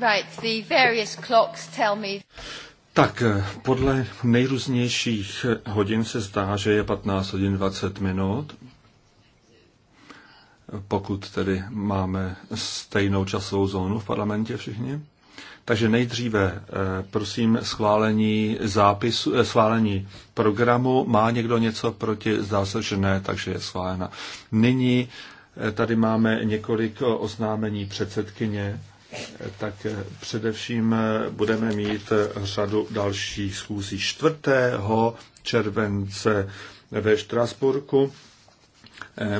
Right, the various clocks tell me... Tak, eh, podle nejrůznějších eh, hodin se zdá, že je 15 hodin 20 minut, pokud tedy máme stejnou časovou zónu v parlamentě všichni. Takže nejdříve eh, prosím schválení zápisu, schválení programu. Má někdo něco proti? Zdá se, že ne, takže je schválena. Nyní tady máme několik oznámení předsedkyně tak především budeme mít řadu dalších schůzí 4. července ve Štrasburku.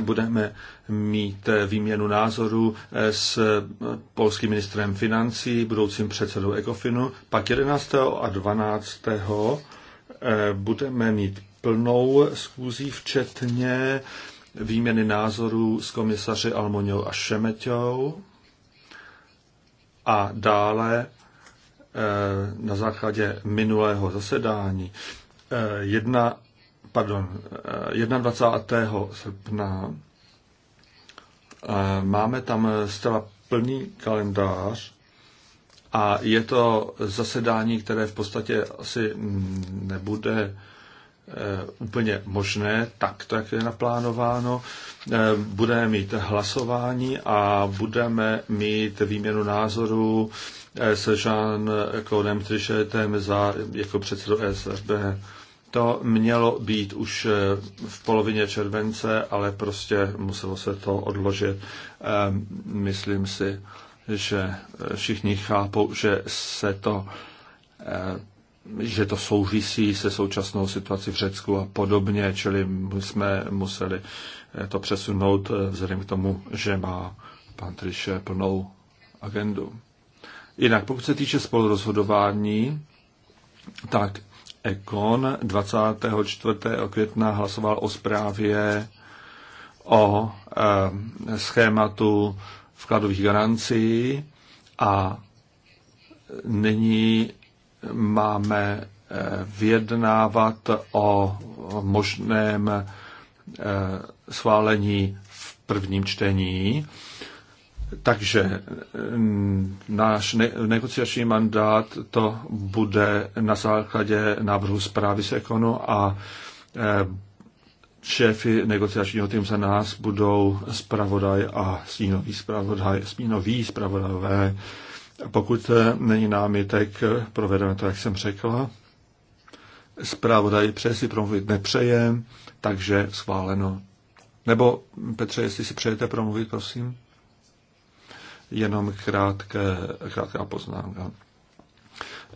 Budeme mít výměnu názoru s polským ministrem financí, budoucím předsedou Ekofinu. Pak 11. a 12. budeme mít plnou schůzí, včetně výměny názorů s komisaři Almoňou a Šemeťou a dále eh, na základě minulého zasedání eh, jedna, pardon, 21. Eh, srpna máme tam zcela plný kalendář a je to zasedání, které v podstatě asi nebude Eh, úplně možné, tak to, jak je naplánováno. Eh, budeme mít hlasování a budeme mít výměnu názorů eh, se Jean Claudem Trichetem za jako předsedu SRB. To mělo být už v polovině července, ale prostě muselo se to odložit. Myslím si, že všichni chápou, že se to že to souvisí se současnou situací v Řecku a podobně, čili jsme museli eh, to přesunout eh, vzhledem k tomu, že má pan Triše plnou agendu. Jinak, pokud se týče spolurozhodování, tak Ekon 24. května hlasoval o zprávě o e, schématu vkladových garancí a nyní máme eh, vyjednávat o možném eh, schválení v prvním čtení. Takže náš ne- negociační mandát to bude na základě návrhu zprávy z Ekonu a eh, šéfy negociačního týmu za nás budou zpravodaj a stínový zpravodaj, stínový zpravodajové. Pokud eh, není námitek, eh, provedeme to, jak jsem řekla. Zpravodaj přeje si promluvit nepřeje, takže schváleno. Nebo, Petře, jestli si přejete promluvit, prosím. Jenom krátké, krátká poznámka.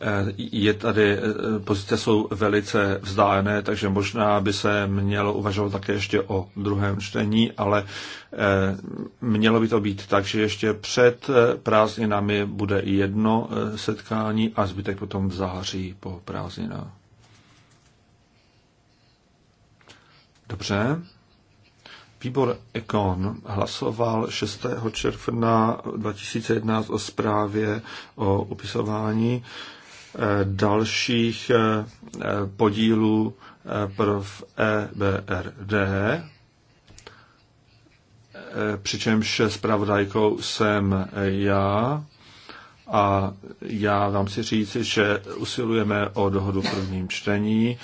Eh, je tady, eh, pozice jsou velice vzdálené, takže možná by se mělo uvažovat také ještě o druhém čtení, ale eh, mělo by to být tak, že ještě před prázdninami bude jedno setkání a zbytek potom v září po prázdninách. Dobře. Výbor Ekon hlasoval 6. června 2011 o zprávě o upisování dalších eh, podílů eh, pro EBRD, eh, přičemž zpravodajkou jsem já a já vám si říci, že usilujeme o dohodu v prvním čtení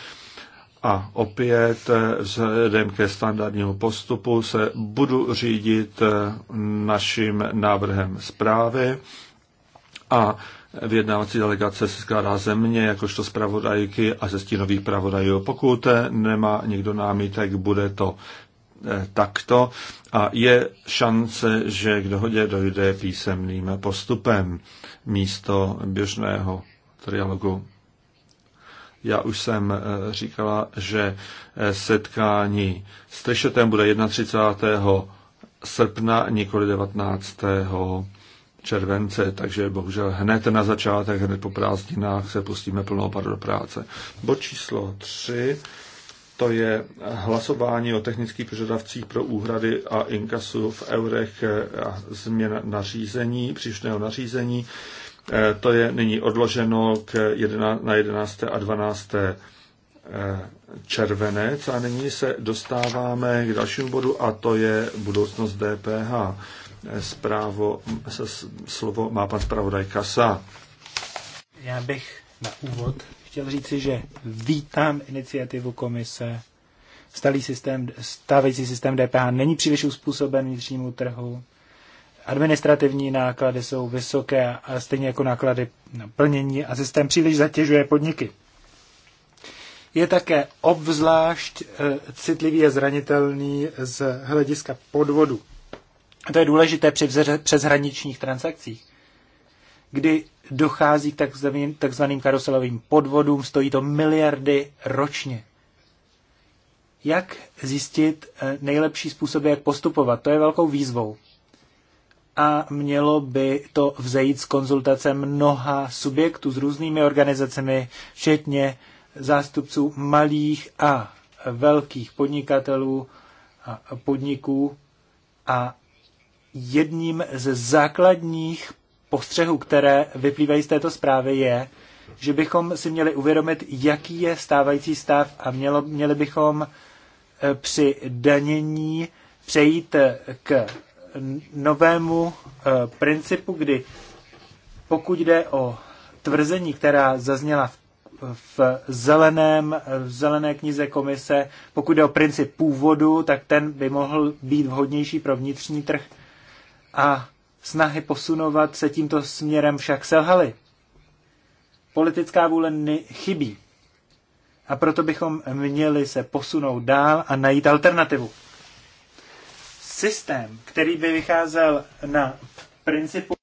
a opět vzhledem ke standardnímu postupu se budu řídit naším návrhem zprávy a vyjednávací delegace se skládá ze mě, jakožto zpravodajky a ze stínových pravodajů. Pokud nemá někdo námitek, bude to eh, takto a je šance, že k dohodě dojde písemným postupem místo běžného trialogu. Já už jsem eh, říkala, že eh, setkání s Trišetem bude 31. srpna, nikoli 19 července, takže bohužel hned na začátek, hned po prázdninách se pustíme plnou pár do práce. Bod číslo 3, to je hlasování o technických požadavcích pro úhrady a inkasu v eurech a změna nařízení, příštného nařízení. Eh, to je nyní odloženo k jedna, na 11. a 12. Eh, červenec a nyní se dostáváme k dalšímu bodu a to je budoucnost DPH zprávo, slovo má pan zpravodaj Kasa. Já bych na úvod chtěl říci, že vítám iniciativu komise. Stálý systém, stávající systém DPH není příliš uspůsoben vnitřnímu trhu. Administrativní náklady jsou vysoké a stejně jako náklady na plnění a systém příliš zatěžuje podniky. Je také obzvlášť eh, citlivý a zranitelný z hlediska podvodu. To je důležité při přeshraničních transakcích, kdy dochází k takzvaným, takzvaným karuselovým podvodům, stojí to miliardy ročně. Jak zjistit eh, nejlepší způsob, jak postupovat? To je velkou výzvou. A mělo by to vzejít z konzultace mnoha subjektů s různými organizacemi, včetně zástupců malých a velkých podnikatelů a podniků a jedním ze základních postřehů, které vyplývají z této zprávy, je, že bychom si měli uvědomit, jaký je stávající stav a mělo, měli bychom eh, při danění přejít eh, k novému eh, principu, kdy pokud jde o tvrzení, která zazněla v v, zeleném, v zelené knize komise, pokud jde o princip původu, tak ten by mohl být vhodnější pro vnitřní trh a snahy posunovat se tímto směrem však selhaly. Politická vůle chybí. A proto bychom měli se posunout dál a najít alternativu. Systém, který by vycházel na principu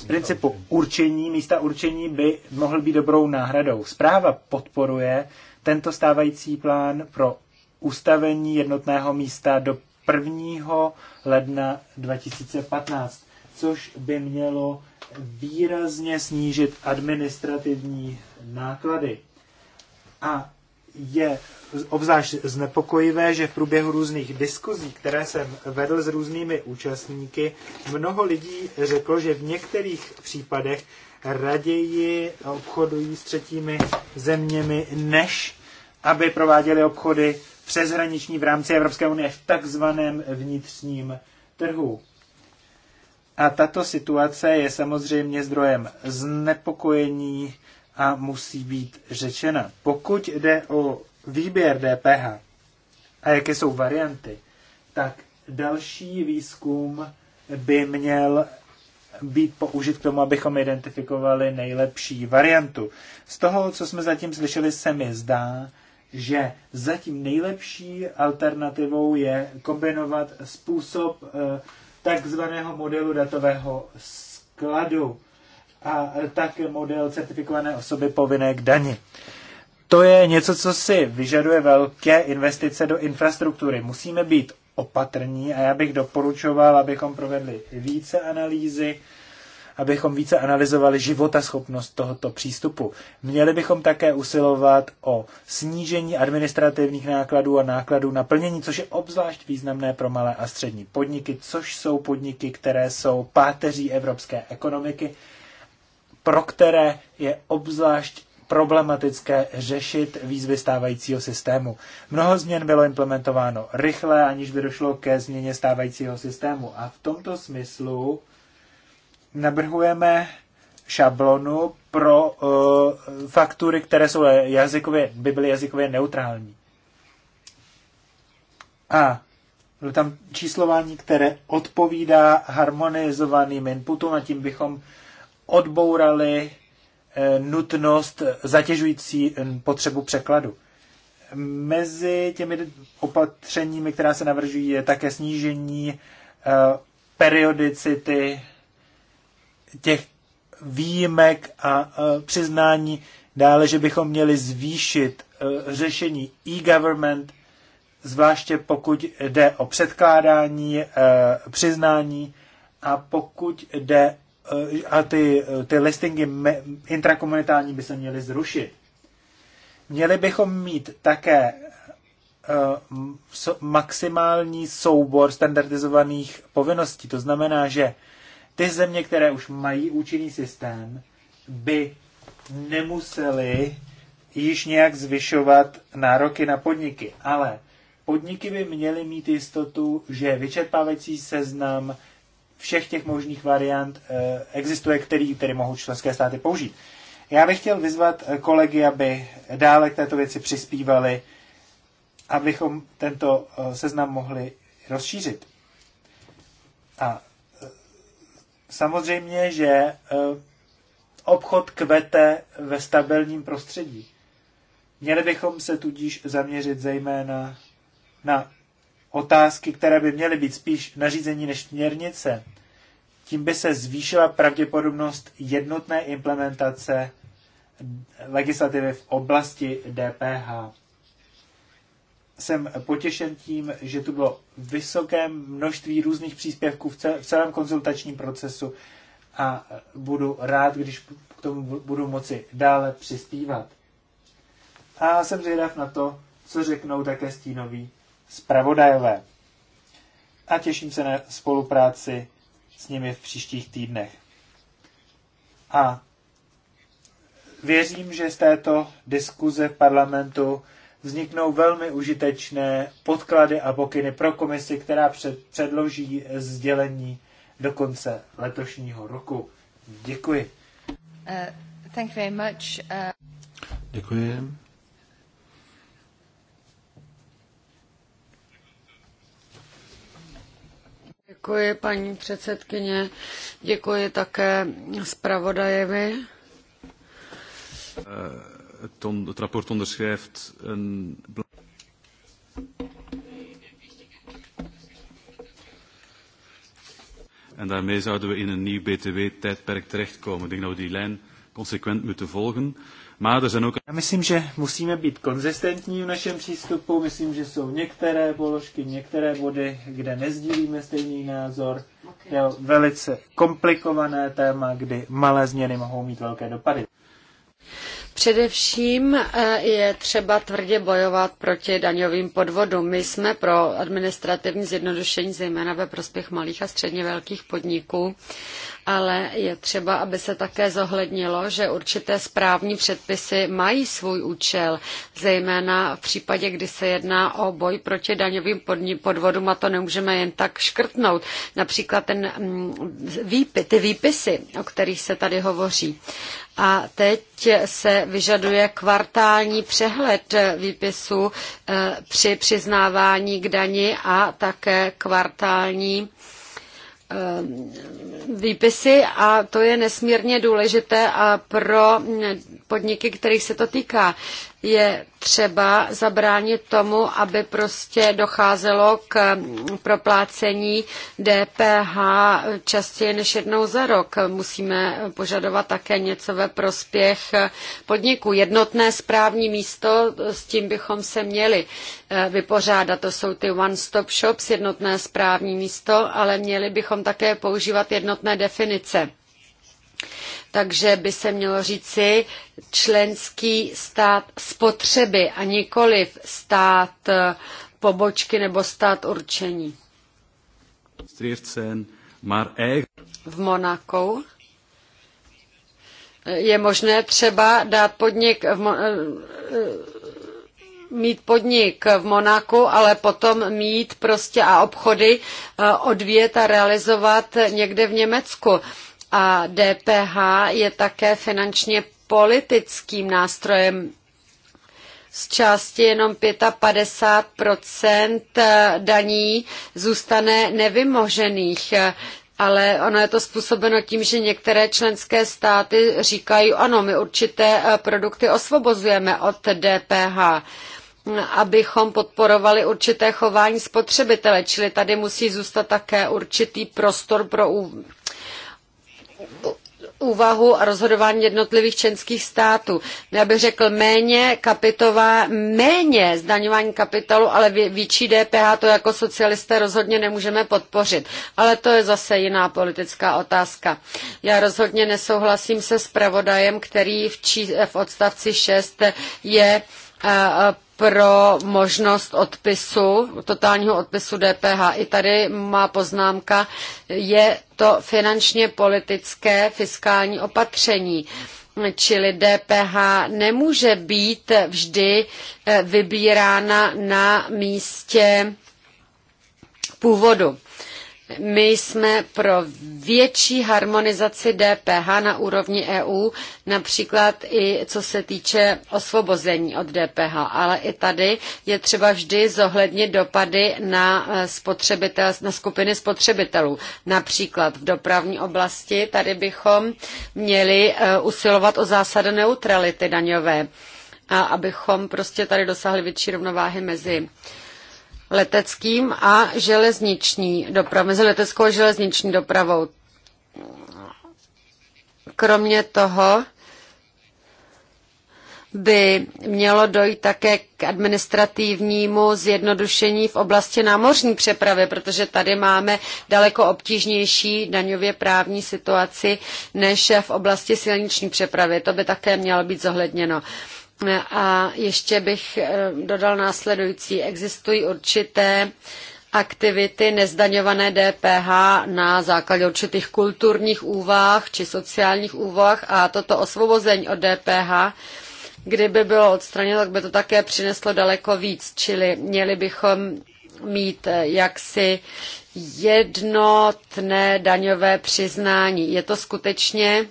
z principu určení, místa určení by mohl být dobrou náhradou. Zpráva podporuje tento stávající plán pro ustavení jednotného místa do 1. ledna 2015, což by mělo výrazně snížit administrativní náklady. A je obzvlášť znepokojivé, že v průběhu různých diskuzí, které jsem vedl s různými účastníky, mnoho lidí řeklo, že v některých případech raději obchodují s třetími zeměmi, než aby prováděli obchody přeshraniční v rámci Evropské unie v takzvaném vnitřním trhu. A tato situace je samozřejmě zdrojem znepokojení a musí být řečena. Pokud jde o výběr DPH a jaké jsou varianty, tak další výzkum by měl být použit k tomu, abychom identifikovali nejlepší variantu. Z toho, co jsme zatím slyšeli, se mi zdá, že zatím nejlepší alternativou je kombinovat způsob eh, takzvaného modelu datového skladu a také model certifikované osoby povinné k dani. To je něco, co si vyžaduje velké investice do infrastruktury. Musíme být opatrní a já bych doporučoval, abychom provedli více analýzy, abychom více analyzovali životaschopnost tohoto přístupu. Měli bychom také usilovat o snížení administrativních nákladů a nákladů na plnění, což je obzvlášť významné pro malé a střední podniky, což jsou podniky, které jsou páteří evropské ekonomiky, pro které je obzvlášť problematické řešit výzvy stávajícího systému. Mnoho změn bylo implementováno rychle, aniž by došlo ke změně stávajícího systému. A v tomto smyslu navrhujeme šablonu pro uh, faktury, které jsou jazykově, by byly jazykově neutrální. A bylo tam číslování, které odpovídá harmonizovaným inputům a tím bychom odbourali eh, nutnost zatěžující eh, potřebu překladu. Mezi těmi opatřeními, která se navržují, je také snížení periodicity těch výjimek a e, přiznání dále, že bychom měli zvýšit e, řešení e-government, zvláště pokud jde o předkládání e, přiznání a pokud jde a ty, ty listingy intrakomunitální by se měly zrušit. Měli bychom mít také maximální soubor standardizovaných povinností. To znamená, že ty země, které už mají účinný systém, by nemuseli již nějak zvyšovat nároky na podniky. Ale podniky by měly mít jistotu, že vyčerpávající seznam všech těch možných variant eh, existuje, který tedy mohou členské státy použít. Já bych chtěl vyzvat eh, kolegy, aby dále k této věci přispívali, abychom tento eh, seznam mohli rozšířit. A samozřejmě, že e, obchod kvete ve stabilním prostředí. Měli bychom se tudíž zaměřit zejména na otázky, které by měly být spíš nařízení než směrnice. Tím by se zvýšila pravděpodobnost jednotné implementace legislativy v oblasti DPH jsem potěšen tím, že tu bylo vysoké množství různých příspěvků v celém konzultačním procesu a budu rád, když k tomu budu moci dále přispívat. A jsem zvědav na to, co řeknou také stínoví zpravodajové. A těším se na spolupráci s nimi v příštích týdnech. A věřím, že z této diskuze v parlamentu vzniknou velmi užitečné podklady a pokyny pro komisi, která před, předloží sdělení do konce letošního roku. Děkuji. Uh, thank you very much. Uh... Děkuji. Děkuji, paní předsedkyně. Děkuji také zpravodajevi. Uh het, on, het rapport onderschrijft een. En daarmee zouden we in een nieuw BTW-tijdperk terechtkomen. Ik denk dat we die lijn consequent moeten volgen. Maar er zijn ook... Ja, myslím, že musíme být konzistentní v našem přístupu. Myslím, že jsou některé položky, některé body, kde nezdílíme stejný názor. Je velice komplikované téma, kdy malé změny mohou mít velké dopady. Především eh, je třeba tvrdě bojovat proti daňovým podvodům. My jsme pro administrativní zjednodušení zejména ve prospěch malých a středně velkých podniků ale je třeba, aby se také zohlednilo, že určité správní předpisy mají svůj účel, zejména v případě, kdy se jedná o boj proti daňovým podvodům a to nemůžeme jen tak škrtnout. Například ten mm, výpy, ty výpisy, o kterých se tady hovoří. A teď se vyžaduje kvartální přehled výpisu eh, při přiznávání k dani a také kvartální Eh, výpisy a to je nesmírně důležité a pro podniky, kterých se to týká je třeba zabránit tomu, aby prostě docházelo k proplácení DPH častěji než jednou za rok. Musíme požadovat také něco ve prospěch podniků. Jednotné správní místo, s tím bychom se měli eh, vypořádat. To jsou ty one-stop shops, jednotné správní místo, ale měli bychom také používat jednotné definice takže by se mělo říci členský stát spotřeby a nikoliv stát eh, pobočky nebo stát určení. Eh. V Monaku je možné třeba dát podnik v eh, mít podnik v Monaku, ale potom mít prostě a obchody odvět a realizovat někde v Německu. A DPH je také finančně politickým nástrojem z části jenom 55 daní zůstane nevymožených. Ale ono je to způsobeno tím, že některé členské státy říkají, ano, my určité eh, produkty osvobozujeme od DPH, abychom podporovali určité chování spotřebitele, čili tady musí zůstat také určitý prostor pro úvahu a rozhodování jednotlivých členských států. No, já bych řekl méně kapitová, méně zdaňování kapitalu, ale větší DPH to jako socialisté rozhodně nemůžeme podpořit. Ale to je zase jiná politická otázka. Já rozhodně nesouhlasím se zpravodajem, který v, čí, v odstavci 6 je pro možnost odpisu, totálního odpisu DPH. I tady má poznámka, je to finančně politické fiskální opatření. Čili DPH nemůže být vždy eh, vybírána na místě původu. My jsme pro větší harmonizaci DPH na úrovni EU, například i co se týče osvobození od DPH, ale i tady je třeba vždy zohlednit dopady na, eh, spotřebitel, na skupiny spotřebitelů. Například v dopravní oblasti tady bychom měli eh, usilovat o zásadu neutrality daňové, a abychom prostě tady dosáhli větší rovnováhy mezi leteckým a železniční dopravou, mezi leteckou a železniční dopravou. Kromě toho by mělo dojít také k administrativnímu zjednodušení v oblasti námořní přepravy, protože tady máme daleko obtížnější daňově právní situaci než v oblasti silniční přepravy. To by také mělo být zohledněno. A ještě bych eh, dodal následující. Existují určité aktivity nezdaňované DPH na základě určitých kulturních úvah či sociálních úvah a toto osvobození od DPH, kdyby bylo odstraněno, tak by to také přineslo daleko víc, čili měli bychom mít eh, jaksi jednotné daňové přiznání. Je to skutečně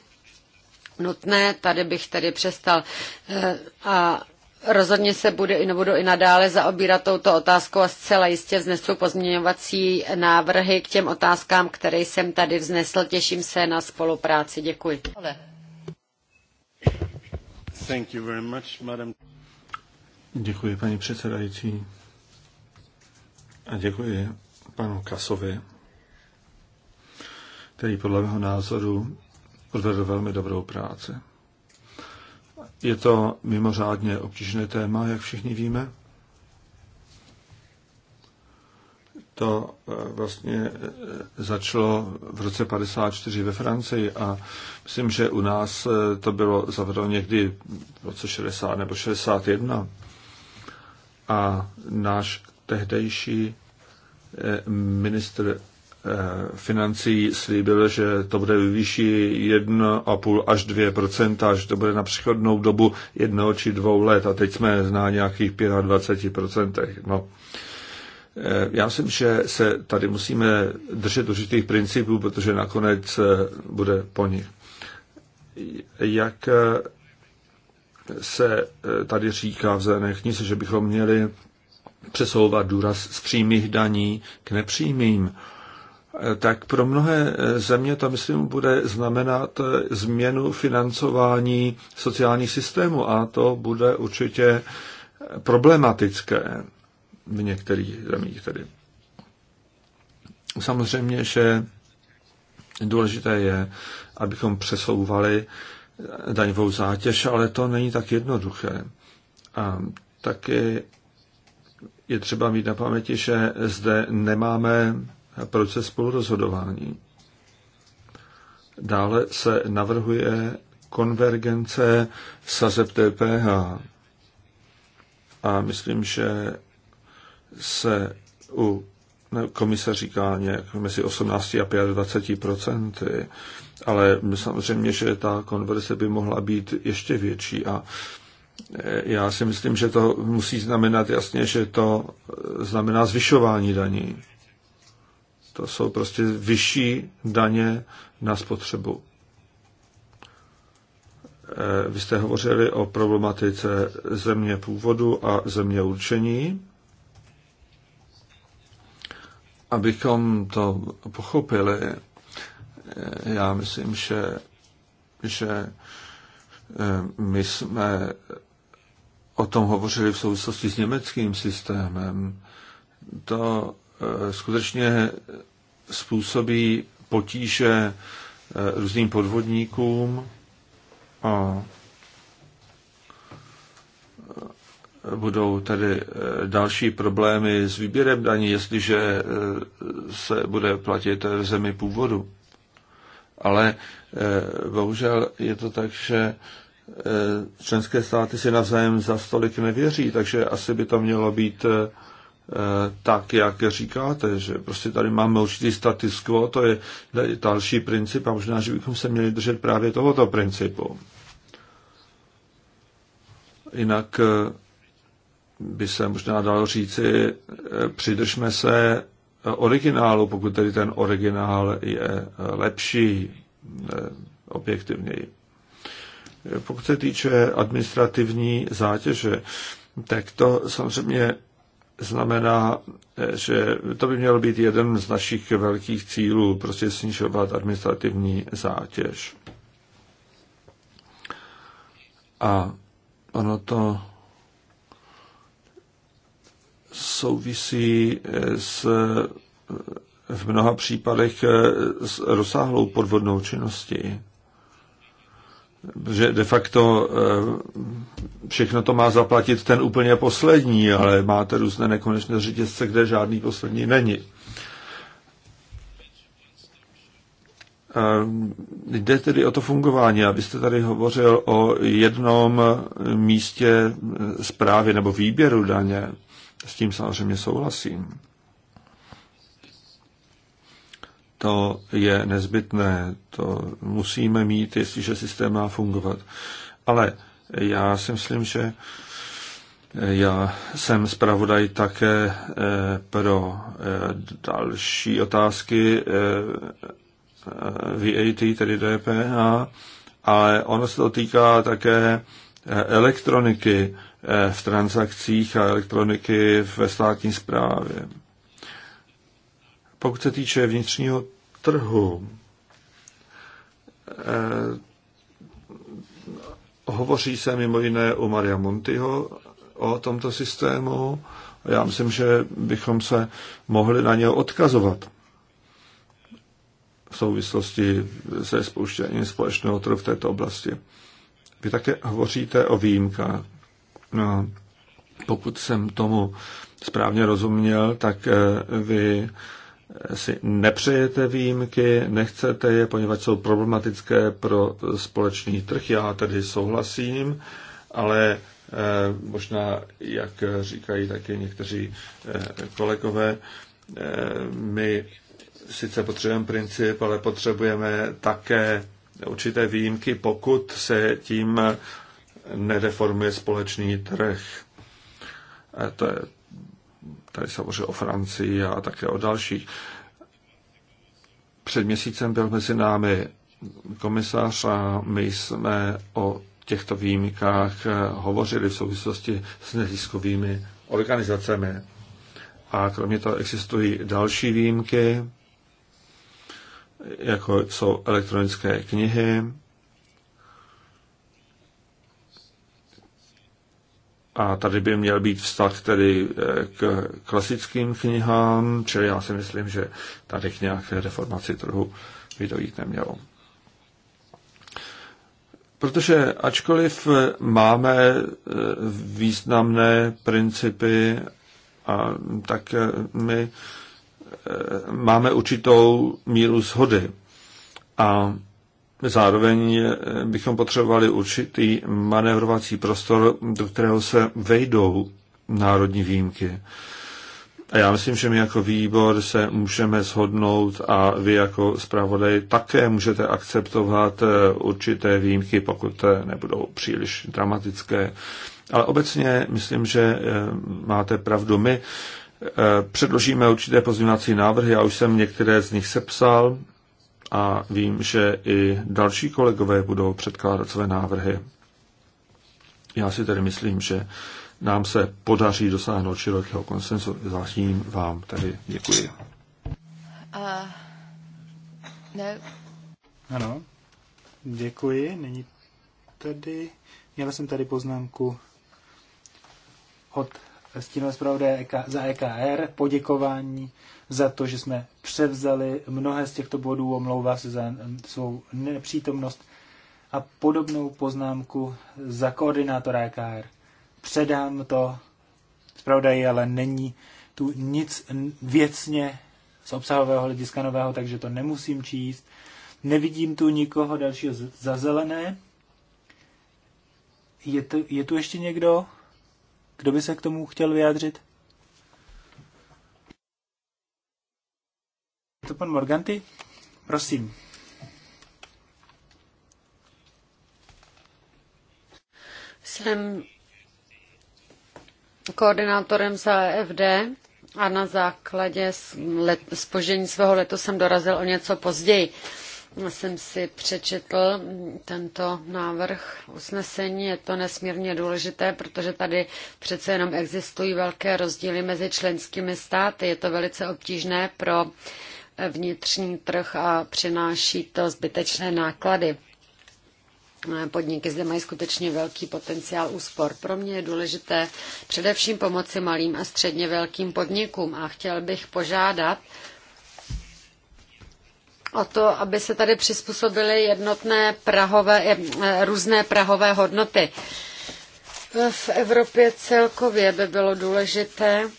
nutné. Tady bych tedy přestal eh, a Rozhodně se bude i budu i nadále zaobírat touto otázkou a zcela jistě vznesu pozměňovací návrhy k těm otázkám, které jsem tady vznesl. Těším se na spolupráci. Děkuji. Thank you very much, madam. Děkuji, paní předsedající. A děkuji panu Kasovi, který podle mého názoru odvedl velmi dobrou práci. Je to mimořádně obtížné téma, jak všichni víme. To eh, vlastně eh, začalo v roce 54 ve Francii a myslím, že u nás eh, to bylo zavedeno někdy v roce 60 nebo 61. A náš tehdejší ministr Eh, financí slíbil, že to bude vyšší 1,5 až 2 že to bude na přechodnou dobu jednoho či dvou let a teď jsme na nějakých 25 No. Eh, já myslím, že se tady musíme držet určitých principů, protože nakonec eh, bude po nich. Jak se tady říká v zelené knize, že bychom měli přesouvat důraz z přímých daní k nepřímým tak pro mnohé země to, myslím, bude znamenat změnu financování sociálních systémů a to bude určitě problematické v některých zemích tedy. Samozřejmě, že důležité je, abychom přesouvali daňovou zátěž, ale to není tak jednoduché. A taky je třeba mít na paměti, že zde nemáme proces spolurozhodování. Dále se navrhuje konvergence sazeb TPH. A myslím, že se u no, komise říká nějak mezi 18 a 25 procenty, ale samozřejmě, že ta konverze by mohla být ještě větší a e, já si myslím, že to musí znamenat jasně, že to e, znamená zvyšování daní. To jsou prostě vyšší daně na spotřebu. Eh, vy jste hovořili o problematice země původu a země určení. Abychom to pochopili, eh, já myslím, že, že eh, my jsme o tom hovořili v souvislosti s německým systémem. To skutečně způsobí potíže eh, různým podvodníkům a eh, budou tady eh, další problémy s výběrem daní, jestliže se bude platit v zemi původu. Ale bohužel je to tak, že členské státy si navzájem za stolik nevěří, takže asi by to mělo být Eh, tak, jak říkáte, že prostě tady máme určitý status quo, to je další princip a možná, že bychom se měli držet právě tohoto principu. Jinak eh, by se možná dalo říci, eh, přidržme se originálu, pokud tedy ten originál je lepší, objektivněji. Pokud se týče administrativní zátěže, tak to samozřejmě znamená, že to by měl být jeden z našich velkých cílů, prostě snižovat administrativní zátěž. A ono to souvisí eh, s eh, v mnoha případech eh, s rozsáhlou podvodnou činností že de facto eh, všechno to má zaplatit ten úplně poslední, ale máte různé nekonečné řetězce, kde žádný poslední není. Eh, jde tedy o to fungování. Abyste vy jste tady hovořil o jednom místě zprávy eh, nebo výběru daně. S tím samozřejmě souhlasím. To je nezbytné, to musíme mít, jestliže systém má fungovat. Ale já si myslím, že já jsem zpravodaj také eh, pro eh, další otázky eh, VAT, tedy DPH, ale ono se to týká také elektroniky v transakcích a elektroniky ve státní správě. Pokud se týče vnitřního trhu, eh, hovoří se mimo jiné u Maria Montiho o tomto systému. Já myslím, že bychom se mohli na něho odkazovat v souvislosti se spouštěním společného trhu v této oblasti. Vy také hovoříte o výjimkách. No, pokud jsem tomu správně rozuměl, tak eh, vy si nepřejete výjimky, nechcete je, poněvadž jsou problematické pro společný trh. Já tedy souhlasím, ale eh, možná, jak říkají taky někteří eh, kolegové, eh, my sice potřebujeme princip, ale potřebujeme také určité výjimky, pokud se tím nedeformuje společný trh. To je tady se hovoří o Francii a také o dalších. Před měsícem byl mezi námi komisař a my jsme o těchto výjimkách hovořili v souvislosti s neziskovými organizacemi. A kromě toho existují další výjimky, jako jsou elektronické knihy, A tady by měl být vztah tedy eh, k klasickým knihám, čili já si myslím, že tady k nějaké reformaci trhu by dojít nemělo. Protože ačkoliv máme eh, významné principy, a tak eh, my máme určitou míru shody. A Zároveň bychom potřebovali určitý manévrovací prostor, do kterého se vejdou národní výjimky. A já myslím, že my jako výbor se můžeme shodnout a vy jako zpravodaj také můžete akceptovat eh, určité výjimky, pokud eh, nebudou příliš dramatické. Ale obecně myslím, že eh, máte pravdu. My předložíme určité pozměňovací návrhy, já už jsem některé z nich sepsal a vím, že i další kolegové budou předkládat své návrhy. Já si tedy myslím, že nám se podaří dosáhnout širokého konsenzu. Zatím vám tedy děkuji. Uh, no. Ano, děkuji. Není tady, měla jsem tady poznámku od stínové zpravodaje e za EKR, poděkování za to, že jsme převzali mnohé z těchto bodů, omlouvá se za svou nepřítomnost a podobnou poznámku za koordinátora EKR. Předám to zpravodaji, ale není tu nic věcně z obsahového hlediska nového, takže to nemusím číst. Nevidím tu nikoho dalšího za zelené. Je tu, je tu ještě někdo, kdo by se k tomu chtěl vyjádřit? To pan Morganti? Prosím. Jsem koordinátorem za EFD a na základě spožení svého letu jsem dorazil o něco později. Já jsem si přečetl tento návrh usnesení. Je to nesmírně důležité, protože tady přece jenom existují velké rozdíly mezi členskými státy. Je to velice obtížné pro uh, vnitřní trh a přináší to zbytečné náklady. Podniky zde mají skutečně velký potenciál úspor. Pro mě je důležité především pomoci malým a středně velkým podnikům a chtěl bych požádat o to, aby se tady přizpůsobily jednotné prahové, eh, různé prahové hodnoty. V Evropě celkově by bylo důležité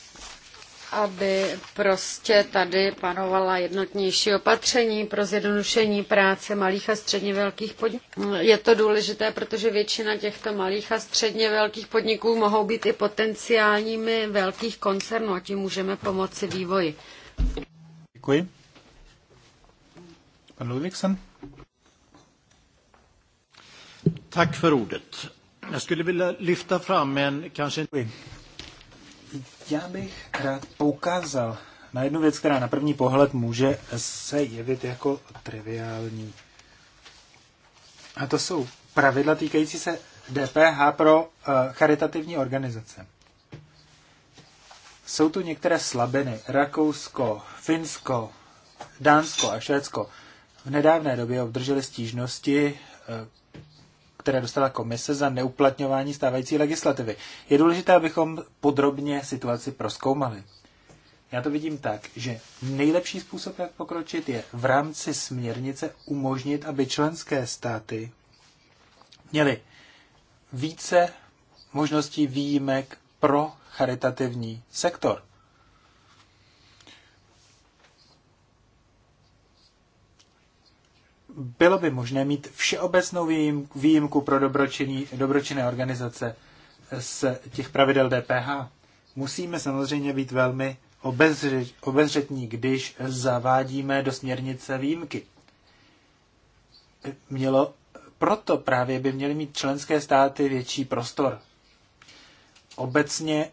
aby prostě tady panovala jednotnější opatření pro zjednodušení práce malých a středně velkých podniků. Je to důležité, protože většina těchto malých a středně velkých podniků mohou být i potenciálními velkých koncernů a tím můžeme pomoci vývoji. Děkuji. Pan Ludvíksen. Tak för ordet. Já skulle vilja lyfta fram en kanske... Děkuji. Já bych rád poukázal na jednu věc, která na první pohled může se jevit jako triviální. A to jsou pravidla týkající se DPH pro uh, charitativní organizace. Jsou tu některé slabiny. Rakousko, Finsko, Dánsko a Švédsko v nedávné době obdrželi stížnosti eh, které dostala komise za neuplatňování stávající legislativy. Je důležité, abychom podrobně situaci proskoumali. Já to vidím tak, že nejlepší způsob, jak pokročit, je v rámci směrnice umožnit, aby členské státy měly více možností výjimek pro charitativní sektor. bylo by možné mít všeobecnou výjimku pro dobročinné organizace z těch pravidel DPH. Musíme samozřejmě být velmi obezřetní, když zavádíme do směrnice výjimky. Mělo, proto právě by měly mít členské státy větší prostor. Obecně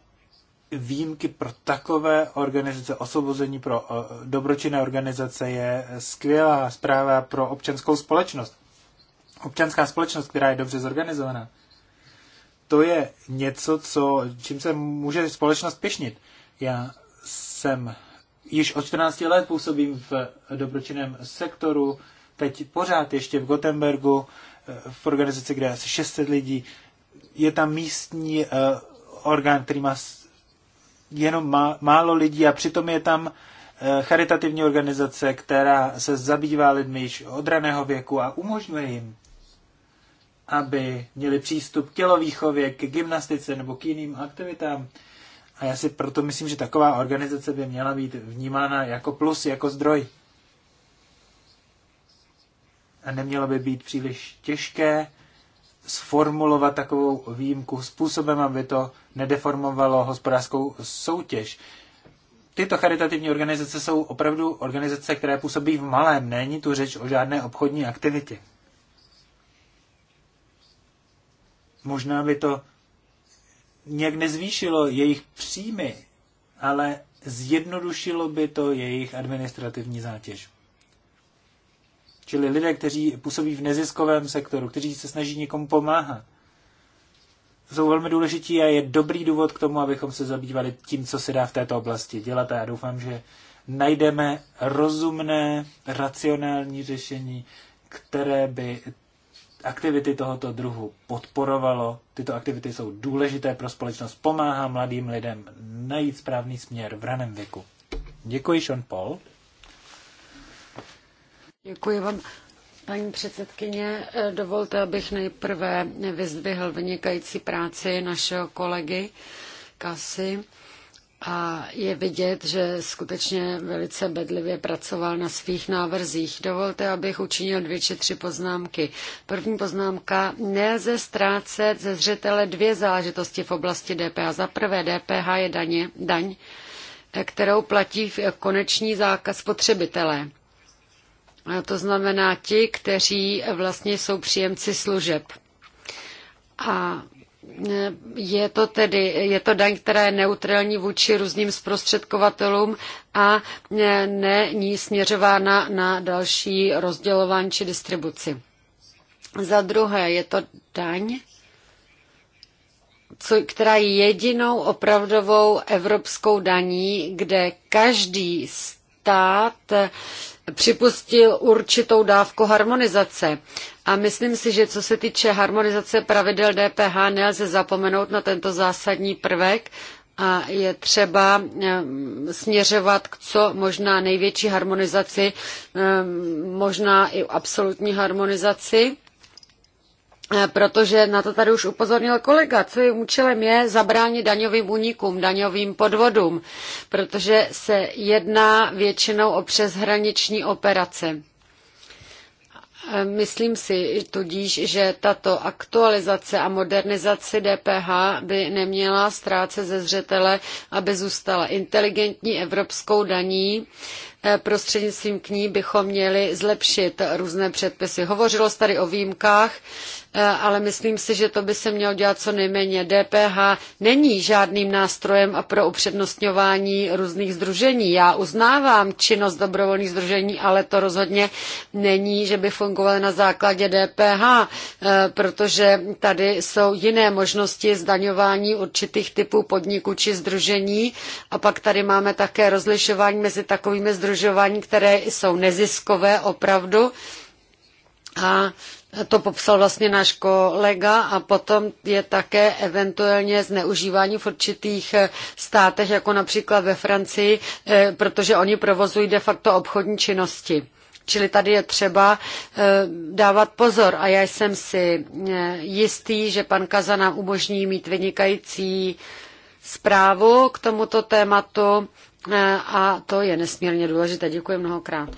výjimky pro takové organizace, osvobození pro eh, dobročinné organizace je skvělá zpráva pro občanskou společnost. Občanská společnost, která je dobře zorganizovaná, to je něco, co, čím se může společnost pěšnit. Já jsem již od 14 let působím v dobročinném sektoru, teď pořád ještě v Gotembergu, eh, v organizaci, kde je asi 600 lidí. Je tam místní eh, orgán, který má jenom málo lidí a přitom je tam eh, charitativní organizace, která se zabývá lidmi již od raného věku a umožňuje jim, aby měli přístup k tělovýchově, k gymnastice nebo k jiným aktivitám. A já si proto myslím, že taková organizace by měla být vnímána jako plus, jako zdroj. A nemělo by být příliš těžké sformulovat takovou výjimku způsobem, aby to nedeformovalo hospodářskou soutěž. Tyto charitativní organizace jsou opravdu organizace, které působí v malém. Není tu řeč o žádné obchodní aktivitě. Možná by to nějak nezvýšilo jejich příjmy, ale zjednodušilo by to jejich administrativní zátěž. Čili lidé, kteří působí v neziskovém sektoru, kteří se snaží někomu pomáhat. jsou velmi důležití a je dobrý důvod k tomu, abychom se zabývali tím, co se dá v této oblasti dělat a já doufám, že najdeme rozumné, racionální řešení, které by aktivity tohoto druhu podporovalo. Tyto aktivity jsou důležité pro společnost, pomáhá mladým lidem najít správný směr v raném věku. Děkuji, Sean Paul. Děkuji vám. Paní předsedkyně, dovolte, abych nejprve vyzdvihl vynikající práci našeho kolegy Kasy. A je vidět, že skutečně velice bedlivě pracoval na svých návrzích. Dovolte, abych učinil dvě či tři poznámky. První poznámka. Nelze ztrácet ze zřetele dvě záležitosti v oblasti DPH. Za prvé DPH je daně, daň, kterou platí koneční zákaz spotřebitelé. To znamená ti, kteří vlastně jsou příjemci služeb. A e, je to tedy, je to daň, která je neutrální vůči různým zprostředkovatelům a e, není směřována na další rozdělování či distribuci. Za druhé je to daň, co, která je jedinou opravdovou evropskou daní, kde každý stát eh, připustil určitou dávku harmonizace. A myslím si, že co se týče harmonizace pravidel DPH, nelze zapomenout na tento zásadní prvek a je třeba ehm, směřovat k co možná největší harmonizaci, ehm, možná i absolutní harmonizaci Eh, protože na to tady už upozornil kolega, co je účelem je zabránit daňovým únikům, daňovým podvodům, protože se jedná většinou o přeshraniční operace. Eh, myslím si tudíž, že tato aktualizace a modernizace DPH by neměla ztrácet ze zřetele, aby zůstala inteligentní evropskou daní, Eh, prostřednictvím k ní bychom měli zlepšit různé předpisy. Hovořilo se tady o výjimkách, eh, ale myslím si, že to by se mělo dělat co nejméně. DPH není žádným nástrojem pro upřednostňování různých združení. Já uznávám činnost dobrovolných združení, ale to rozhodně není, že by fungovaly na základě DPH, eh, protože tady jsou jiné možnosti zdaňování určitých typů podniků či združení a pak tady máme také rozlišování mezi takovými združeními, združování, které jsou neziskové opravdu. A to popsal vlastně náš kolega a potom je také eventuálně zneužívání v určitých eh, státech, jako například ve Francii, eh, protože oni provozují de facto obchodní činnosti. Čili tady je třeba eh, dávat pozor a já jsem si jistý, že pan Kazana umožní mít vynikající zprávu k tomuto tématu Eh, a to je nesmírně důležité. Děkuji mnohokrát.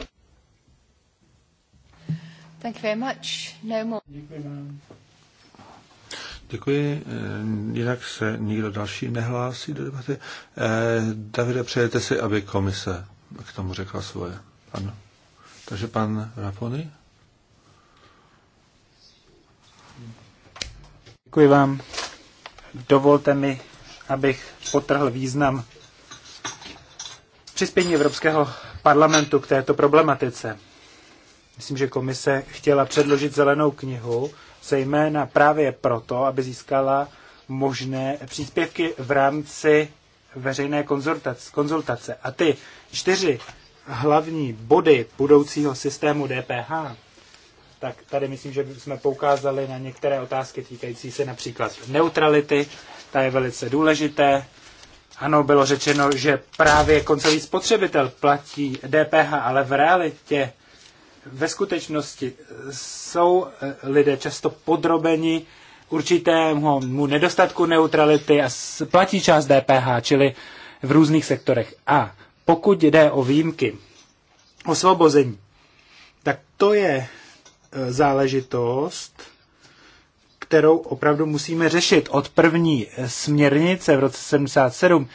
Thank you very much. No more. Děkuji vám. Děkuji. Eh, jinak se nikdo další nehlásí do debaty. Eh, Davide, přejete si, aby komise k tomu řekla svoje. Ano. Takže pan Rapony. Děkuji vám. Dovolte mi, abych potrhl význam přispění Evropského parlamentu k této problematice. Myslím, že komise chtěla předložit zelenou knihu, zejména právě proto, aby získala možné příspěvky v rámci veřejné konzultace. A ty čtyři hlavní body budoucího systému DPH, tak tady myslím, že jsme poukázali na některé otázky týkající se například neutrality, ta je velice důležité, ano, bylo řečeno, že právě koncový spotřebitel platí DPH, ale v realitě, ve skutečnosti jsou eh, lidé často podrobeni určitému nedostatku neutrality a platí část DPH, čili v různých sektorech. A pokud jde o výjimky, osvobození, tak to je eh, záležitost, kterou opravdu musíme řešit. Od první směrnice v roce 77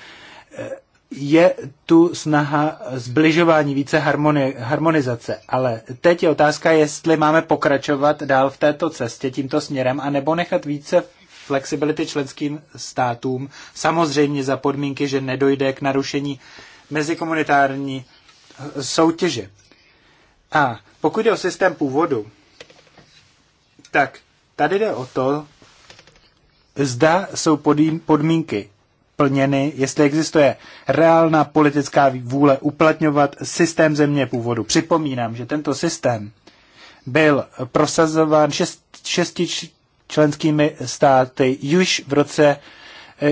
eh, je tu snaha zbližování, více harmoni- harmonizace. Ale teď je otázka, jestli máme pokračovat dál v této cestě tímto směrem, anebo nechat více flexibility členským státům, samozřejmě za podmínky, že nedojde k narušení mezikomunitární soutěže. A pokud jde o systém původu, tak Tady jde o to, zda jsou podmínky plněny, jestli existuje reálná politická vůle uplatňovat systém země původu. Připomínám, že tento systém byl prosazován šest, šesti členskými státy již v roce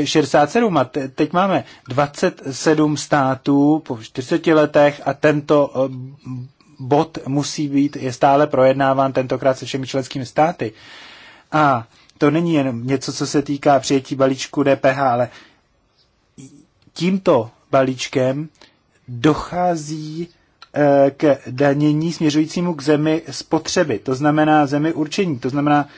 67 eh, a teď máme 27 států po 40 letech a tento eh, bod musí být je stále projednáván tentokrát se všemi členskými státy. A to není jenom něco, co se týká přijetí balíčku DPH, ale tímto balíčkem dochází eh, k danění směřujícímu k zemi spotřeby, to znamená zemi určení. To znamená,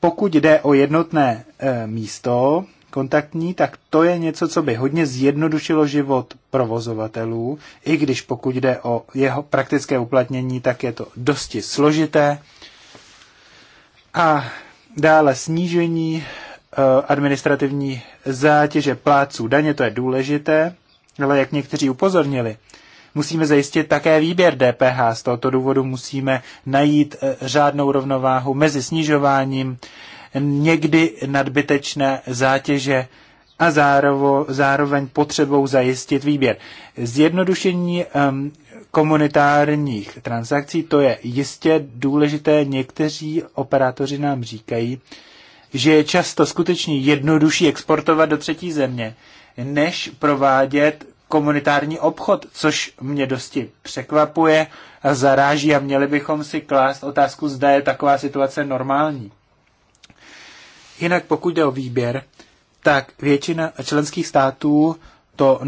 pokud jde o jednotné eh, místo kontaktní, tak to je něco, co by hodně zjednodušilo život provozovatelů, i když pokud jde o jeho praktické uplatnění, tak je to dosti složité. A Dále snížení eh, administrativní zátěže plátců daně, to je důležité, ale jak někteří upozornili, musíme zajistit také výběr DPH. Z tohoto důvodu musíme najít eh, řádnou rovnováhu mezi snižováním někdy nadbytečné zátěže a zároveň potřebou zajistit výběr. Zjednodušení ehm, komunitárních transakcí. To je jistě důležité. Někteří operátoři nám říkají, že je často skutečně jednodušší exportovat do třetí země, než provádět komunitární obchod, což mě dosti překvapuje a zaráží a měli bychom si klást otázku, zda je taková situace normální. Jinak pokud jde o výběr, tak většina členských států to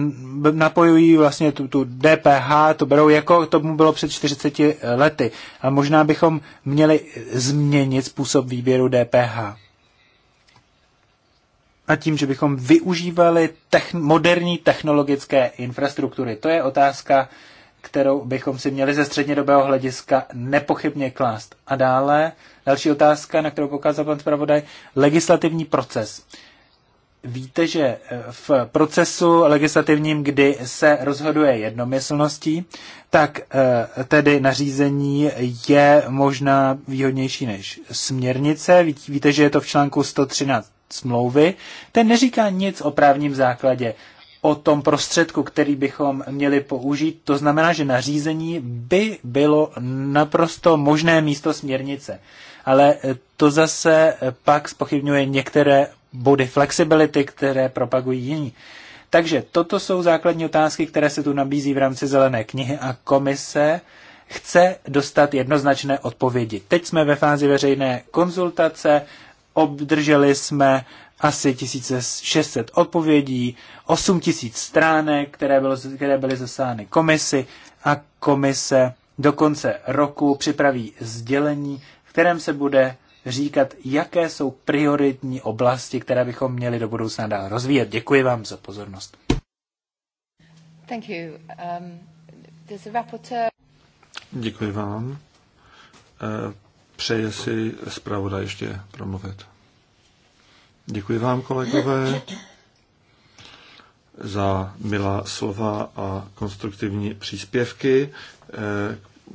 napojují vlastně tu, tu DPH, to berou jako tomu bylo před 40 eh, lety. A možná bychom měli změnit způsob výběru DPH. A tím, že bychom využívali techn- moderní technologické infrastruktury. To je otázka, kterou bychom si měli ze střednědobého hlediska nepochybně klást. A dále, další otázka, na kterou pokázal pan zpravodaj, legislativní proces víte, že eh, v procesu legislativním, kdy se rozhoduje jednomyslností, tak eh, tedy nařízení je možná výhodnější než směrnice. Víte, že je to v článku 113 smlouvy. Ten neříká nic o právním základě, o tom prostředku, který bychom měli použít. To znamená, že nařízení by bylo naprosto možné místo směrnice. Ale eh, to zase pak spochybňuje některé body flexibility, které propagují jiní. Takže toto jsou základní otázky, které se tu nabízí v rámci zelené knihy a komise chce dostat jednoznačné odpovědi. Teď jsme ve fázi veřejné konzultace, obdrželi jsme asi 1600 odpovědí, 8000 stránek, které, bylo, které byly zasány komisi a komise do konce roku připraví sdělení, v kterém se bude říkat, jaké jsou prioritní oblasti, které bychom měli do budoucna dál rozvíjet. Děkuji vám za pozornost. Thank you. Um, there's a rapporteur... Děkuji vám. E, přeje si zpravodaj ještě promluvit. Děkuji vám, kolegové, za milá slova a konstruktivní příspěvky e,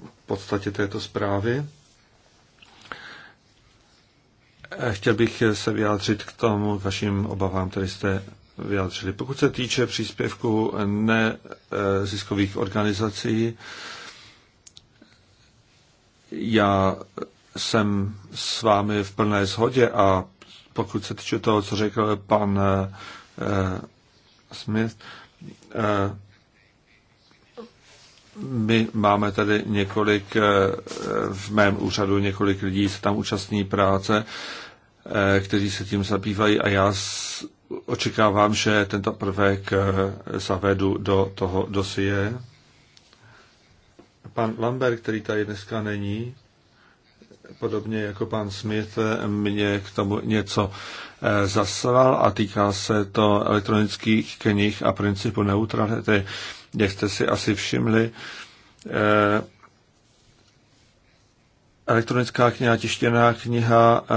k podstatě této zprávy. Chtěl bych se vyjádřit k tomu k vašim obavám, které jste vyjádřili. Pokud se týče příspěvku neziskových organizací, já jsem s vámi v plné shodě a pokud se týče toho, co řekl pan eh, Smith, eh, my máme tady několik, eh, v mém úřadu několik lidí se tam účastní práce, eh, kteří se tím zabývají a já očekávám, že tento prvek eh, zavedu do toho dosie. Pan Lambert, který tady dneska není, podobně jako pan Smith, mě k tomu něco zaslal a týká se to elektronických knih a principu neutrality jak jste si asi všimli, eh, elektronická kniha, tištěná kniha eh,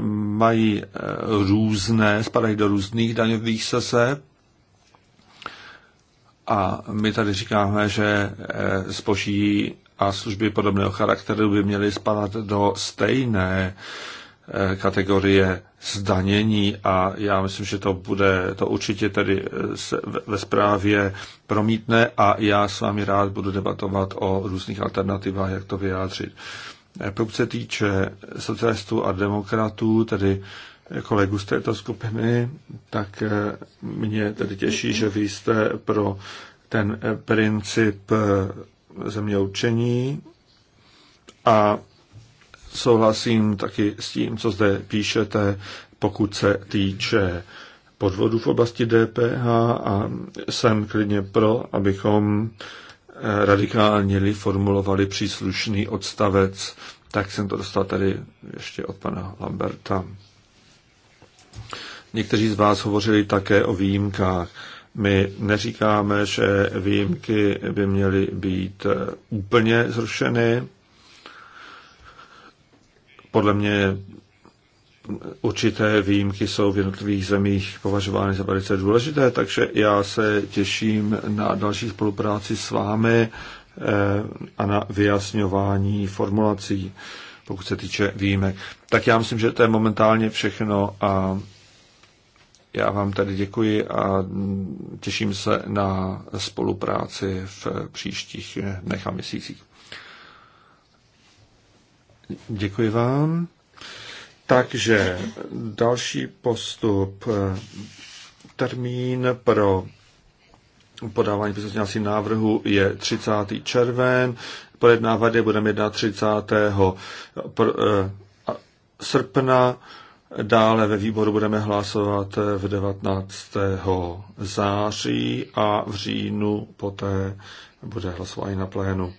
mají eh, různé, spadají do různých daňových sazeb. A my tady říkáme, že zboží a služby podobného charakteru by měly spadat do stejné Eh, kategorie zdanění a já myslím, že to bude, to určitě tedy eh, ve zprávě promítne a já s vámi rád budu debatovat o různých alternativách, jak to vyjádřit. Eh, pokud se týče socialistů a demokratů, tedy kolegů z této skupiny, tak mě tedy těší, že vy jste pro ten princip země učení a souhlasím taky s tím, co zde píšete, pokud se týče podvodů v oblasti DPH a jsem klidně pro, abychom eh, radikálně formulovali příslušný odstavec, tak jsem to dostal tady ještě od pana Lamberta. Někteří z vás hovořili také o výjimkách. My neříkáme, že výjimky by měly být eh, úplně zrušeny, podle mě určité výjimky jsou v jednotlivých zemích považovány za velice důležité, takže já se těším na další spolupráci s vámi eh, a na vyjasňování formulací, pokud se týče výjimek. Tak já myslím, že to je momentálně všechno a já vám tady děkuji a těším se na spolupráci v příštích dnech a měsících. Děkuji vám. Takže další postup. Eh, termín pro podávání pozměňovacích návrhu je 30. červen. Projednávat je budeme 31. Eh, srpna. Dále ve výboru budeme hlasovat v 19. září a v říjnu poté bude hlasování na plénu.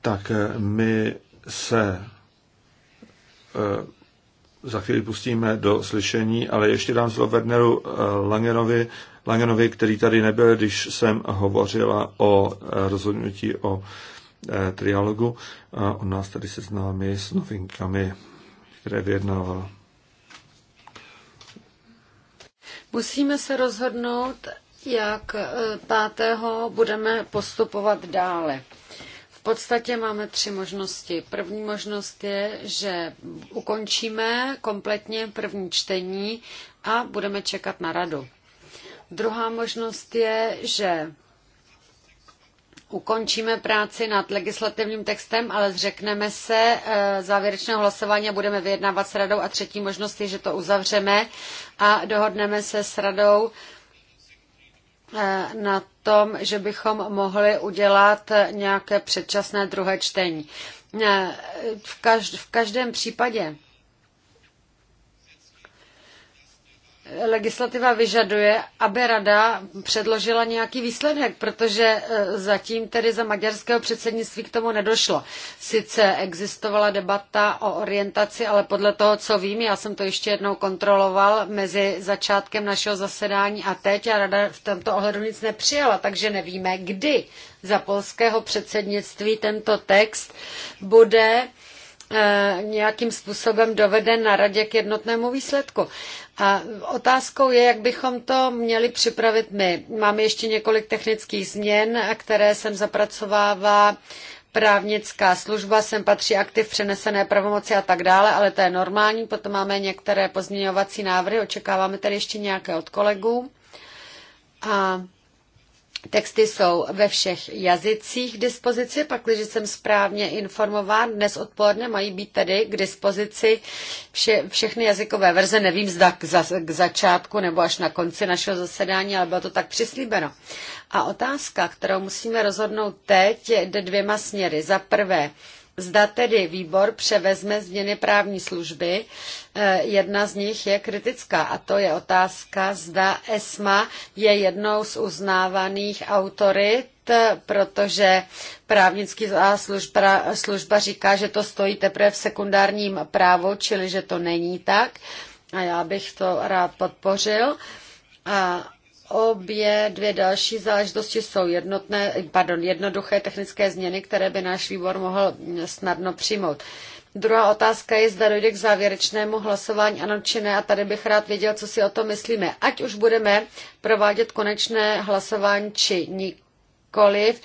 Tak eh, my se e, za chvíli pustíme do slyšení, ale ještě dám slovo Werneru e, Langenovi, Langenovi, který tady nebyl, když jsem hovořila o e, rozhodnutí o trialogu. On nás tady seznámí s novinkami, které vyjednával. Musíme se rozhodnout, jak 5. budeme postupovat dále podstatě máme tři možnosti. První možnost je, že ukončíme kompletně první čtení a budeme čekat na radu. Druhá možnost je, že ukončíme práci nad legislativním textem, ale zřekneme se eh, závěrečného hlasování a budeme vyjednávat s radou. A třetí možnost je, že to uzavřeme a dohodneme se s radou Eh, na tom, že bychom mohli udělat nějaké předčasné druhé čtení. Eh, v, každém případě legislativa vyžaduje, aby rada předložila nějaký výsledek, protože e, zatím tedy za maďarského předsednictví k tomu nedošlo. Sice existovala debata o orientaci, ale podle toho, co vím, já jsem to ještě jednou kontroloval mezi začátkem našeho zasedání a teď a rada v tomto ohledu nic nepřijala, takže nevíme, kdy za polského předsednictví tento text bude e, nějakým způsobem doveden na radě k jednotnému výsledku. A otázkou je, jak bychom to měli připravit my. Máme ještě několik technických změn, které jsem zapracovává právnická služba, sem patří aktiv přenesené pravomoci a tak dále, ale to je normální. Potom máme některé pozměňovací návrhy, očekáváme tady ještě nějaké od kolegů. A Texty jsou ve všech jazycích k dispozici, pak, když jsem správně informován, dnes odpoledne mají být tedy k dispozici vše, všechny jazykové verze, nevím zda k, za, k začátku nebo až na konci našeho zasedání, ale bylo to tak přislíbeno. A otázka, kterou musíme rozhodnout teď, jde dvěma směry. Za prvé, Zda tedy výbor převezme změny právní služby, eh, jedna z nich je kritická a to je otázka, zda ESMA je jednou z uznávaných autorit, protože právnický služba, služba říká, že to stojí teprve v sekundárním právu, čili že to není tak. A já bych to rád podpořil. A Obě dvě další záležitosti jsou jednotné, pardon, jednoduché technické změny, které by náš výbor mohl snadno přijmout. Druhá otázka je, zda dojde k závěrečnému hlasování, ano či ne, a tady bych rád věděl, co si o tom myslíme. Ať už budeme provádět konečné hlasování či nikoliv,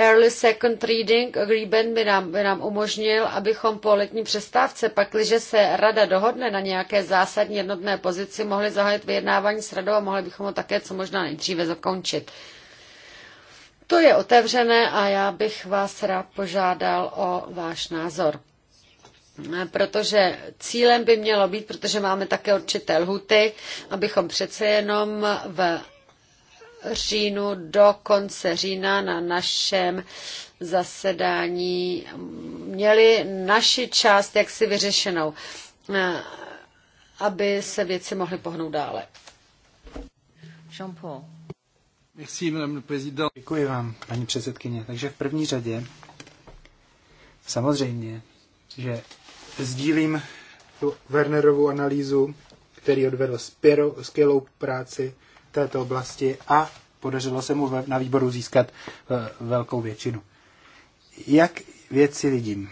Early Second Reading Agreement by nám, by nám umožnil, abychom po letní přestávce, pakliže se rada dohodne na nějaké zásadní jednotné pozici, mohli zahájit vyjednávání s radou a mohli bychom ho také co možná nejdříve zakončit. To je otevřené a já bych vás rád požádal o váš názor. Protože cílem by mělo být, protože máme také určité lhuty, abychom přece jenom v říjnu do konce října na našem zasedání měli naši část jaksi vyřešenou, eh, aby se věci mohly pohnout dále. Jean-Paul. Děkuji vám, paní předsedkyně. Takže v první řadě samozřejmě, že sdílím tu Wernerovu analýzu, který odvedl skvělou práci této oblasti a podařilo se mu na výboru získat e, velkou většinu. Jak věci vidím?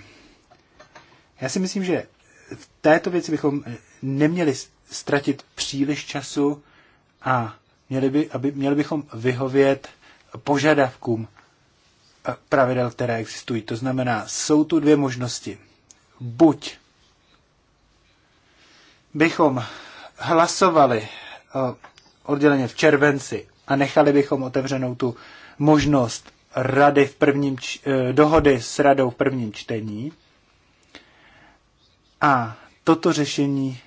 Já si myslím, že v této věci bychom neměli ztratit příliš času a měli, by, aby, měli bychom vyhovět požadavkům e, pravidel, které existují. To znamená, jsou tu dvě možnosti. Buď bychom hlasovali odděleně v červenci a nechali bychom otevřenou tu možnost rady v prvním, eh, dohody s radou v prvním čtení. A toto řešení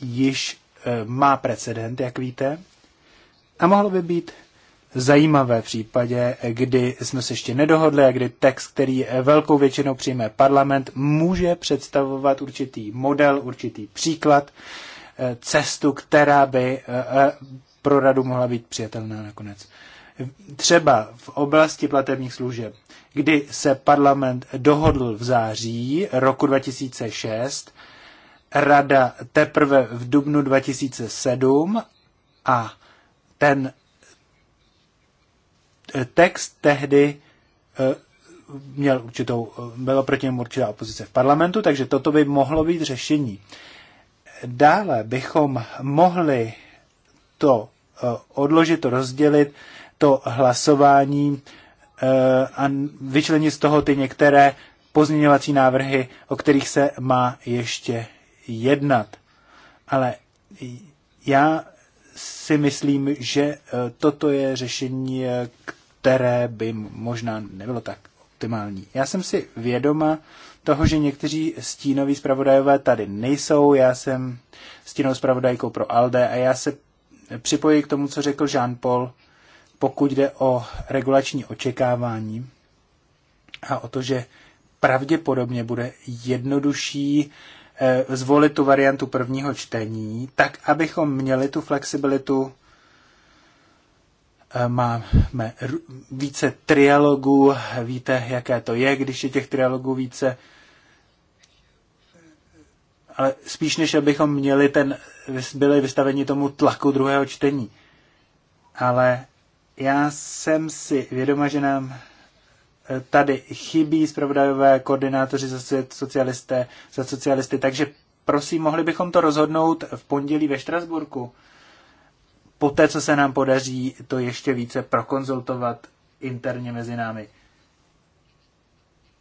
již eh, má precedent, jak víte, a mohlo by být zajímavé v případě, kdy jsme se ještě nedohodli a kdy text, který velkou většinou přijme parlament, může představovat určitý model, určitý příklad cestu, která by eh, eh, pro radu mohla být přijatelná nakonec. Třeba v oblasti platebních služeb, kdy se parlament dohodl v září roku 2006, rada teprve v dubnu 2007 a ten eh, text tehdy měl určitou, bylo proti němu určitá opozice v parlamentu, takže toto by mohlo být řešení dále bychom mohli to eh, odložit, to rozdělit, to hlasování eh, a vyčlenit z toho ty některé pozměňovací návrhy, o kterých se má ještě jednat. Ale já si myslím, že eh, toto je řešení, které by možná nebylo tak optimální. Já jsem si vědoma toho, že někteří stínoví zpravodajové tady nejsou. Já jsem stínovou zpravodajkou pro ALDE a já se připojuji k tomu, co řekl Jean-Paul, pokud jde o regulační očekávání a o to, že pravděpodobně bude jednodušší eh, zvolit tu variantu prvního čtení, tak abychom měli tu flexibilitu, eh, máme více trialogů, víte, jaké to je, když je těch trialogů více, ale spíš než abychom měli ten, byli vystaveni tomu tlaku druhého čtení. Ale já jsem si vědoma, že nám eh, tady chybí zpravodajové koordinátoři za socialisté, za socialisty, takže prosím, mohli bychom to rozhodnout v pondělí ve Štrasburku. Poté, co se nám podaří to ještě více prokonzultovat interně mezi námi.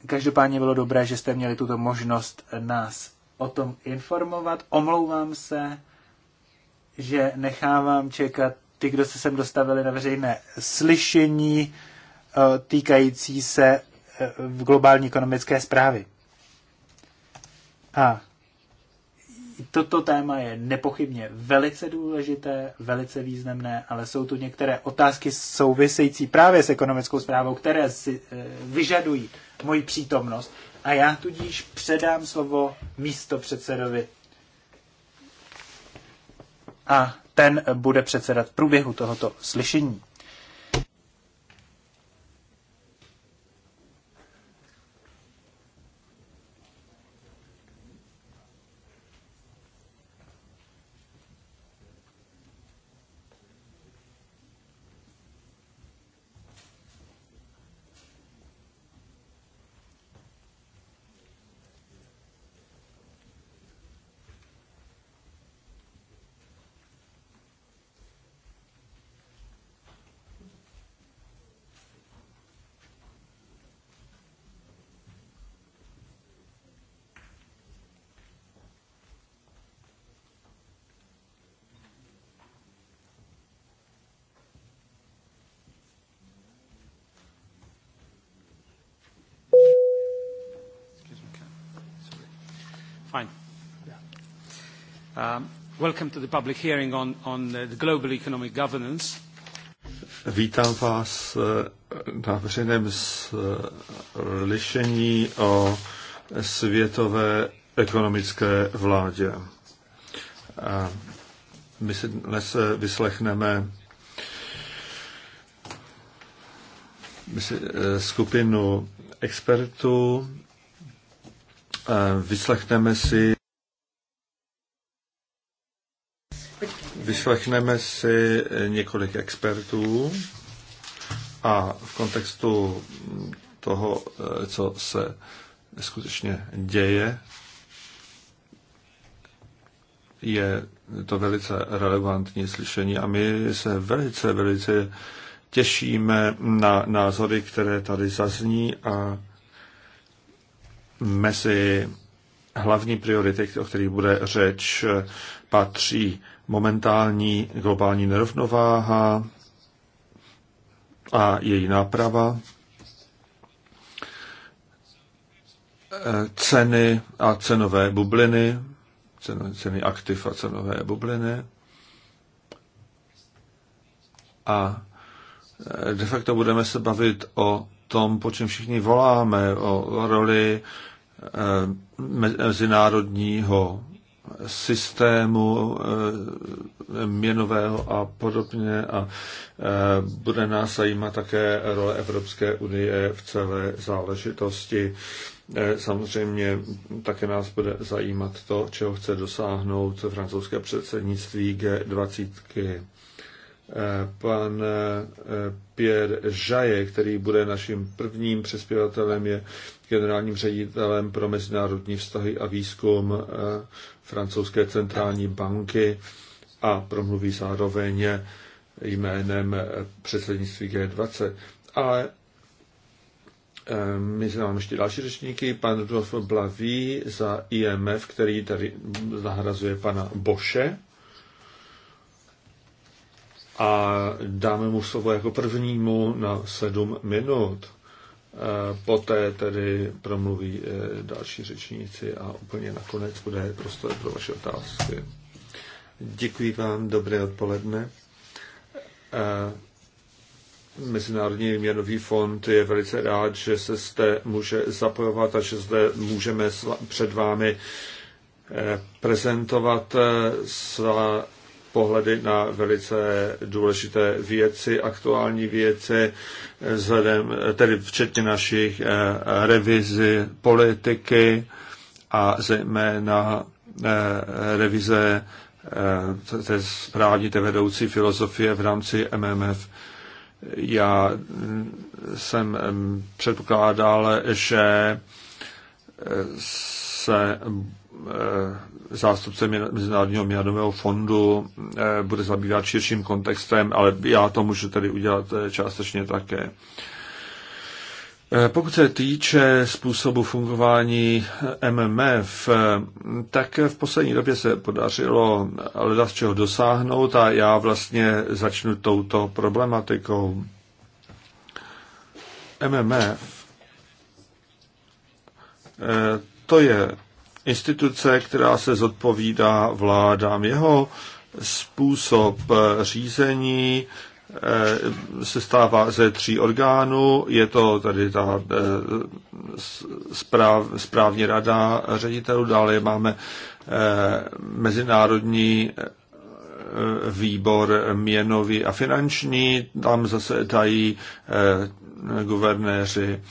Každopádně bylo dobré, že jste měli tuto možnost nás o tom informovat. Omlouvám se, že nechávám čekat ty, kdo se sem dostavili na veřejné slyšení eh, týkající se eh, v globální ekonomické zprávy. A toto téma je nepochybně velice důležité, velice významné, ale jsou tu některé otázky související právě s ekonomickou zprávou, které si eh, vyžadují moji přítomnost a já tudíž předám slovo místo předsedovi. A ten bude předsedat průběhu tohoto slyšení. Welcome to the public hearing on, on uh, the global economic governance. Vítám vás eh, na veřejném slyšení eh, o světové ekonomické vládě. my si dnes eh, vyslechneme skupinu expertů, vyslechneme si Vyslechneme si několik expertů a v kontextu toho, co se skutečně děje, je to velice relevantní slyšení a my se velice, velice těšíme na názory, které tady zazní a mezi hlavní priority, o kterých bude řeč, patří momentální globální nerovnováha a její náprava, eh, ceny a cenové bubliny, ceny aktiv a cenové bubliny. A eh, de facto budeme se bavit o tom, po čem všichni voláme, o roli eh, mezinárodního systému eh, měnového a podobně a eh, bude nás zajímat také role Evropské unie v celé záležitosti. Eh, samozřejmě také nás bude zajímat to, čeho chce dosáhnout francouzské předsednictví G20. Pan Pierre Žaje, který bude naším prvním přispěvatelem, je generálním ředitelem pro mezinárodní vztahy a výzkum francouzské centrální banky a promluví zároveň jménem předsednictví G20. Ale eh, my se máme ještě další řečníky, pan Rudolf Blaví za IMF, který tady nahrazuje pana Boše. A dáme mu slovo jako prvnímu na sedm minut. Poté tedy promluví eh, další řečníci a úplně nakonec bude prostor pro vaše otázky. Děkuji vám, dobré odpoledne. Mezinárodní měnový fond je velice rád, že se zde může zapojovat a že zde můžeme před vámi eh, prezentovat eh, svá pohledy na velice důležité věci, aktuální věci, vzhledem, tedy včetně našich eh, revizi politiky a zejména eh, revize eh, té správní, té vedoucí filozofie v rámci MMF. Já mm, jsem mm, předpokládal, že se eh, zástupce Mezinárodního měnového fondu eh, bude zabývat širším kontextem, ale já to můžu tedy udělat eh, částečně také. Pokud se týče způsobu fungování MMF, tak v poslední době se podařilo leda z čeho dosáhnout a já vlastně začnu touto problematikou. MMF to je instituce, která se zodpovídá vládám. Jeho způsob řízení eh, se stává ze tří orgánů. Je to tady ta eh, správ, správní rada ředitelů, dále máme eh, mezinárodní výbor měnový a finanční, tam zase dají guvernéři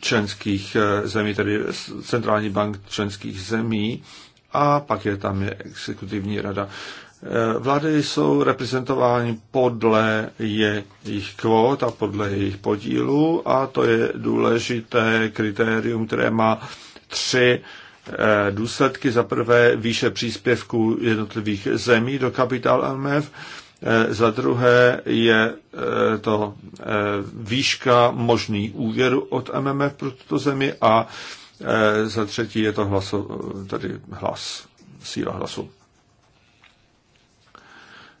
členských eh, zemí, tedy centrální bank členských zemí, a pak je tam je exekutivní rada. Eh, vlády jsou reprezentovány podle jejich kvót a podle jejich podílu a to je důležité kritérium, které má tři eh, důsledky. Za prvé výše příspěvků jednotlivých zemí do kapitál MF Eh, za druhé je eh, to eh, výška možný úvěru od MMF pro tuto zemi a za třetí je to hlaso, tady hlas, síla hlasu.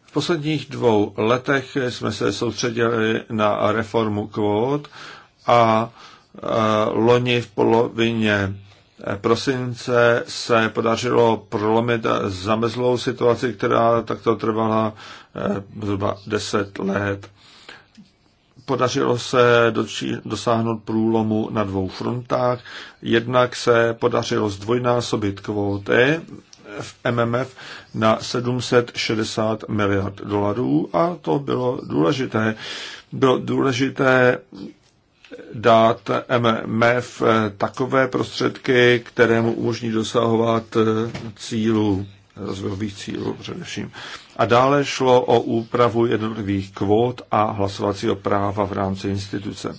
V posledních dvou letech jsme se soustředili na reformu kvót a loni v polovině prosince se podařilo prolomit zamezlou situaci, která takto trvala eh, zhruba 10 let. Podařilo se dočí, dosáhnout průlomu na dvou frontách. Jednak se podařilo zdvojnásobit kvóty v MMF na 760 miliard dolarů a to bylo důležité. Bylo důležité dát MMF eh, takové prostředky, které mu umožní dosahovat eh, cílů, rozvojových cílů především. A dále šlo o úpravu jednotlivých kvót a hlasovacího práva v rámci instituce.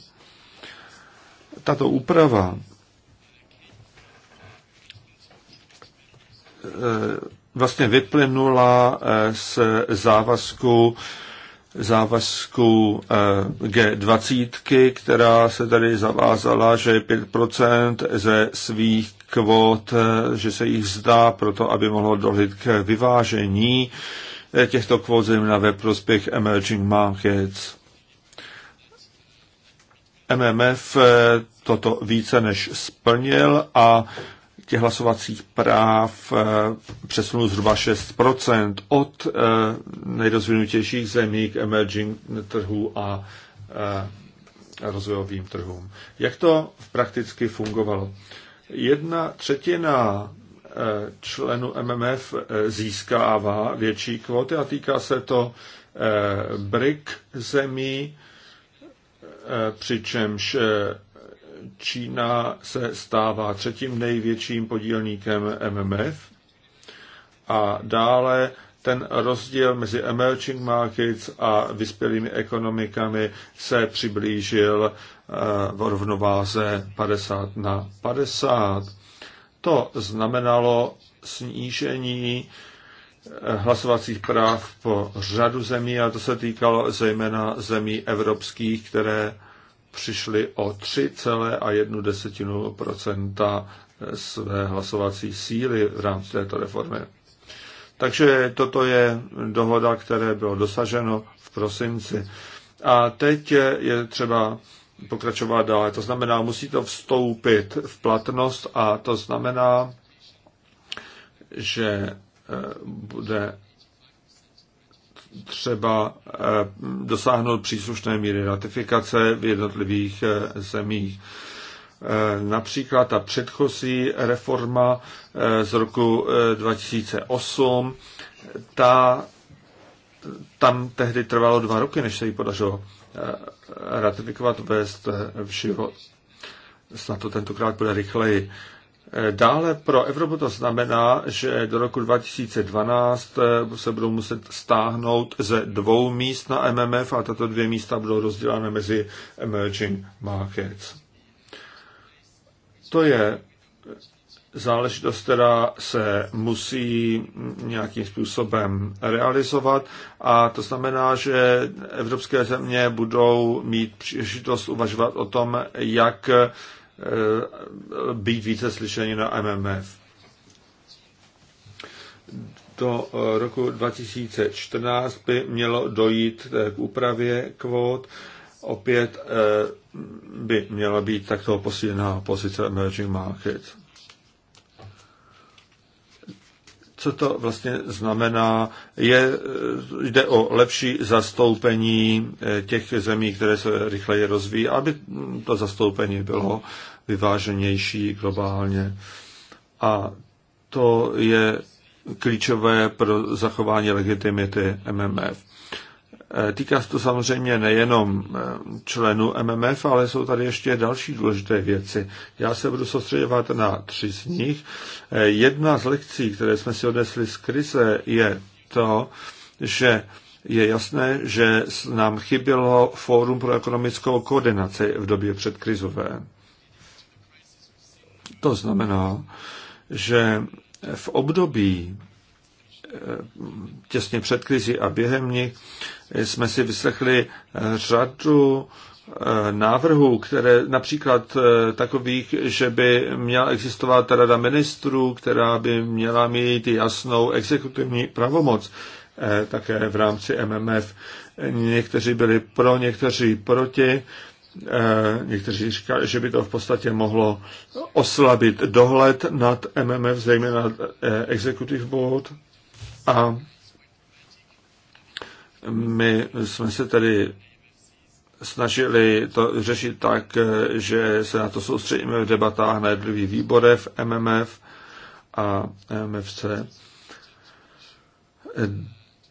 Tato úprava eh, vlastně vyplynula z závazku závazku eh, G20, která se tady zavázala, že 5% ze svých kvot, eh, že se jich zdá proto, aby mohlo dohlit k vyvážení eh, těchto kvot zejména ve prospěch emerging markets. MMF toto více než splnil a těch hlasovacích práv eh, přesunul zhruba 6% od eh, nejrozvinutějších zemí k emerging trhu a eh, rozvojovým trhům. Jak to prakticky fungovalo? Jedna třetina členů MMF získává větší kvóty a týká se to BRIC zemí, přičemž Čína se stává třetím největším podílníkem MMF a dále ten rozdíl mezi emerging markets a vyspělými ekonomikami se přiblížil eh, v rovnováze 50 na 50. To znamenalo snížení eh, hlasovacích práv po řadu zemí a to se týkalo zejména zemí evropských, které přišli o 3,1 své hlasovací síly v rámci této reformy. Takže toto je dohoda, které bylo dosaženo v prosinci. A teď je třeba pokračovat dále. To znamená, musí to vstoupit v platnost a to znamená, že eh, bude třeba eh, dosáhnout příslušné míry ratifikace v jednotlivých eh, zemích. Eh, například ta předchozí reforma z roku 2008, ta, tam tehdy trvalo dva roky, než se ji podařilo ratifikovat, vést v život. Snad to tentokrát bude rychleji. Dále pro Evropu to znamená, že do roku 2012 eh, se budou muset stáhnout ze dvou míst na MMF a tato dvě místa budou rozdělána mezi emerging markets. To je záležitost, která se musí nějakým způsobem realizovat a to znamená, že evropské země budou mít příležitost uvažovat o tom, jak Eh, být více slyšeni na MMF. Do eh, roku 2014 by mělo dojít eh, k úpravě kvót. Opět by měla být takto posílená pozice emerging markets. co to vlastně znamená. Je, jde o lepší zastoupení eh, těch zemí, které se rychleji rozvíjí, aby to zastoupení bylo vyváženější globálně. A to je klíčové pro zachování legitimity MMF. Eh, týká se to samozřejmě nejenom eh, členů MMF, ale jsou tady ještě další důležité věci. Já se budu soustředovat na tři z nich. Eh, jedna z lekcí, které jsme si odnesli z krize, je to, že je jasné, že nám chybělo Fórum pro ekonomickou koordinaci v době předkrizové. To znamená, že v období těsně před krizi a během ní jsme si vyslechli eh, řadu eh, návrhů, které například eh, takových, že by měla existovat rada ministrů, která by měla mít jasnou exekutivní pravomoc také v rámci MMF. Někteří byli pro, někteří proti. Někteří říkali, že by to v podstatě mohlo oslabit dohled nad MMF, zejména nad Executive Board. A my jsme se tedy snažili to řešit tak, že se na to soustředíme v debatách na jednotlivých výborech MMF a MFC.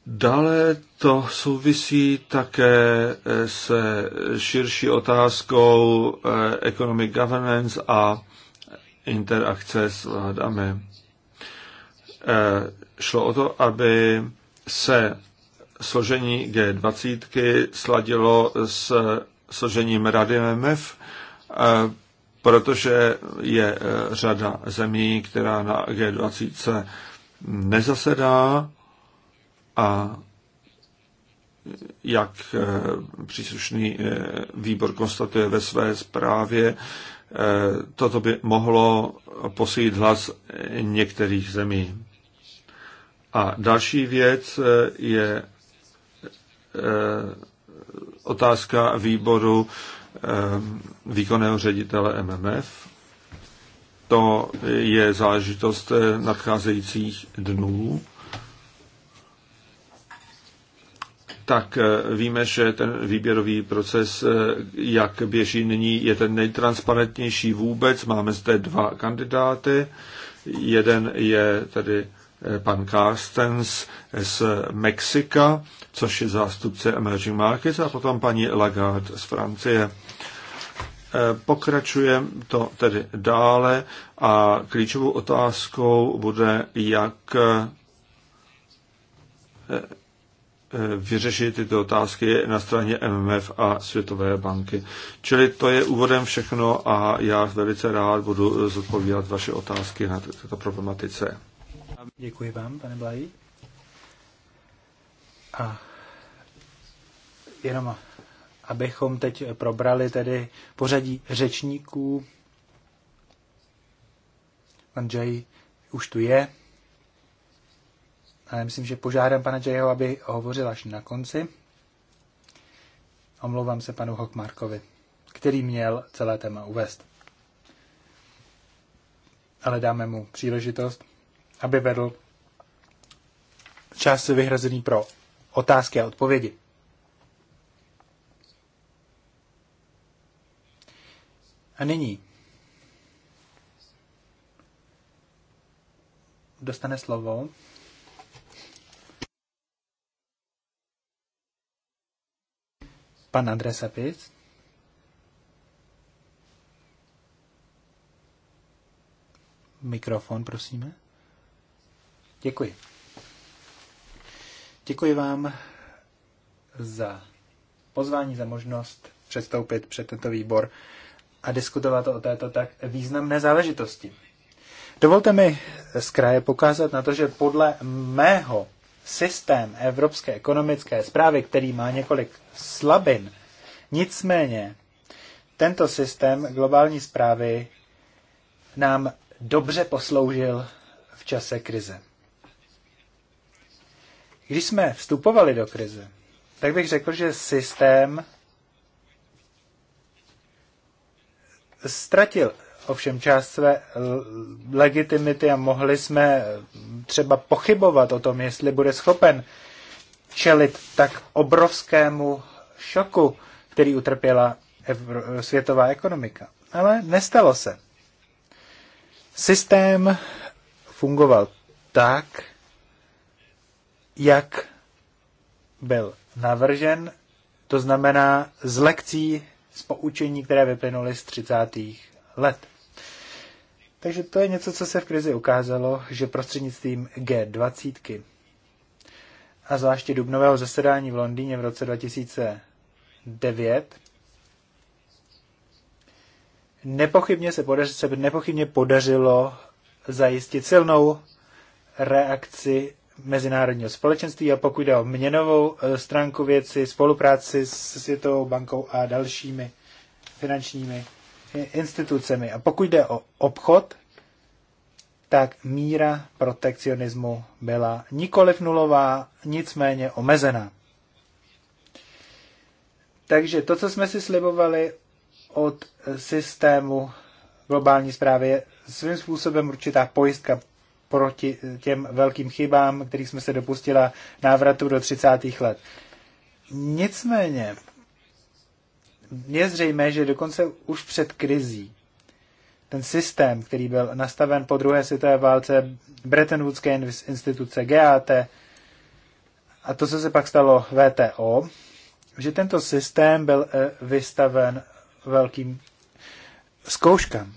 Dále to souvisí také se širší otázkou eh, economic governance a interakce s vládami. Eh, šlo o to, aby se složení G20 sladilo s složením Rady MF, eh, protože je eh, řada zemí, která na G20 nezasedá a jak eh, příslušný výbor konstatuje ve své zprávě, toto by mohlo posílit hlas některých zemí. A další věc je Eh, otázka výboru eh, výkonného ředitele MMF. To je záležitost eh, nadcházejících dnů. tak víme, že ten výběrový proces, jak běží nyní, je ten nejtransparentnější vůbec. Máme zde dva kandidáty. Jeden je tedy pan Carstens z Mexika, což je zástupce Emerging Markets, a potom paní Lagarde z Francie. E, pokračuje to tedy dále a klíčovou otázkou bude, jak e, e, vyřešit tyto otázky na straně MMF a Světové banky. Čili to je úvodem všechno a já velice rád budu zodpovídat vaše otázky na této problematice. Děkuji vám, pane Blají. A jenom abychom teď probrali tedy pořadí řečníků. Pan Jay už tu je. A já myslím, že požádám pana Jayho, aby hovořil až na konci. Omlouvám se panu Hockmarkovi, který měl celé téma uvést. Ale dáme mu příležitost, aby vedl čas vyhrazený pro otázky a odpovědi. A nyní dostane slovo pan Pic. Mikrofon, prosíme. Děkuji. Děkuji vám za pozvání, za možnost přestoupit před tento výbor a diskutovat o této tak významné záležitosti. Dovolte mi z kraje pokázat na to, že podle mého systém evropské ekonomické zprávy, který má několik slabin, nicméně tento systém globální zprávy nám dobře posloužil v čase krize. Když jsme vstupovali do krize, tak bych řekl, že systém ztratil ovšem část své legitimity a mohli jsme třeba pochybovat o tom, jestli bude schopen čelit tak obrovskému šoku, který utrpěla světová ekonomika. Ale nestalo se. Systém fungoval tak, jak byl navržen, to znamená z lekcí, z poučení, které vyplynuly z 30. let. Takže to je něco, co se v krizi ukázalo, že prostřednictvím G20 a zvláště dubnového zasedání v Londýně v roce 2009 nepochybně se, podař, se nepochybně podařilo zajistit silnou reakci mezinárodního společenství a pokud jde o měnovou e, stránku věci, spolupráci s Světovou bankou a dalšími finančními institucemi. A pokud jde o obchod, tak míra protekcionismu byla nikoliv nulová, nicméně omezená. Takže to, co jsme si slibovali od e, systému globální zprávy, je svým způsobem určitá pojistka proti těm velkým chybám, kterých jsme se dopustila návratu do 30. let. Nicméně je zřejmé, že dokonce už před krizí ten systém, který byl nastaven po druhé světové válce, Bretton Woodské instituce GAT, a to, co se pak stalo VTO, že tento systém byl eh, vystaven velkým zkouškám.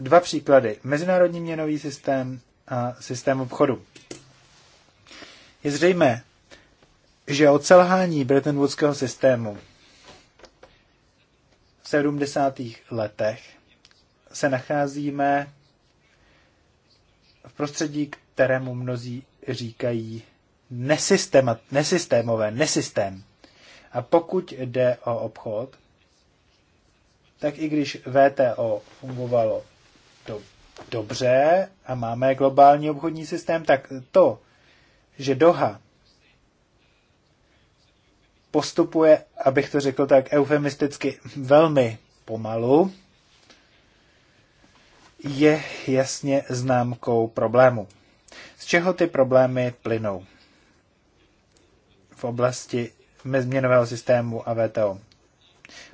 Dva příklady. Mezinárodní měnový systém a systém obchodu. Je zřejmé, že od selhání Bretton Woodského systému v 70. letech se nacházíme v prostředí, kterému mnozí říkají nesystémové, nesystém. A pokud jde o obchod, tak i když VTO fungovalo dobře a máme globální obchodní systém, tak to, že Doha postupuje, abych to řekl tak eufemisticky, velmi pomalu, je jasně známkou problému. Z čeho ty problémy plynou v oblasti mezměnového systému a VTO?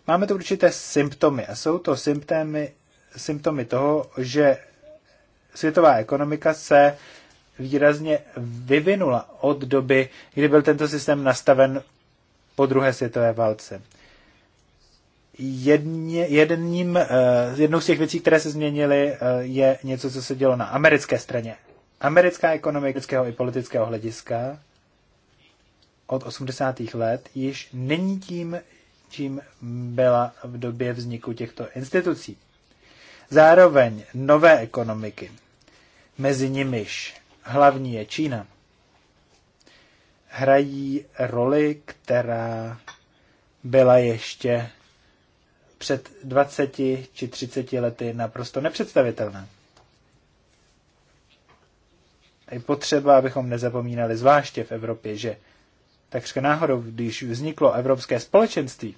Máme tu určité symptomy a jsou to symptomy, symptomy toho, že světová ekonomika se výrazně vyvinula od doby, kdy byl tento systém nastaven po druhé světové válce. Jedně, jedním, eh, jednou z těch věcí, které se změnily, eh, je něco, co se dělo na americké straně. Americká ekonomického i politického hlediska od 80. let již není tím, čím byla v době vzniku těchto institucí. Zároveň nové ekonomiky, mezi nimiž hlavní je Čína, hrají roli, která byla ještě před 20 či 30 lety naprosto nepředstavitelná. Je potřeba, abychom nezapomínali, zvláště v Evropě, že takřka náhodou, když vzniklo Evropské společenství,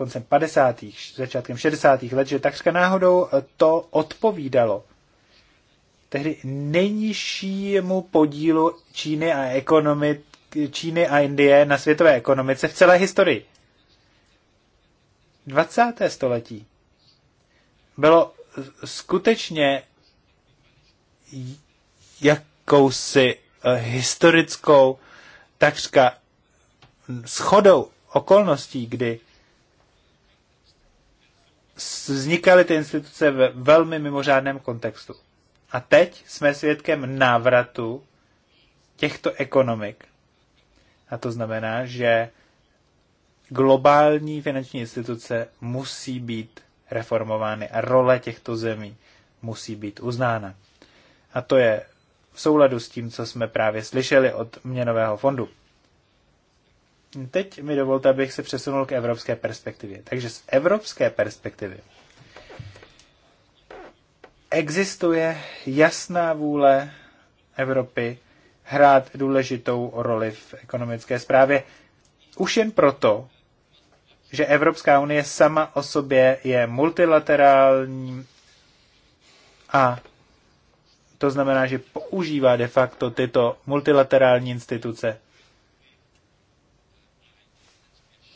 koncem 50. začátkem 60. let, že takřka náhodou to odpovídalo tehdy nejnižšímu podílu Číny a, ekonomi, Číny a Indie na světové ekonomice v celé historii. 20. století bylo skutečně jakousi eh, historickou takřka schodou okolností, kdy vznikaly ty instituce ve velmi mimořádném kontextu. A teď jsme svědkem návratu těchto ekonomik. A to znamená, že globální finanční instituce musí být reformovány a role těchto zemí musí být uznána. A to je v souladu s tím, co jsme právě slyšeli od měnového fondu. Teď mi dovolte, abych se přesunul k evropské perspektivě. Takže z evropské perspektivy existuje jasná vůle Evropy hrát důležitou roli v ekonomické správě. Už jen proto, že Evropská unie sama o sobě je multilaterální a to znamená, že používá de facto tyto multilaterální instituce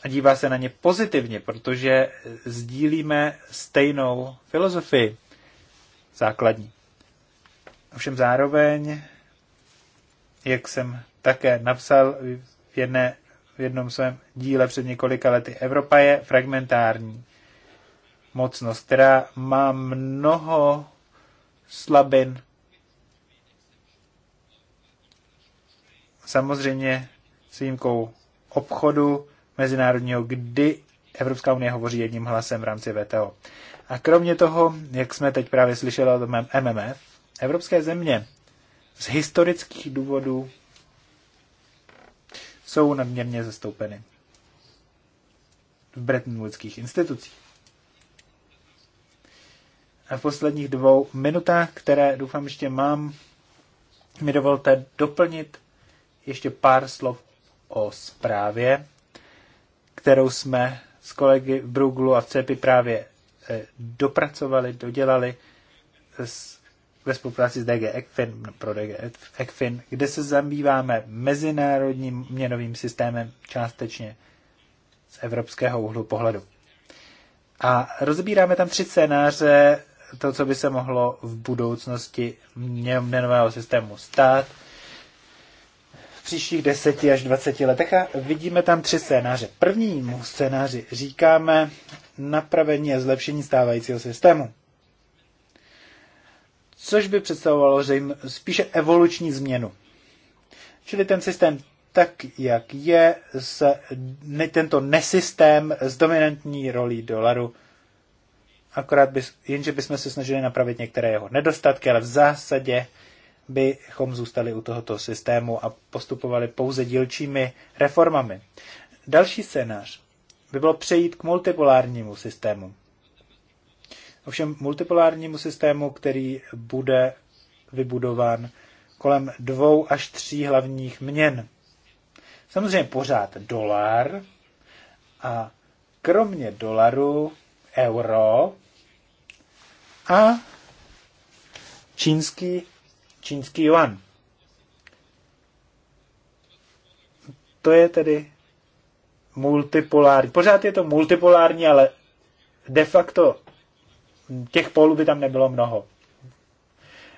a dívá se na ně pozitivně, protože sdílíme stejnou filozofii základní. Ovšem zároveň, jak jsem také napsal v, jedné, v jednom svém díle před několika lety, Evropa je fragmentární mocnost, která má mnoho slabin. Samozřejmě s výjimkou obchodu, mezinárodního, kdy Evropská unie hovoří jedním hlasem v rámci VTO. A kromě toho, jak jsme teď právě slyšeli o MMF, evropské země z historických důvodů jsou nadměrně zastoupeny v Woodských institucích. A v posledních dvou minutách, které doufám ještě mám, mi dovolte doplnit ještě pár slov o zprávě, kterou jsme s kolegy v Bruglu a v CEPI právě eh, dopracovali, dodělali s, ve spolupráci s DG ECFIN, pro DG ECFIN, kde se zabýváme mezinárodním měnovým systémem částečně z evropského úhlu pohledu. A rozbíráme tam tři scénáře, to, co by se mohlo v budoucnosti měnového systému stát – příštích 10 až 20 letech a vidíme tam tři scénáře. Prvnímu scénáři říkáme napravení a zlepšení stávajícího systému. Což by představovalo že jim spíše evoluční změnu. Čili ten systém tak, jak je, se ne, tento nesystém s dominantní rolí dolaru, akorát by, jenže bychom se snažili napravit některé jeho nedostatky, ale v zásadě bychom zůstali u tohoto systému a postupovali pouze dílčími reformami. Další scénář by bylo přejít k multipolárnímu systému. Ovšem multipolárnímu systému, který bude vybudován kolem dvou až tří hlavních měn. Samozřejmě pořád dolar a kromě dolaru euro a čínský čínský yuan. To je tedy multipolární. Pořád je to multipolární, ale de facto těch polů by tam nebylo mnoho.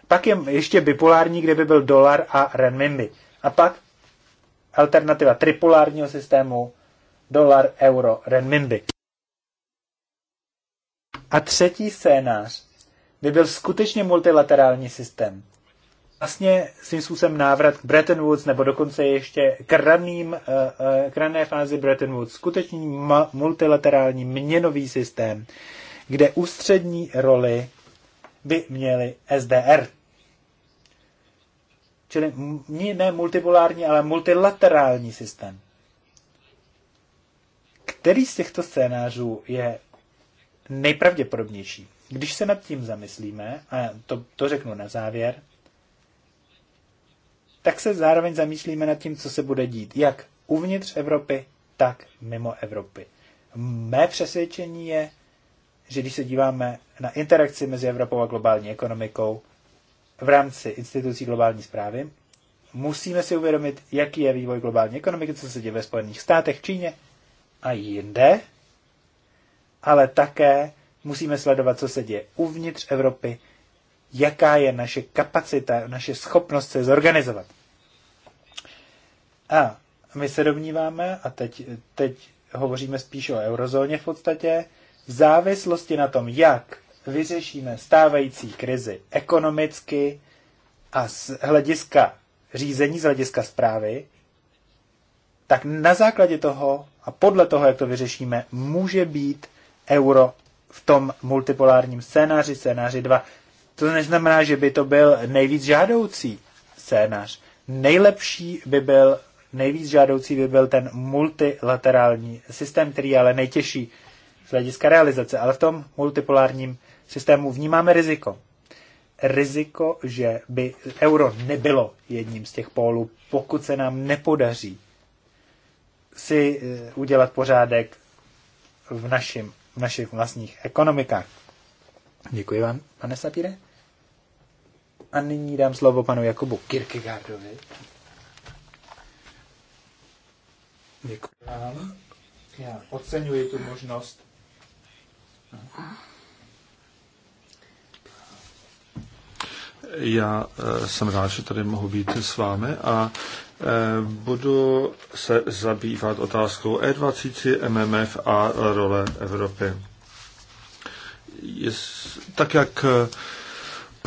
Pak je ještě bipolární, kde by byl dolar a renminbi. A pak alternativa tripolárního systému dolar, euro, renminbi. A třetí scénář by byl skutečně multilaterální systém, vlastně svým způsobem návrat k Bretton Woods, nebo dokonce ještě k, raným, eh, eh, k rané fázi Bretton Woods, skutečný multilaterální měnový systém, kde ústřední roli by měly SDR. Čili ne multipolární, ale multilaterální systém. Který z těchto scénářů je nejpravděpodobnější? Když se nad tím zamyslíme, a to, to řeknu na závěr, tak se zároveň zamýšlíme nad tím, co se bude dít, jak uvnitř Evropy, tak mimo Evropy. Mé přesvědčení je, že když se díváme na interakci mezi Evropou a globální ekonomikou v rámci institucí globální zprávy, musíme si uvědomit, jaký je vývoj globální ekonomiky, co se děje ve Spojených státech, Číně a jinde, ale také musíme sledovat, co se děje uvnitř Evropy, jaká je naše kapacita, naše schopnost se zorganizovat. A my se domníváme, a teď, teď hovoříme spíš o eurozóně v podstatě, v závislosti na tom, jak vyřešíme stávající krizi ekonomicky a z hlediska řízení, z hlediska zprávy, tak na základě toho a podle toho, jak to vyřešíme, může být euro v tom multipolárním scénáři, scénáři 2. To neznamená, že by to byl nejvíc žádoucí scénář. Nejlepší by byl nejvíc žádoucí by byl ten multilaterální systém, který je ale nejtěžší z hlediska realizace. Ale v tom multipolárním systému vnímáme riziko. Riziko, že by euro nebylo jedním z těch pólů, pokud se nám nepodaří si eh, udělat pořádek v, našim, v našich vlastních ekonomikách. Děkuji vám, pane Sapíre. A nyní dám slovo panu Jakubu Kierkegaardovi. Děkuji Já oceňuji tu možnost. Já eh, jsem rád, že tady mohu být s vámi a eh, budu se zabývat otázkou E20, MMF a role Evropy. tak jak eh,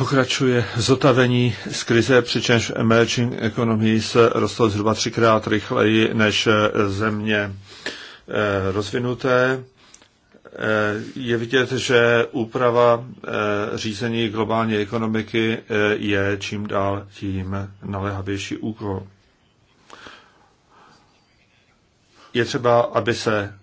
pokračuje zotavení z krize, přičemž emerging economy se rostl zhruba třikrát rychleji než eh, země eh, rozvinuté. Eh, je vidět, že úprava řízení globální ekonomiky je čím dál tím naléhavější úkol. Je třeba, aby se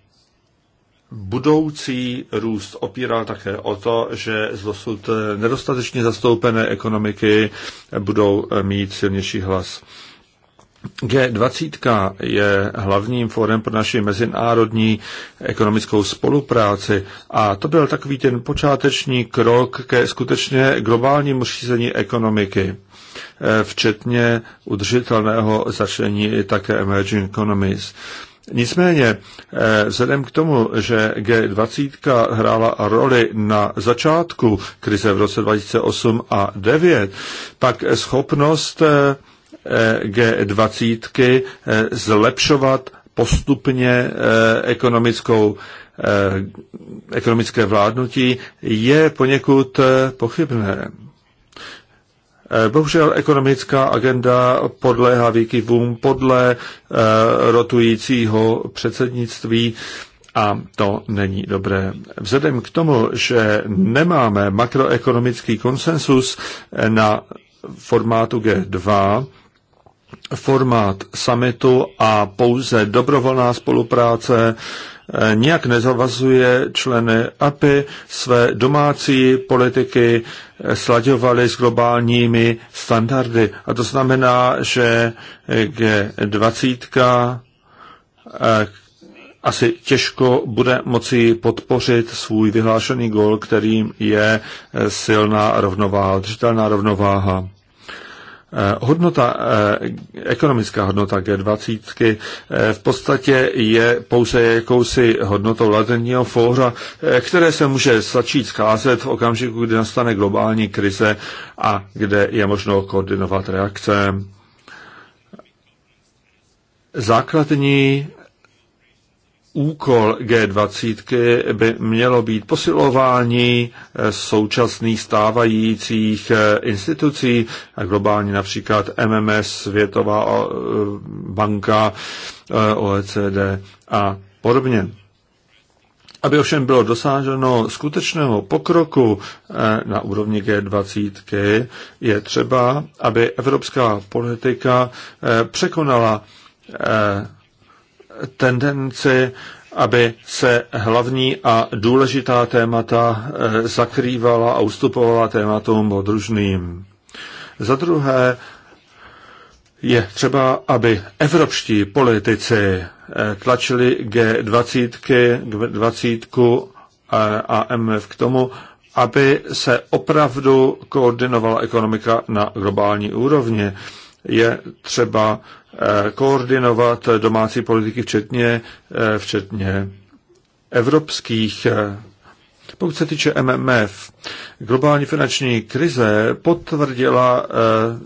budoucí růst opíral také o to, že z dosud nedostatečně zastoupené ekonomiky budou mít silnější hlas. G20 je hlavním fórem pro naši mezinárodní ekonomickou spolupráci a to byl takový ten počáteční krok ke skutečně globálnímu řízení ekonomiky, eh, včetně udržitelného začlení také emerging economies. Nicméně, eh, vzhledem k tomu, že G20 hrála roli na začátku krize v roce 2008 a 2009, pak schopnost eh, eh, G20 zlepšovat postupně ekonomickou, ekonomické vládnutí je poněkud pochybné. Eh, bohužel ekonomická agenda podléhá výkyvům podle eh, rotujícího předsednictví a to není dobré. Vzhledem k tomu, že nemáme makroekonomický konsensus eh, na formátu G2, formát summitu a pouze dobrovolná spolupráce Eh, nijak nezavazuje členy API své domácí politiky eh, slaďovaly s globálními standardy. A to znamená, že G20 eh, asi těžko bude moci podpořit svůj vyhlášený gol, kterým je silná rovnováha, držitelná rovnováha. Eh, hodnota, eh, ekonomická hodnota G20 eh, v podstatě je pouze jakousi hodnotou latenního fóra, které se může začít scházet v okamžiku, kdy nastane globální krize a kde je možno koordinovat reakce. Základní úkol G20 by mělo být posilování eh, současných stávajících eh, institucí, globálně například MMS, Světová eh, banka, OECD a podobně. Aby ovšem bylo dosáženo skutečného pokroku na úrovni G20, je třeba, aby evropská politika překonala tendenci, aby se hlavní a důležitá témata eh, zakrývala a ustupovala tématům odružným. Za druhé, je třeba, aby evropští politici eh, tlačili G20, G20 eh, a MF k tomu, aby se opravdu koordinovala ekonomika na globální úrovni. Je třeba Eh, koordinovat domácí politiky, včetně, eh, včetně evropských. Eh, pokud se týče MMF, globální finanční krize potvrdila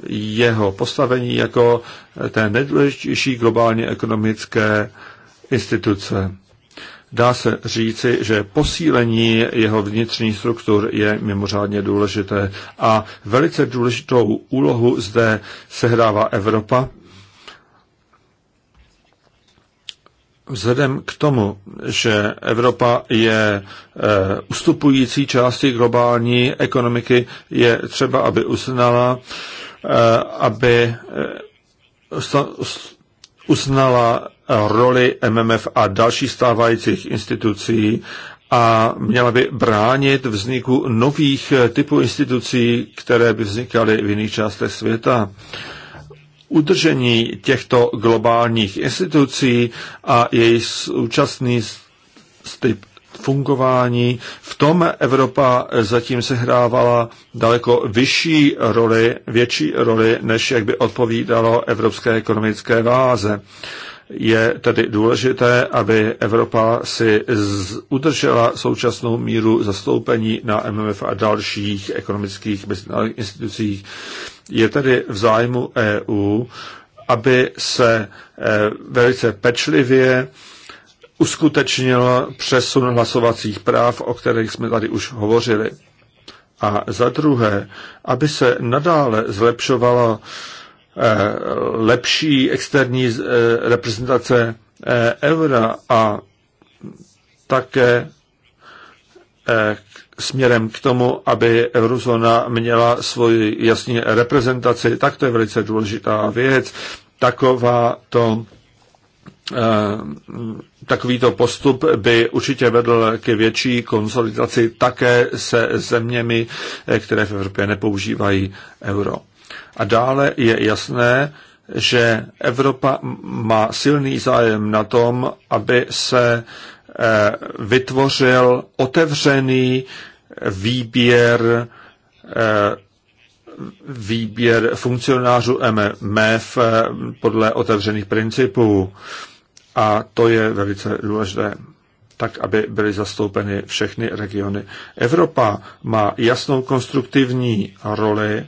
jeho postavení jako té nejdůležitější globálně ekonomické instituce. Dá se říci, že posílení jeho vnitřních struktur je mimořádně důležité a velice důležitou úlohu zde sehrává Evropa Vzhledem k tomu, že Evropa je eh, ustupující části globální ekonomiky, je třeba, aby uznala, eh, aby eh, uznala roli MMF a dalších stávajících institucí a měla by bránit vzniku nových typů institucí, které by vznikaly v jiných částech světa. E, udržení těchto globálních institucí a jejich současný typ fungování. V tom Evropa zatím sehrávala daleko vyšší roli, větší roli, než jak by odpovídalo evropské ekonomické váze. Je tedy důležité, aby Evropa si udržela současnou míru zastoupení na MMF a dalších ekonomických institucích. Je tedy v zájmu EU, aby se eh, velice pečlivě uskutečnil přesun hlasovacích práv, o kterých jsme tady už hovořili. A za druhé, aby se nadále zlepšovala eh, lepší externí eh, reprezentace eura a také směrem k tomu, aby eurozóna měla svoji jasně reprezentaci, tak to je velice důležitá věc. Taková to eh, takovýto postup by určitě vedl k větší konsolidaci také se zeměmi, eh, které v Evropě nepoužívají euro. A dále je jasné, že Evropa má silný zájem na tom, aby se eh, vytvořil otevřený výběr eh, výběr funkcionářů MF eh, podle otevřených principů. A to je velice důležité, tak aby byly zastoupeny všechny regiony. Evropa má jasnou konstruktivní roli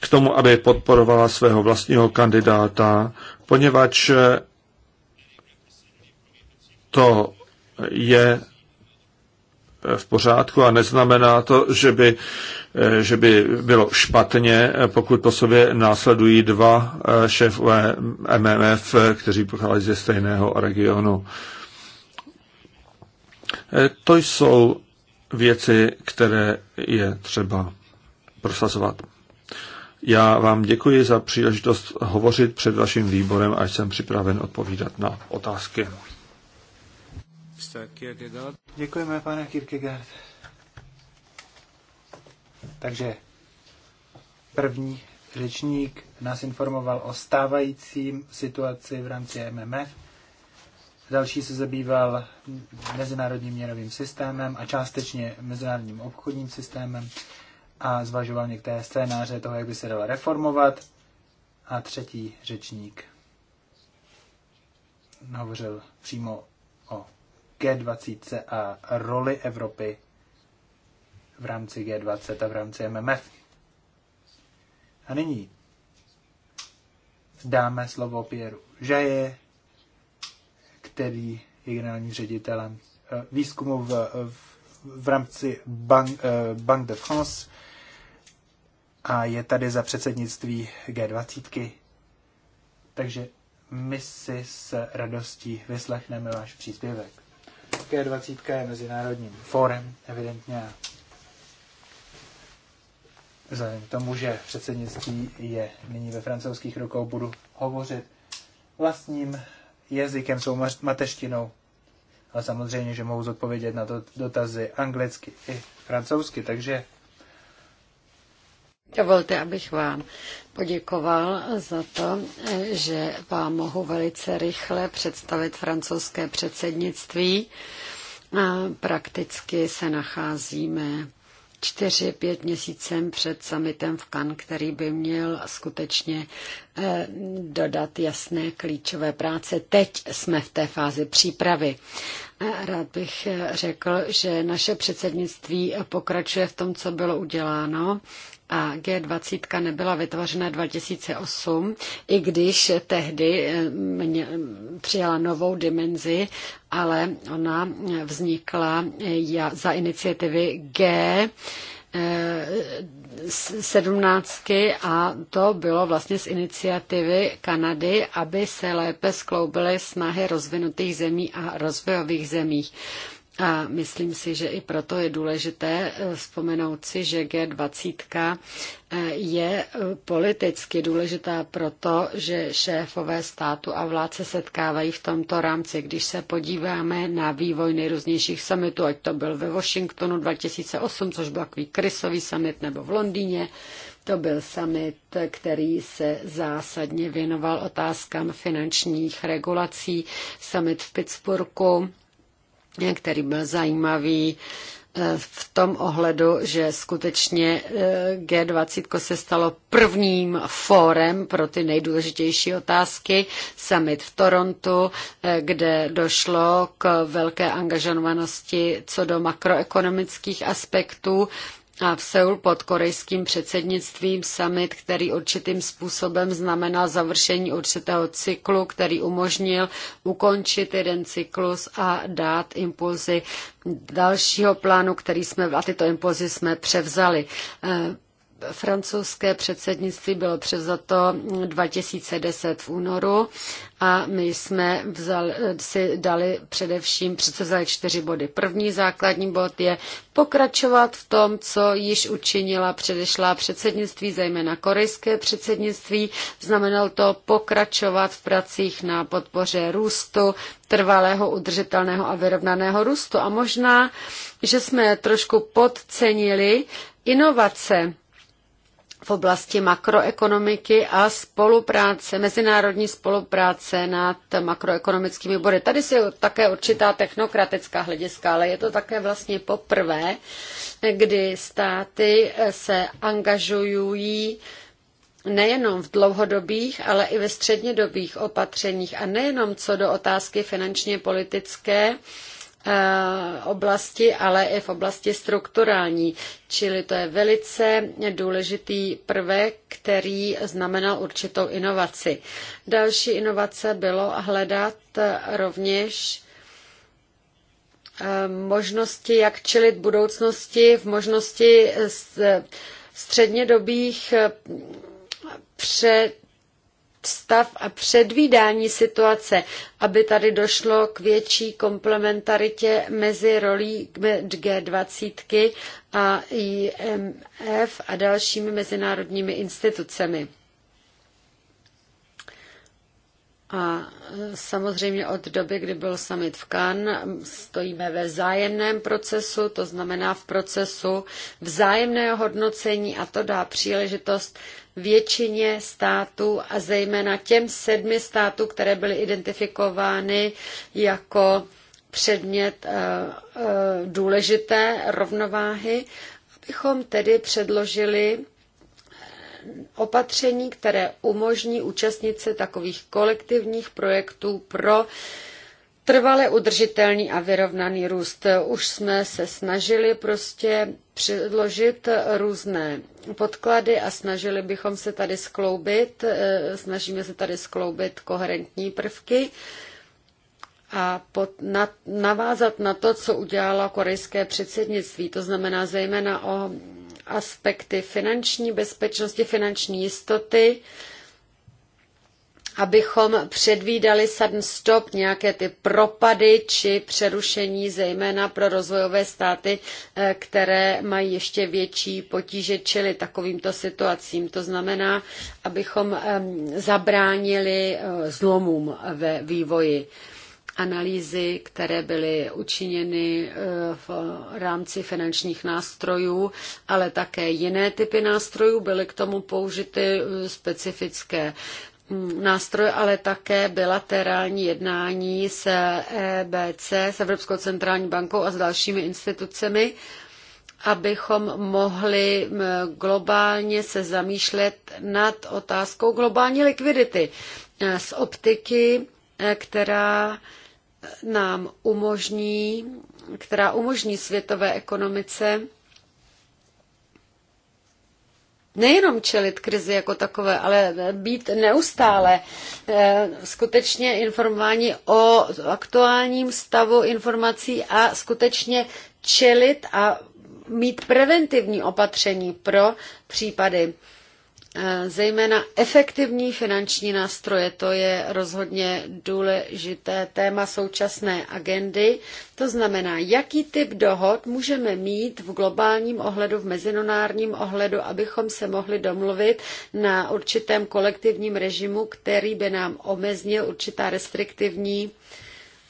k tomu, aby podporovala svého vlastního kandidáta, poněvadž to je v pořádku a neznamená to, že by, eh, že by bylo špatně, eh, pokud po sobě následují dva eh, šéfové MMF, kteří pochází ze stejného regionu. To jsou věci, které je třeba prosazovat. Já vám děkuji za příležitost hovořit před vaším výborem a jsem připraven odpovídat na otázky. Mr. Kierkegaard. Děkujeme, pane Kierkegaard. Takže první řečník nás informoval o stávající situaci v rámci MMF. Další se zabýval mezinárodním měnovým systémem a částečně mezinárodním obchodním systémem a zvažoval některé scénáře toho, jak by se dalo reformovat. A třetí řečník hovořil přímo G20 a roli Evropy v rámci G20 a v rámci MMF. A nyní dáme slovo Pieru Žaje, který je generálním ředitelem eh, výzkumu v, v, v rámci Bank, eh, Bank de France a je tady za předsednictví G20. -ky. Takže my si s radostí vyslechneme váš příspěvek. G20 je mezinárodním fórem, evidentně. Vzhledem k tomu, že předsednictví je nyní ve francouzských rukou, budu hovořit vlastním jazykem, svou mateštinou. Ale samozřejmě, že mohu zodpovědět na to dotazy anglicky i francouzsky, takže Dovolte, abych vám poděkoval za to, že vám mohu velice rychle představit francouzské předsednictví. Prakticky se nacházíme čtyři, pět měsícem před summitem v Cannes, který by měl skutečně eh, dodat jasné klíčové práce. Teď jsme v té fázi přípravy. Rád bych eh, řekl, že naše předsednictví pokračuje v tom, co bylo uděláno a G20 nebyla vytvořena 2008, i když tehdy eh, mě přijala novou dimenzi, ale ona vznikla eh, za iniciativy G 17 eh, a to bylo vlastně z iniciativy Kanady, aby se lépe skloubily snahy rozvinutých zemí a rozvojových zemích. A myslím si, že i proto je důležité eh, vzpomenout si, že G20 eh, je eh, politicky důležitá proto, že šéfové státu a vlád se setkávají v tomto rámci. Když se podíváme na vývoj nejrůznějších summitů, ať to byl ve Washingtonu 2008, což byl takový krysový summit, nebo v Londýně, to byl summit, který se zásadně věnoval otázkám finančních regulací, summit v Pittsburghu, Vlastně, který byl zajímavý eh, v tom ohledu, že skutečně eh, G20 se stalo prvním fórem pro ty nejdůležitější otázky. Summit v Torontu, eh, kde došlo k velké angažovanosti co do makroekonomických aspektů a v Seul pod korejským předsednictvím summit, který určitým způsobem znamená završení určitého cyklu, který umožnil ukončit jeden cyklus a dát impulzy dalšího plánu, který jsme, a tyto impulzy jsme převzali. Eh, francouzské předsednictví bylo převzato 2010 v únoru a my jsme vzali, si dali především předsevzali čtyři body. První základní bod je pokračovat v tom, co již učinila předešlá předsednictví, zejména korejské předsednictví. Znamenalo to pokračovat v pracích na podpoře růstu, trvalého, udržitelného a vyrovnaného růstu. A možná, že jsme trošku podcenili inovace v oblasti makroekonomiky a spolupráce, mezinárodní spolupráce nad makroekonomickými obory. Tady se také určitá technokratická hlediska, ale je to také vlastně poprvé, kdy státy se angažují nejenom v dlouhodobých, ale i ve střednědobých opatřeních a nejenom co do otázky finančně politické, Eh, oblasti, ale i v oblasti strukturální. Čili to je velice důležitý prvek, který znamenal určitou inovaci. Další inovace bylo hledat rovněž eh, možnosti, jak čelit budoucnosti, v možnosti střednědobých eh, před stav a předvídání situace, aby tady došlo k větší komplementaritě mezi rolí G20 a IMF a dalšími mezinárodními institucemi. A e, samozřejmě od doby, kdy byl summit v Cannes, stojíme ve vzájemném procesu, to znamená v procesu vzájemného hodnocení a to dá příležitost většině států a zejména těm sedmi států, které byly identifikovány jako předmět e, e, důležité rovnováhy, abychom tedy předložili opatření, které umožní účastnit se takových kolektivních projektů pro trvale udržitelný a vyrovnaný růst. Už jsme se snažili prostě předložit různé podklady a snažili bychom se tady skloubit, eh, snažíme se tady skloubit koherentní prvky a pod, na, navázat na to, co udělalo korejské předsednictví, to znamená zejména o aspekty finanční bezpečnosti, finanční jistoty, abychom předvídali sudden stop, nějaké ty propady či přerušení, zejména pro rozvojové státy, eh, které mají ještě větší potíže čili takovýmto situacím. To znamená, abychom ehm, zabránili eh, zlomům ve vývoji analýzy, které byly učiněny eh, v rámci finančních nástrojů, ale také jiné typy nástrojů. Byly k tomu použity eh, specifické mm, nástroje, ale také bilaterální jednání s EBC, s Evropskou centrální bankou a s dalšími institucemi, abychom mohli mm, globálně se zamýšlet nad otázkou globální likvidity eh, z optiky, která nám umožní, která umožní světové ekonomice nejenom čelit krizi jako takové, ale být neustále eh, skutečně informováni o aktuálním stavu informací a skutečně čelit a mít preventivní opatření pro případy Eh, zejména efektivní finanční nástroje, to je rozhodně důležité téma současné agendy. To znamená, jaký typ dohod můžeme mít v globálním ohledu, v mezinárodním ohledu, abychom se mohli domluvit na určitém kolektivním režimu, který by nám omezil určitá restriktivní uh,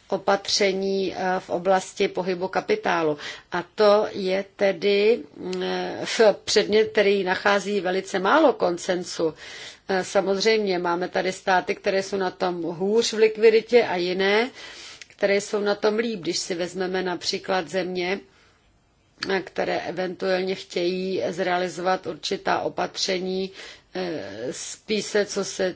opatření eh, v oblasti pohybu kapitálu. A to je tedy mm, předmět, který nachází velice málo konsenzu. Eh, samozřejmě máme tady státy, které jsou na tom hůř v likviditě a jiné, které jsou na tom líp. Když si vezmeme například země, eh, které eventuálně chtějí zrealizovat určitá opatření, spíše co se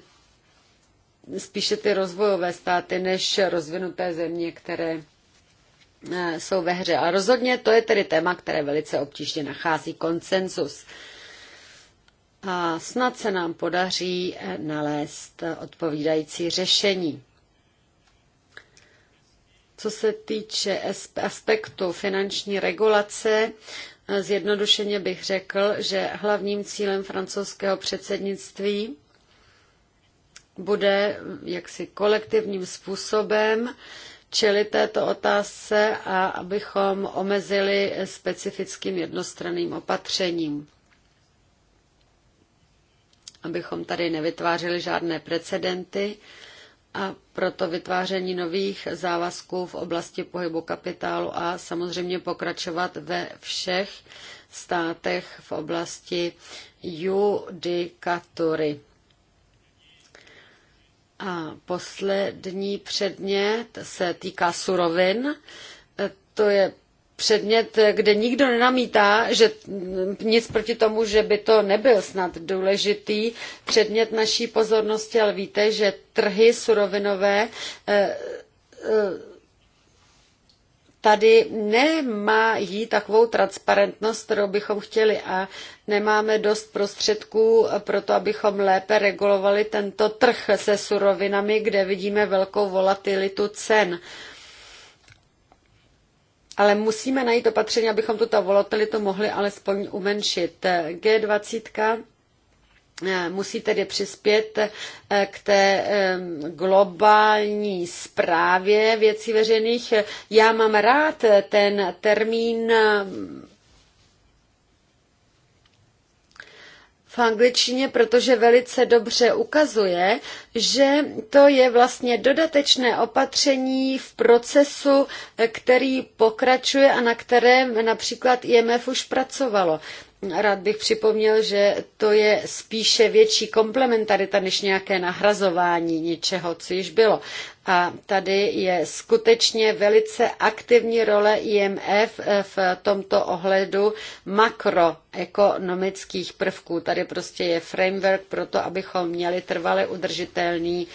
spíše ty rozvojové státy než rozvinuté země, které eh, jsou ve hře. A rozhodně to je tedy téma, které velice obtížně nachází konsensus. A snad se nám podaří eh, nalézt odpovídající řešení. Co se týče aspektu finanční regulace, eh, zjednodušeně bych řekl, že hlavním cílem francouzského předsednictví bude jaksi kolektivním způsobem čelit této otázce a abychom omezili specifickým jednostranným opatřením. Abychom tady nevytvářeli žádné precedenty a proto vytváření nových závazků v oblasti pohybu kapitálu a samozřejmě pokračovat ve všech státech v oblasti judikatury. A poslední předmět se týká surovin. E, to je předmět, kde nikdo nenamítá, že nic proti tomu, že by to nebyl snad důležitý předmět naší pozornosti, ale víte, že trhy surovinové e, e, tady jí takovou transparentnost, kterou bychom chtěli a nemáme dost prostředků pro to, abychom lépe regulovali tento trh se surovinami, kde vidíme velkou volatilitu cen. Ale musíme najít opatření, abychom tuto volatilitu mohli alespoň umenšit. G20 Eh, musí tedy přispět eh, k té globální zprávě věcí veřejných. Já mám rád ten termín eh, v angličtině, protože velice dobře ukazuje, že to je vlastně dodatečné opatření v procesu, který pokračuje a na kterém například IMF už pracovalo. Rád bych připomněl, že to je spíše větší komplementarita než nějaké nahrazování něčeho, co již bylo. A tady je skutečně velice aktivní role IMF v tomto ohledu makroekonomických prvků. Tady prostě je framework pro to, abychom měli trvale udržitelný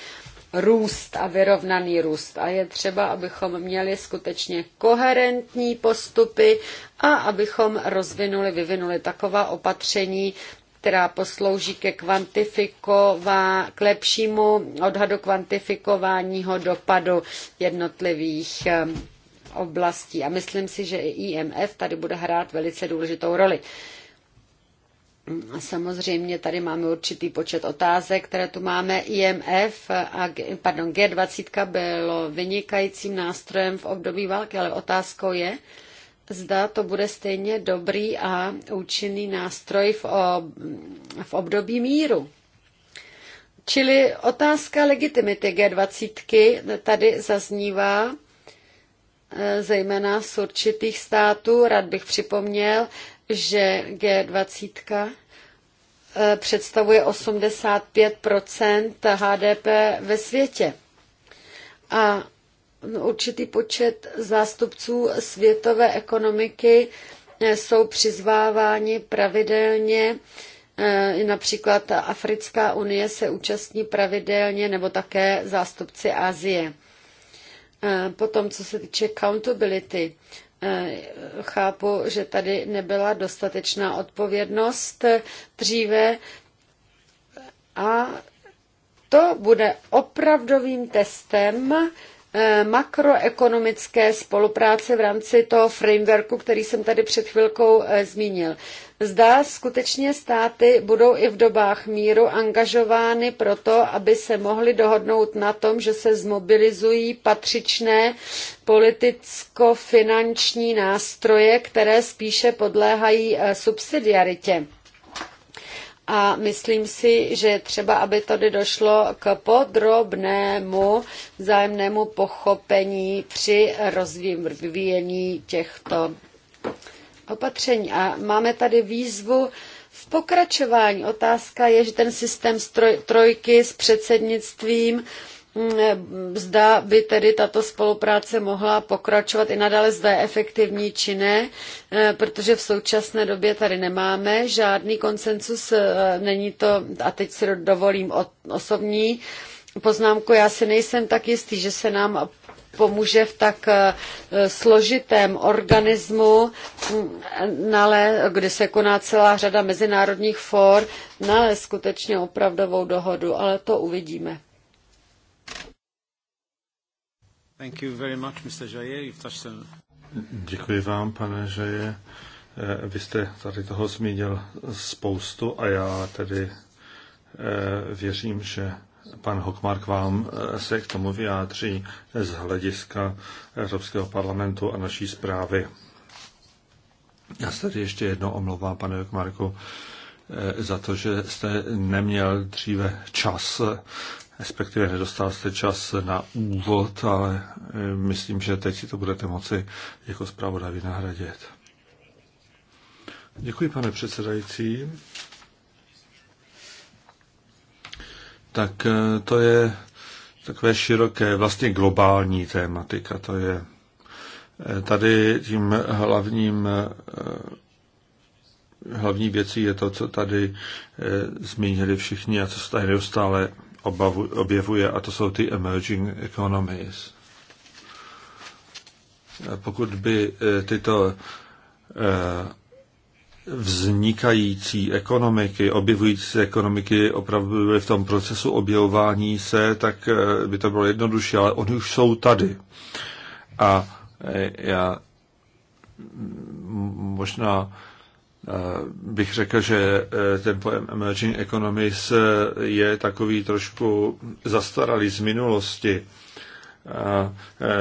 růst a vyrovnaný růst. A je třeba, abychom měli skutečně koherentní postupy a abychom rozvinuli, vyvinuli taková opatření, která poslouží ke, kvantifiková, k lepšímu odhadu kvantifikováního dopadu jednotlivých ehm, oblastí. A myslím si, že i IMF tady bude hrát velice důležitou roli. Samozřejmě tady máme určitý počet otázek, které tu máme. IMF a pardon, G20 bylo vynikajícím nástrojem v období války, ale otázkou je, zda to bude stejně dobrý a účinný nástroj v, období míru. Čili otázka legitimity G20 tady zaznívá eh, zejména z určitých států. Rád bych připomněl, že G20 eh, představuje 85 HDP ve světě. A určitý počet zástupců světové ekonomiky eh, jsou přizváváni pravidelně eh, například Africká unie se účastní pravidelně, nebo také zástupci Asie. Potom, co se týče accountability, Eh, chápu, že tady nebyla dostatečná odpovědnost dříve a to bude opravdovým testem eh, makroekonomické spolupráce v rámci toho frameworku, který jsem tady před chvilkou eh, zmínil. Zda skutečně státy budou i v dobách míru angažovány proto, aby se mohly dohodnout na tom, že se zmobilizují patřičné politicko-finanční nástroje, které spíše podléhají eh, subsidiaritě a myslím si, že třeba, aby tady došlo k podrobnému vzájemnému pochopení při rozvíjení těchto opatření. A máme tady výzvu v pokračování. Otázka je, že ten systém stroj, trojky s předsednictvím mm, zda by tedy tato spolupráce mohla pokračovat i nadále, zda je efektivní či ne, e, protože v současné době tady nemáme žádný konsensus, e, není to, a teď si dovolím osobní poznámku, já si nejsem tak jistý, že se nám pomůže v tak eh, složitém organismu, mm, kde se koná celá řada mezinárodních for, nalézt skutečně opravdovou dohodu, ale to uvidíme. Much, Děkuji vám, pane Žaje. Eh, vy jste tady toho zmínil spoustu a já tedy eh, věřím, že Pan Hokmark vám eh, se k tomu vyjádří z hlediska Evropského parlamentu a naší zprávy. Já se tady ještě jedno omlouvám, pane Hokmarku, eh, za to, že jste neměl dříve čas, respektive nedostal jste čas na úvod, ale eh, myslím, že teď si to budete moci jako zpravodaj vynahradit. Děkuji, pane předsedající. tak eh, to je takové široké, vlastně globální tématika. To je eh, tady tím hlavním eh, hlavní věcí je to, co tady zmínili všichni a co se tady neustále obavu, objevuje, a to jsou ty emerging economies. Pokud by tyto vznikající ekonomiky, objevující se ekonomiky opravdu byly v tom procesu objevování se, tak eh, by to bylo jednodušší, ale oni už jsou tady. A eh, já možná eh, bych řekl, že ten pojem emerging economies je takový trošku zastaralý z minulosti. A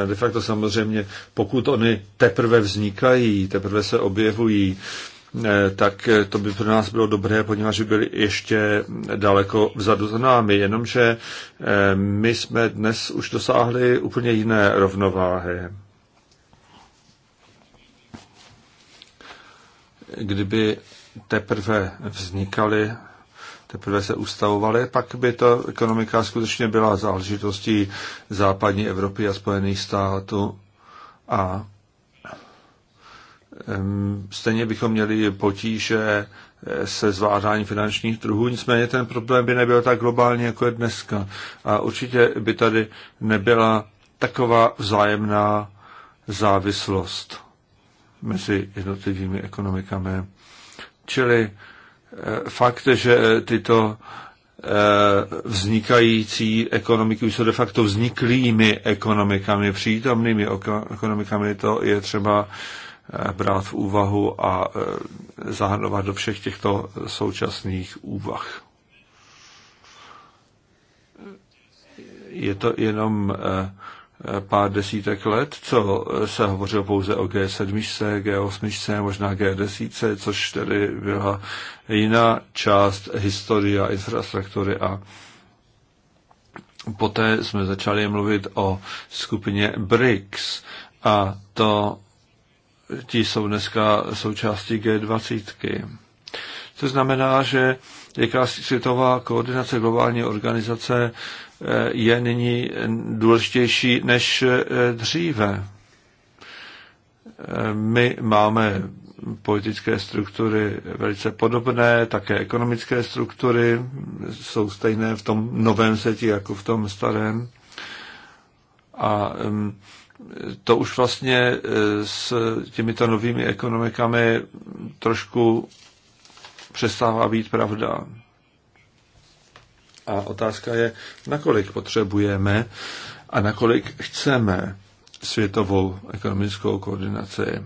de facto samozřejmě, pokud oni teprve vznikají, teprve se objevují, Eh, tak eh, to by pro nás bylo dobré, poněvadž by byli ještě daleko vzadu za námi. Jenomže eh, my jsme dnes už dosáhli úplně jiné rovnováhy. Kdyby teprve vznikaly, teprve se ustavovaly, pak by to ekonomika skutečně byla záležitostí západní Evropy a Spojených států a Stejně bychom měli potíže eh, se zvládání finančních trhů, nicméně ten problém by nebyl tak globální, jako je dneska. A určitě by tady nebyla taková vzájemná závislost mezi jednotlivými ekonomikami. Čili eh, fakt, že eh, tyto vznikající ekonomiky jsou de facto vzniklými ekonomikami, přítomnými ekonomikami, to je třeba Eh, brát v úvahu a eh, zahrnovat do všech těchto současných úvah. Je to jenom eh, pár desítek let, co se hovořilo pouze o G7, G8, možná G10, což tedy byla jiná část historie infrastruktury a poté jsme začali mluvit o skupině BRICS a to ti jsou dneska součástí G20. To znamená, že jakási světová koordinace globální organizace eh, je nyní důležitější než eh, dříve. Eh, my máme politické struktury velice podobné, také ekonomické struktury jsou stejné v tom novém světě jako v tom starém. A um, to už vlastně e, s těmito novými ekonomikami trošku přestává být pravda. A otázka je, nakolik potřebujeme a nakolik chceme světovou ekonomickou koordinaci.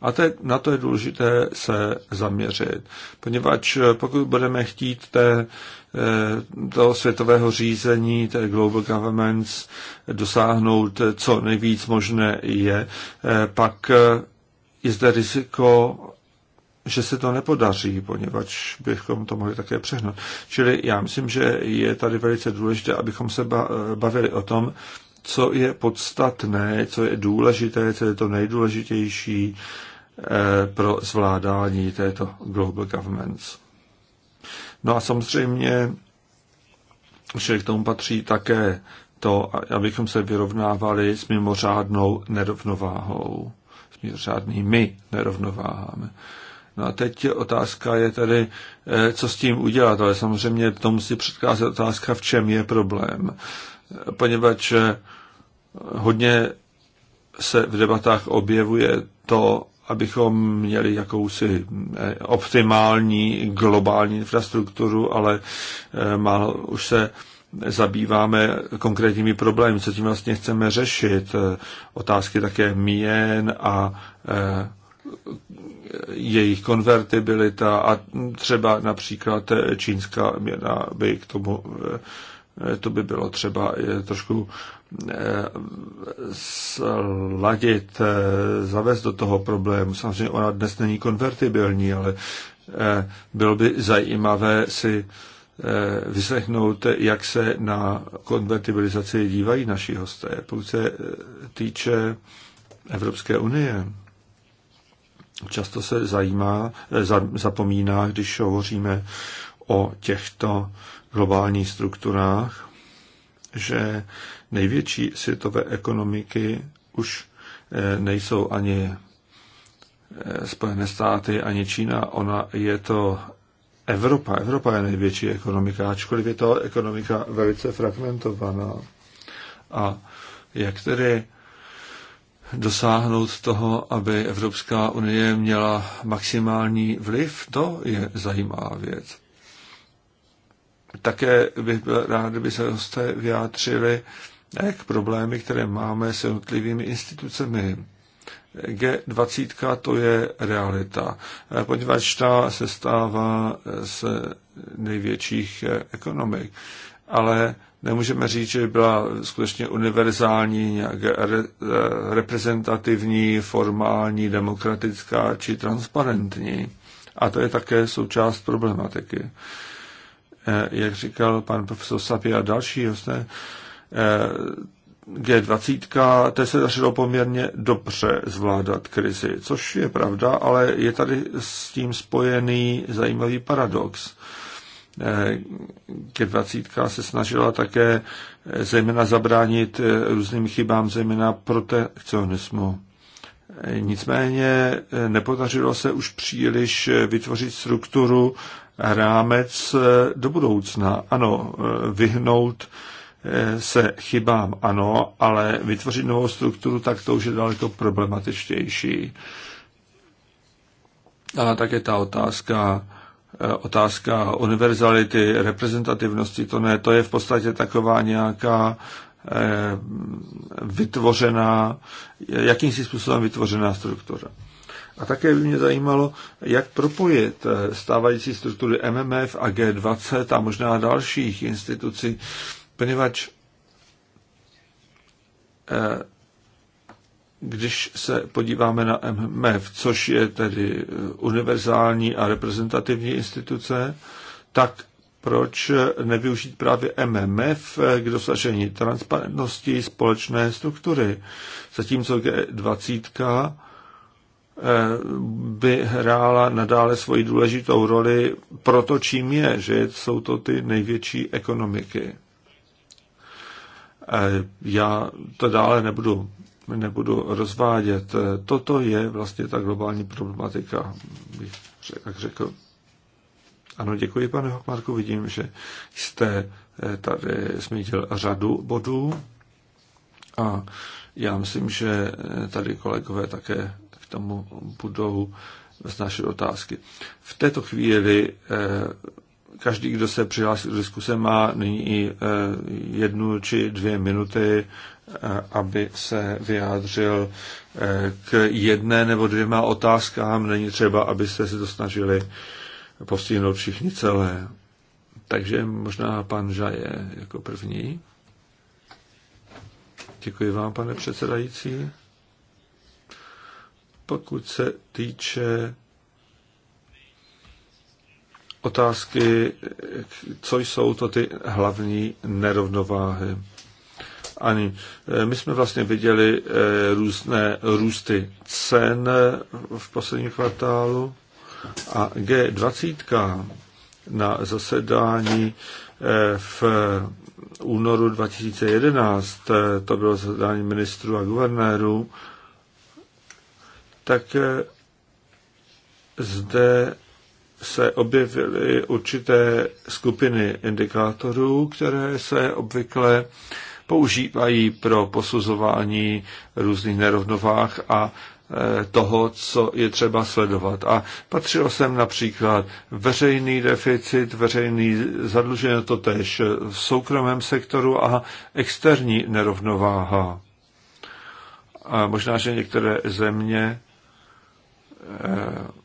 A te, na to je důležité se zaměřit, poněvadž e, pokud budeme chtít té toho eh, světového řízení, té global governments, dosáhnout eh, co nejvíc možné je, eh, pak je zde riziko, že se to nepodaří, poněvadž bychom to mohli také přehnat. Čili já myslím, že je tady velice důležité, abychom se bavili o tom, co je podstatné, co je důležité, co je to nejdůležitější pro zvládání této global governments. No a samozřejmě, že k tomu patří také to, abychom se vyrovnávali s mimořádnou nerovnováhou, s mimořádnými nerovnováhami. No a teď otázka je tedy, eh, co s tím udělat, ale samozřejmě to musí předcházet otázka, v čem je problém. Eh, poněvadž eh, hodně se v debatách objevuje to, abychom měli jakousi eh, optimální globální infrastrukturu, ale eh, málo už se zabýváme konkrétními problémy, co tím vlastně chceme řešit. Eh, otázky také měn a jejich konvertibilita a třeba například čínská měna by k tomu, to by bylo třeba trošku sladit, eh, zavést do toho problému. Samozřejmě ona dnes není konvertibilní, ale eh, bylo by zajímavé si eh, vyslechnout, jak se na konvertibilizaci dívají naši hosté. Pokud se týče Evropské unie, často se zajímá, zapomíná, když hovoříme o těchto globálních strukturách, že Největší světové ekonomiky už eh, nejsou ani eh, Spojené státy, ani Čína. Ona je to Evropa. Evropa je největší ekonomika, ačkoliv je to ekonomika velice fragmentovaná. A jak tedy dosáhnout toho, aby Evropská unie měla maximální vliv, to je zajímavá věc. Také bych byl rád, kdyby se hosté vyjádřili k problémy, které máme s jednotlivými institucemi. G20 to je realita, poněvadž ta se stává z největších ekonomik. Ale nemůžeme říct, že byla skutečně univerzální, nějak reprezentativní, formální, demokratická či transparentní. A to je také součást problematiky. Eh, jak říkal pan profesor Sapia a další jste. Eh, G20, té se dařilo poměrně dobře zvládat krizi, což je pravda, ale je tady s tím spojený zajímavý paradox. Eh, G20 se snažila také eh, zejména zabránit různým chybám, zejména protekcionismu. Nicméně nepodařilo se už příliš vytvořit strukturu rámec do budoucna. Ano, vyhnout se chybám ano, ale vytvořit novou strukturu, tak to už je daleko problematičtější. A také ta otázka, eh, otázka univerzality, reprezentativnosti, to ne, to je v podstatě taková nějaká eh, vytvořená, jakýmsi způsobem vytvořená struktura. A také by mě zajímalo, jak propojit eh, stávající struktury MMF a G20 a možná dalších institucí Poněvadž eh, když se podíváme na MMF, což je tedy eh, univerzální a reprezentativní instituce, tak proč nevyužít právě MMF eh, k dosažení transparentnosti společné struktury, zatímco G20 by hrála nadále svoji důležitou roli proto, čím je, že jsou to ty největší ekonomiky. Eh, já to dále nebudu, nebudu rozvádět. Eh, toto je vlastně ta globální problematika, bych tak řekl. Ano, děkuji, pane Hokmarku. Vidím, že jste eh, tady zmínil řadu bodů a já myslím, že tady kolegové také k tomu budou vznášet otázky. V této chvíli každý, kdo se přihlásí do diskuse, má nyní i eh, jednu či dvě minuty, eh, aby se vyjádřil eh, k jedné nebo dvěma otázkám. Není třeba, abyste se to snažili postihnout všichni celé. Takže možná pan Žaje jako první. Děkuji vám, pane předsedající. Pokud se týče otázky, co jsou to ty hlavní nerovnováhy. Ani eh, my jsme vlastně viděli eh, různé růsty cen eh, v posledním kvartálu a G20 na zasedání v únoru 2011, to bylo zasedání ministrů a guvernérů, tak zde se objevily určité skupiny indikátorů, které se obvykle používají pro posuzování různých nerovnovách a e, toho, co je třeba sledovat. A patřilo sem například veřejný deficit, veřejný zadlužení, to tež v soukromém sektoru a externí nerovnováha. A možná, že některé země e,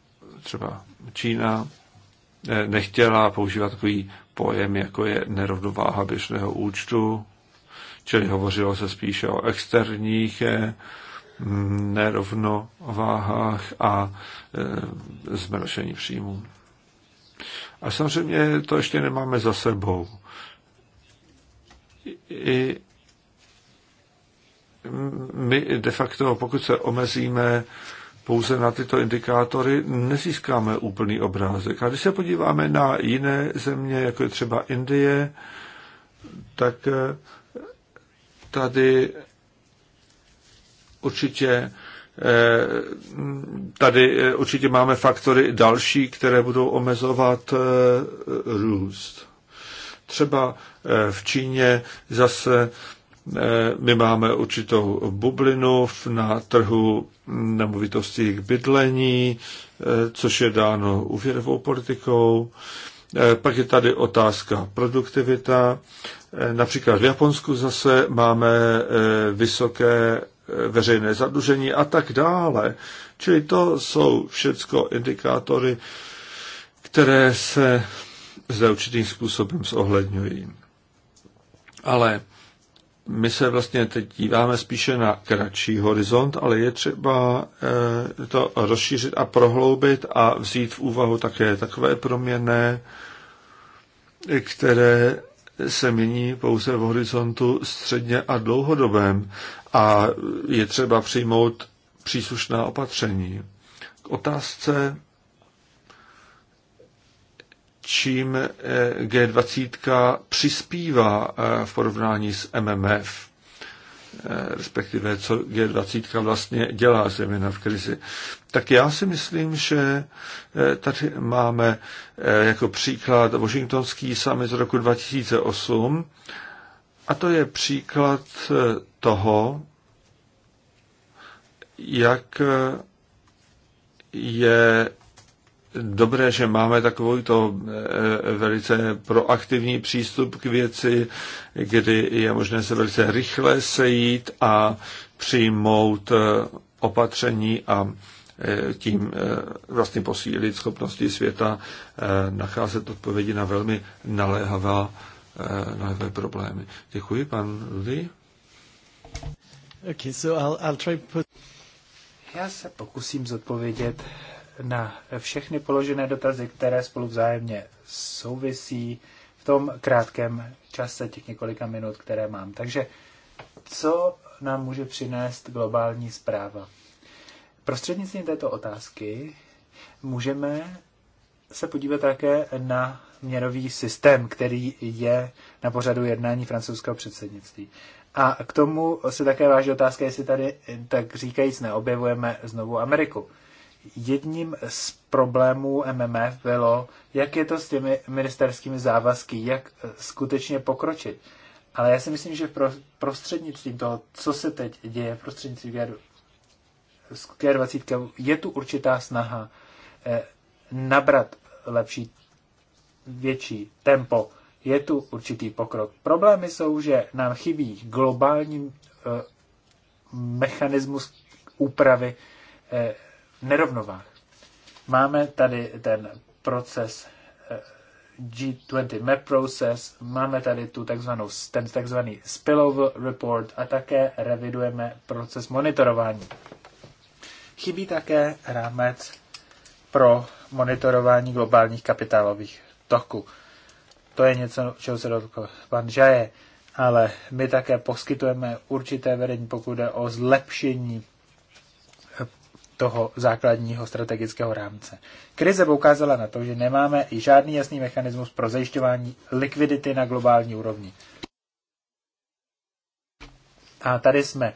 třeba Čína eh, nechtěla používat takový pojem, jako je nerovnováha běžného účtu, čili hovořilo se spíše o externích eh, nerovnováhách a eh, zmenšení příjmů. A samozřejmě to ještě nemáme za sebou. I my de facto, pokud se omezíme pouze na tyto indikátory nezískáme úplný obrázek. A když se podíváme na jiné země, jako je třeba Indie, tak eh, tady určitě eh, tady eh, určitě máme faktory další, které budou omezovat růst. Třeba v Číně zase Eh, my máme určitou bublinu na trhu nemovitostí k bydlení, eh, což je dáno úvěrovou politikou. Eh, pak je tady otázka produktivita. Například v Japonsku zase máme vysoké veřejné zadlužení a tak dále. Čili to jsou všechno indikátory, které se zde určitým způsobem zohledňují. Ale my se vlastně teď díváme spíše na kratší horizont, ale je třeba eh, to rozšířit a prohloubit a vzít v úvahu také takové proměny, které se mění pouze v horizontu středně a dlouhodobém a je třeba přijmout příslušná opatření. K otázce čím eh, G20 přispívá eh, v porovnání s MMF, eh, respektive co G20 vlastně dělá zejména v krizi. Tak já si myslím, že tady máme jako příklad Washingtonský summit z roku 2008 a to je příklad toho, jak je dobré, že máme takový to eh, velice proaktivní přístup k věci, kdy je možné se velice rychle sejít a přijmout eh, opatření a eh, tím vlastně posílit schopnosti světa nacházet odpovědi na velmi naléhavá, naléhavé problémy. Děkuji, pan Rudy. Okay, so I'll, I'll try put... Já se pokusím zodpovědět na všechny položené dotazy, které spolu vzájemně souvisí v tom krátkém čase těch několika minut, které mám. Takže co nám může přinést globální zpráva? Prostřednictvím této otázky můžeme se podívat také na měnový systém, který je na pořadu jednání francouzského předsednictví. A k tomu se také váží otázka, jestli tady, tak říkajíc, neobjevujeme znovu Ameriku jedním z problémů MMF bylo, jak je to s těmi ministerskými závazky, jak eh, skutečně pokročit. Ale já si myslím, že prostřednictvím toho, co se teď děje, prostřednictvím G20, je tu určitá snaha eh, nabrat lepší, větší tempo. Je tu určitý pokrok. Problémy jsou, že nám chybí globální eh, mechanismus úpravy nerovnovách. Máme tady ten proces eh, G20 Map Process, máme tady tu takzvanou, ten takzvaný spillover report a také revidujeme proces monitorování. Chybí také rámec pro monitorování globálních kapitálových toků. To je něco, čeho se dotkl pan Žaje, ale my také poskytujeme určité vedení, pokud jde o zlepšení toho základního strategického rámce. Krize poukázala na to, že nemáme i žádný jasný mechanismus pro zajišťování likvidity na globální úrovni. A tady jsme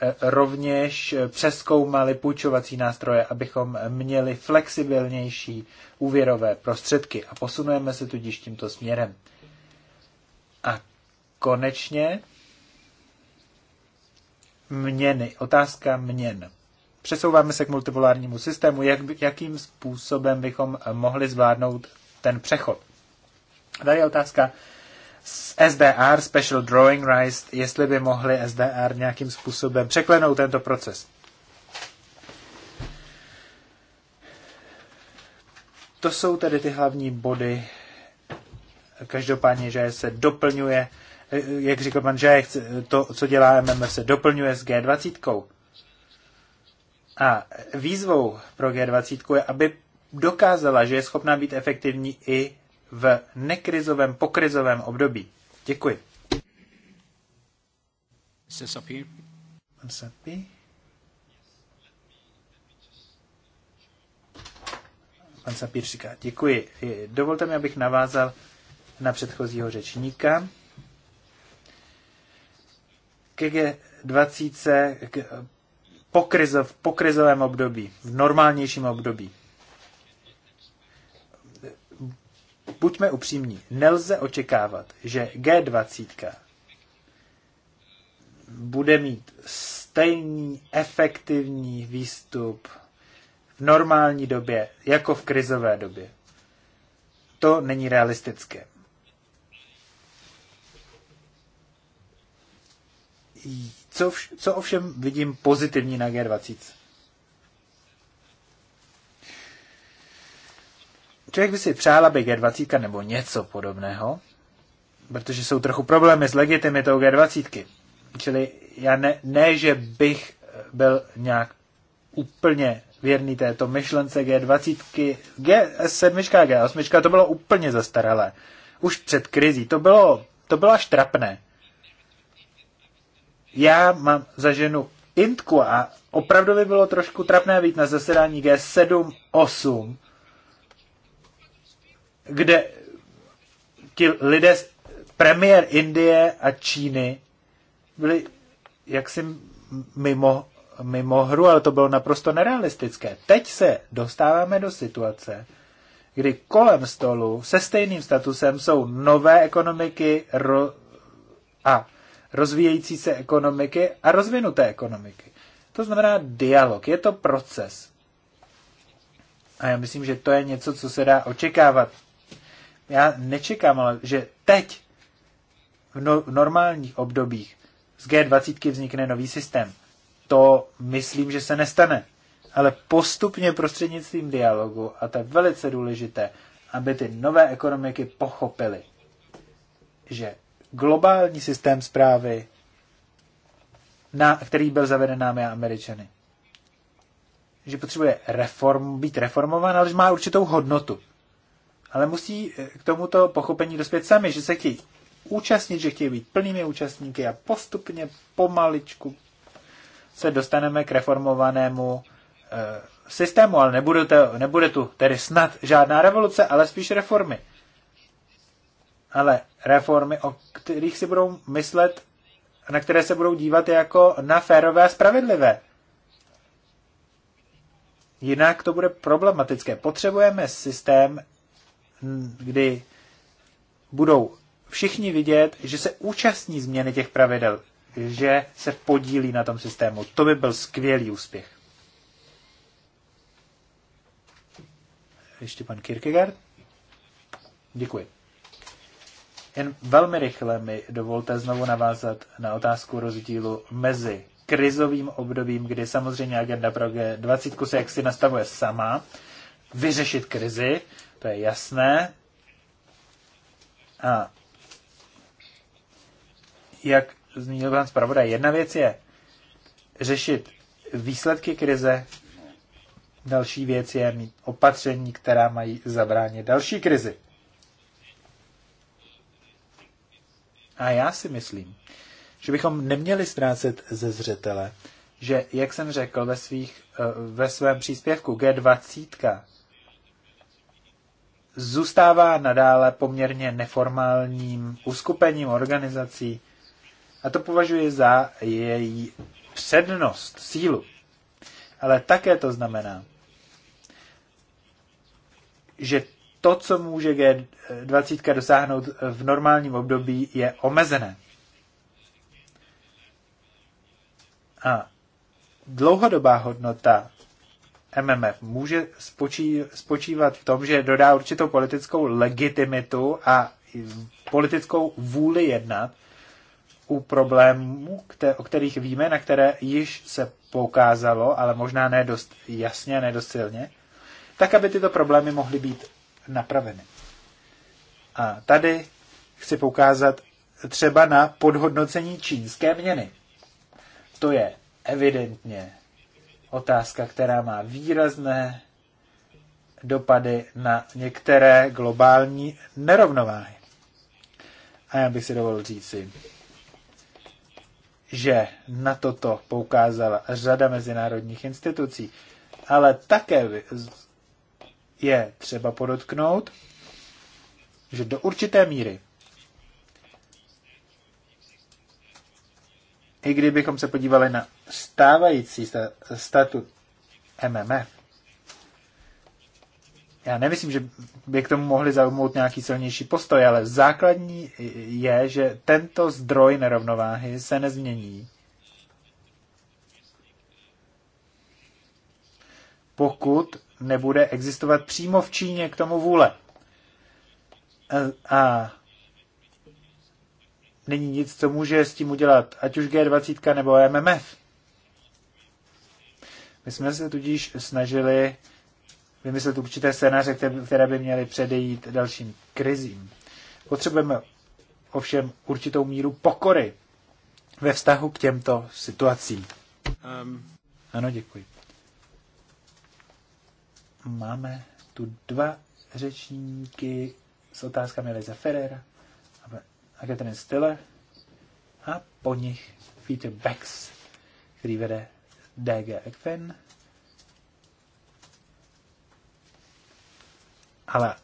eh, rovněž eh, přeskoumali půjčovací nástroje, abychom měli flexibilnější úvěrové prostředky a posunujeme se tudíž tímto směrem. A konečně měny, otázka měn přesouváme se k multipolárnímu systému, jak, jakým způsobem bychom eh, mohli zvládnout ten přechod. Tady je otázka z SDR, Special Drawing Rights, jestli by mohli SDR nějakým způsobem překlenout tento proces. To jsou tedy ty hlavní body. Každopádně, že se doplňuje, eh, jak říkal pan Žajek, to, co dělá MMF, se doplňuje s G20. -kou. A výzvou pro G20 je, aby dokázala, že je schopná být efektivní i v nekrizovém, pokrizovém období. Děkuji. Pan Sapir. Sapír říká, děkuji. Dovolte mi, abych navázal na předchozího řečníka. KG20, pokrize, v pokrizovém období, v normálnějším období. Buďme upřímní, nelze očekávat, že G20 bude mít stejný efektivní výstup v normální době jako v krizové době. To není realistické. I co, vš- co ovšem vidím pozitivní na G20? Člověk by si přál, aby G20 nebo něco podobného, protože jsou trochu problémy s legitimitou G20. Čili já ne, ne, že bych eh, byl nějak úplně věrný této myšlence G20. G7, G8, to bylo úplně zastaralé. Už před krizí. To bylo, to bylo až trapné já mám za ženu Intku a opravdu by bylo trošku trapné být na zasedání G7, 8, kde ti lidé, premiér Indie a Číny byli jaksi mimo, mimo hru, ale to bylo naprosto nerealistické. Teď se dostáváme do situace, kdy kolem stolu se stejným statusem jsou nové ekonomiky ro- a rozvíjející se ekonomiky a rozvinuté ekonomiky. To znamená dialog, je to proces. A já myslím, že to je něco, co se dá očekávat. Já nečekám, ale že teď, v, no, v normálních obdobích, z G20 vznikne nový systém. To myslím, že se nestane. Ale postupně prostřednictvím dialogu, a to je velice důležité, aby ty nové ekonomiky pochopily, že globální systém zprávy, na, který byl zaveden námi a Američany. Že potřebuje reform, být reformován, ale že má určitou hodnotu. Ale musí eh, k tomuto pochopení dospět sami, že se chtějí účastnit, že chtějí být plnými účastníky a postupně, pomaličku se dostaneme k reformovanému e, systému, ale nebude, to, nebude tu tedy snad žádná revoluce, ale spíš reformy ale reformy, o kterých si budou myslet, na které se budou dívat jako na férové a spravedlivé. Jinak to bude problematické. Potřebujeme systém, kdy budou všichni vidět, že se účastní změny těch pravidel, že se podílí na tom systému. To by byl skvělý úspěch. Ještě pan Kierkegaard. Děkuji. Jen velmi rychle mi dovolte znovu navázat na otázku rozdílu mezi krizovým obdobím, kdy samozřejmě agenda pro G20 se jaksi nastavuje sama, vyřešit krizi, to je jasné. A jak zmínil pan zpravodaj, jedna věc je řešit výsledky krize, další věc je mít opatření, která mají zabránit další krizi. A já si myslím, že bychom neměli ztrácet ze zřetele, že, jak jsem řekl ve, svých, eh, ve svém příspěvku, G20 zůstává nadále poměrně neformálním uskupením organizací a to považuji za její přednost, sílu. Ale také to znamená, že to, co může G20 dosáhnout v normálním období, je omezené. A dlouhodobá hodnota MMF může spočívat v tom, že dodá určitou politickou legitimitu a politickou vůli jednat u problémů, o kterých víme, na které již se poukázalo, ale možná ne dost jasně, ne dost silně, tak aby tyto problémy mohly být napraveny. A tady chci poukázat třeba na podhodnocení čínské měny. To je evidentně otázka, která má výrazné dopady na některé globální nerovnováhy. A já bych si dovolil říci, že na toto poukázala řada mezinárodních institucí, ale také je třeba podotknout, že do určité míry, i kdybychom se podívali na stávající statut MMF, já nemyslím, že by k tomu mohli zaujmout nějaký silnější postoj, ale základní je, že tento zdroj nerovnováhy se nezmění. Pokud nebude existovat přímo v Číně k tomu vůle. A, není nic, co může s tím udělat, ať už G20 nebo MMF. My jsme se tudíž snažili vymyslet určité scénáře, které by měly předejít dalším krizím. Potřebujeme ovšem určitou míru pokory ve vztahu k těmto situacím. Um. Ano, děkuji. Máme tu dva řečníky s otázkami Lize Ferrera a Catherine Stiller a po nich Peter Bex, který vede DG Ekven. Ale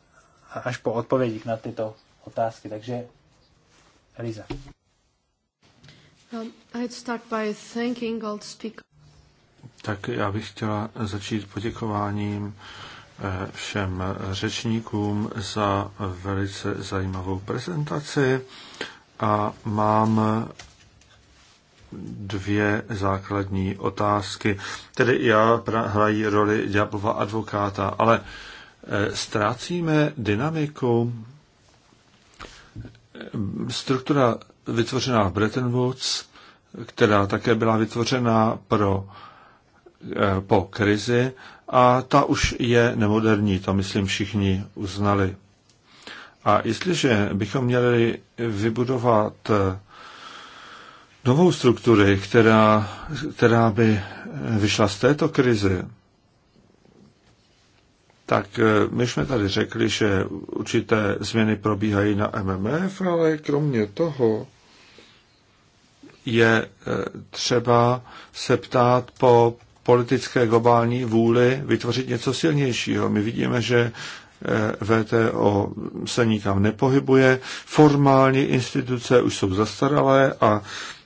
až po odpovědích na tyto otázky, takže Eliza. Um, I'd start by thanking all speakers. Tak já bych chtěla začít poděkováním eh, všem řečníkům za velice zajímavou prezentaci a mám dvě základní otázky. Tedy já hrají roli ďáblova advokáta, ale eh, ztrácíme dynamiku. Struktura vytvořená v Bretton Woods, která také byla vytvořena pro Eh, po krizi a ta už je nemoderní, to myslím všichni uznali. A jestliže bychom měli vybudovat eh, novou strukturu, která, která by eh, vyšla z této krizi, tak my jsme tady řekli, že určité změny probíhají na MMF, ale kromě toho je třeba se ptát po politické globální vůli vytvořit něco silnějšího. My vidíme, že eh, VTO se nikam nepohybuje, formální instituce už jsou zastaralé a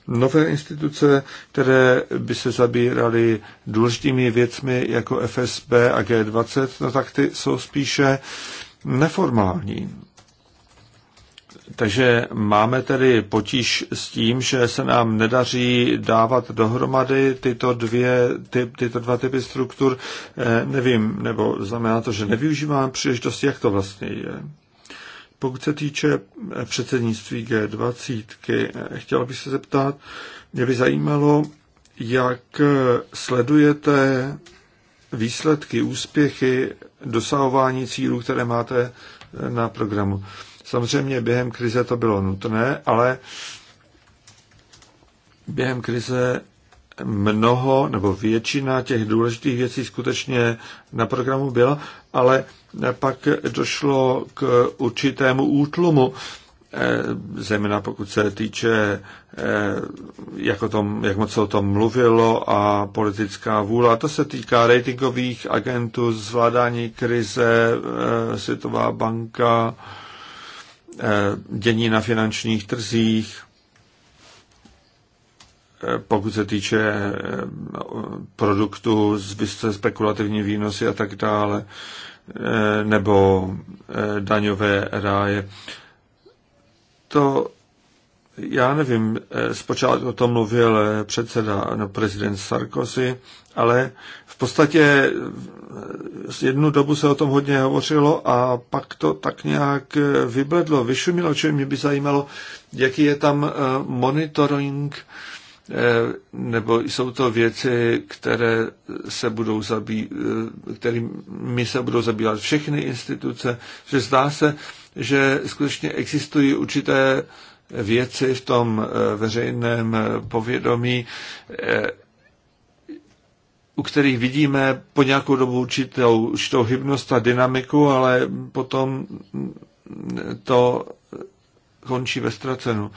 nové instituce, které by se zabíraly důležitými věcmi jako FSB a G20, no tak ty jsou spíše neformální. Takže máme tedy potíž s tím, že se nám nedaří dávat dohromady tyto, dvě, ty, tyto dva typy struktur. Eh, nevím, nebo znamená to, že nevyužíváme příležitosti, jak to vlastně je. Pokud se týče eh, předsednictví G20, eh, chtěl bych se zeptat, mě by zajímalo, jak sledujete výsledky, úspěchy dosahování cílů, které máte na programu. Samozřejmě během krize to bylo nutné, ale během krize mnoho nebo většina těch důležitých věcí skutečně na programu byla, ale pak došlo k určitému útlumu, eh, zejména pokud se týče, eh, jak, o tom, jak moc se o tom mluvilo a politická vůla. to se týká ratingových agentů, zvládání krize, eh, Světová banka, Eh, dění na finančních trzích, eh, pokud se týče eh, produktů s vysoce spekulativní výnosy a tak dále, nebo daňové ráje. To já nevím, zpočátku o tom mluvil předseda, no, prezident Sarkozy, ale v podstatě jednu dobu se o tom hodně hovořilo a pak to tak nějak vybledlo, vyšumilo, čili mě by zajímalo, jaký je tam eh, monitoring, eh, nebo jsou to věci, které se budou zabí, eh, kterými se budou zabývat všechny instituce, že zdá se, že skutečně existují určité věci v tom veřejném povědomí, u kterých vidíme po nějakou dobu určitou, určitou hybnost a dynamiku, ale potom to končí ve ztracenu.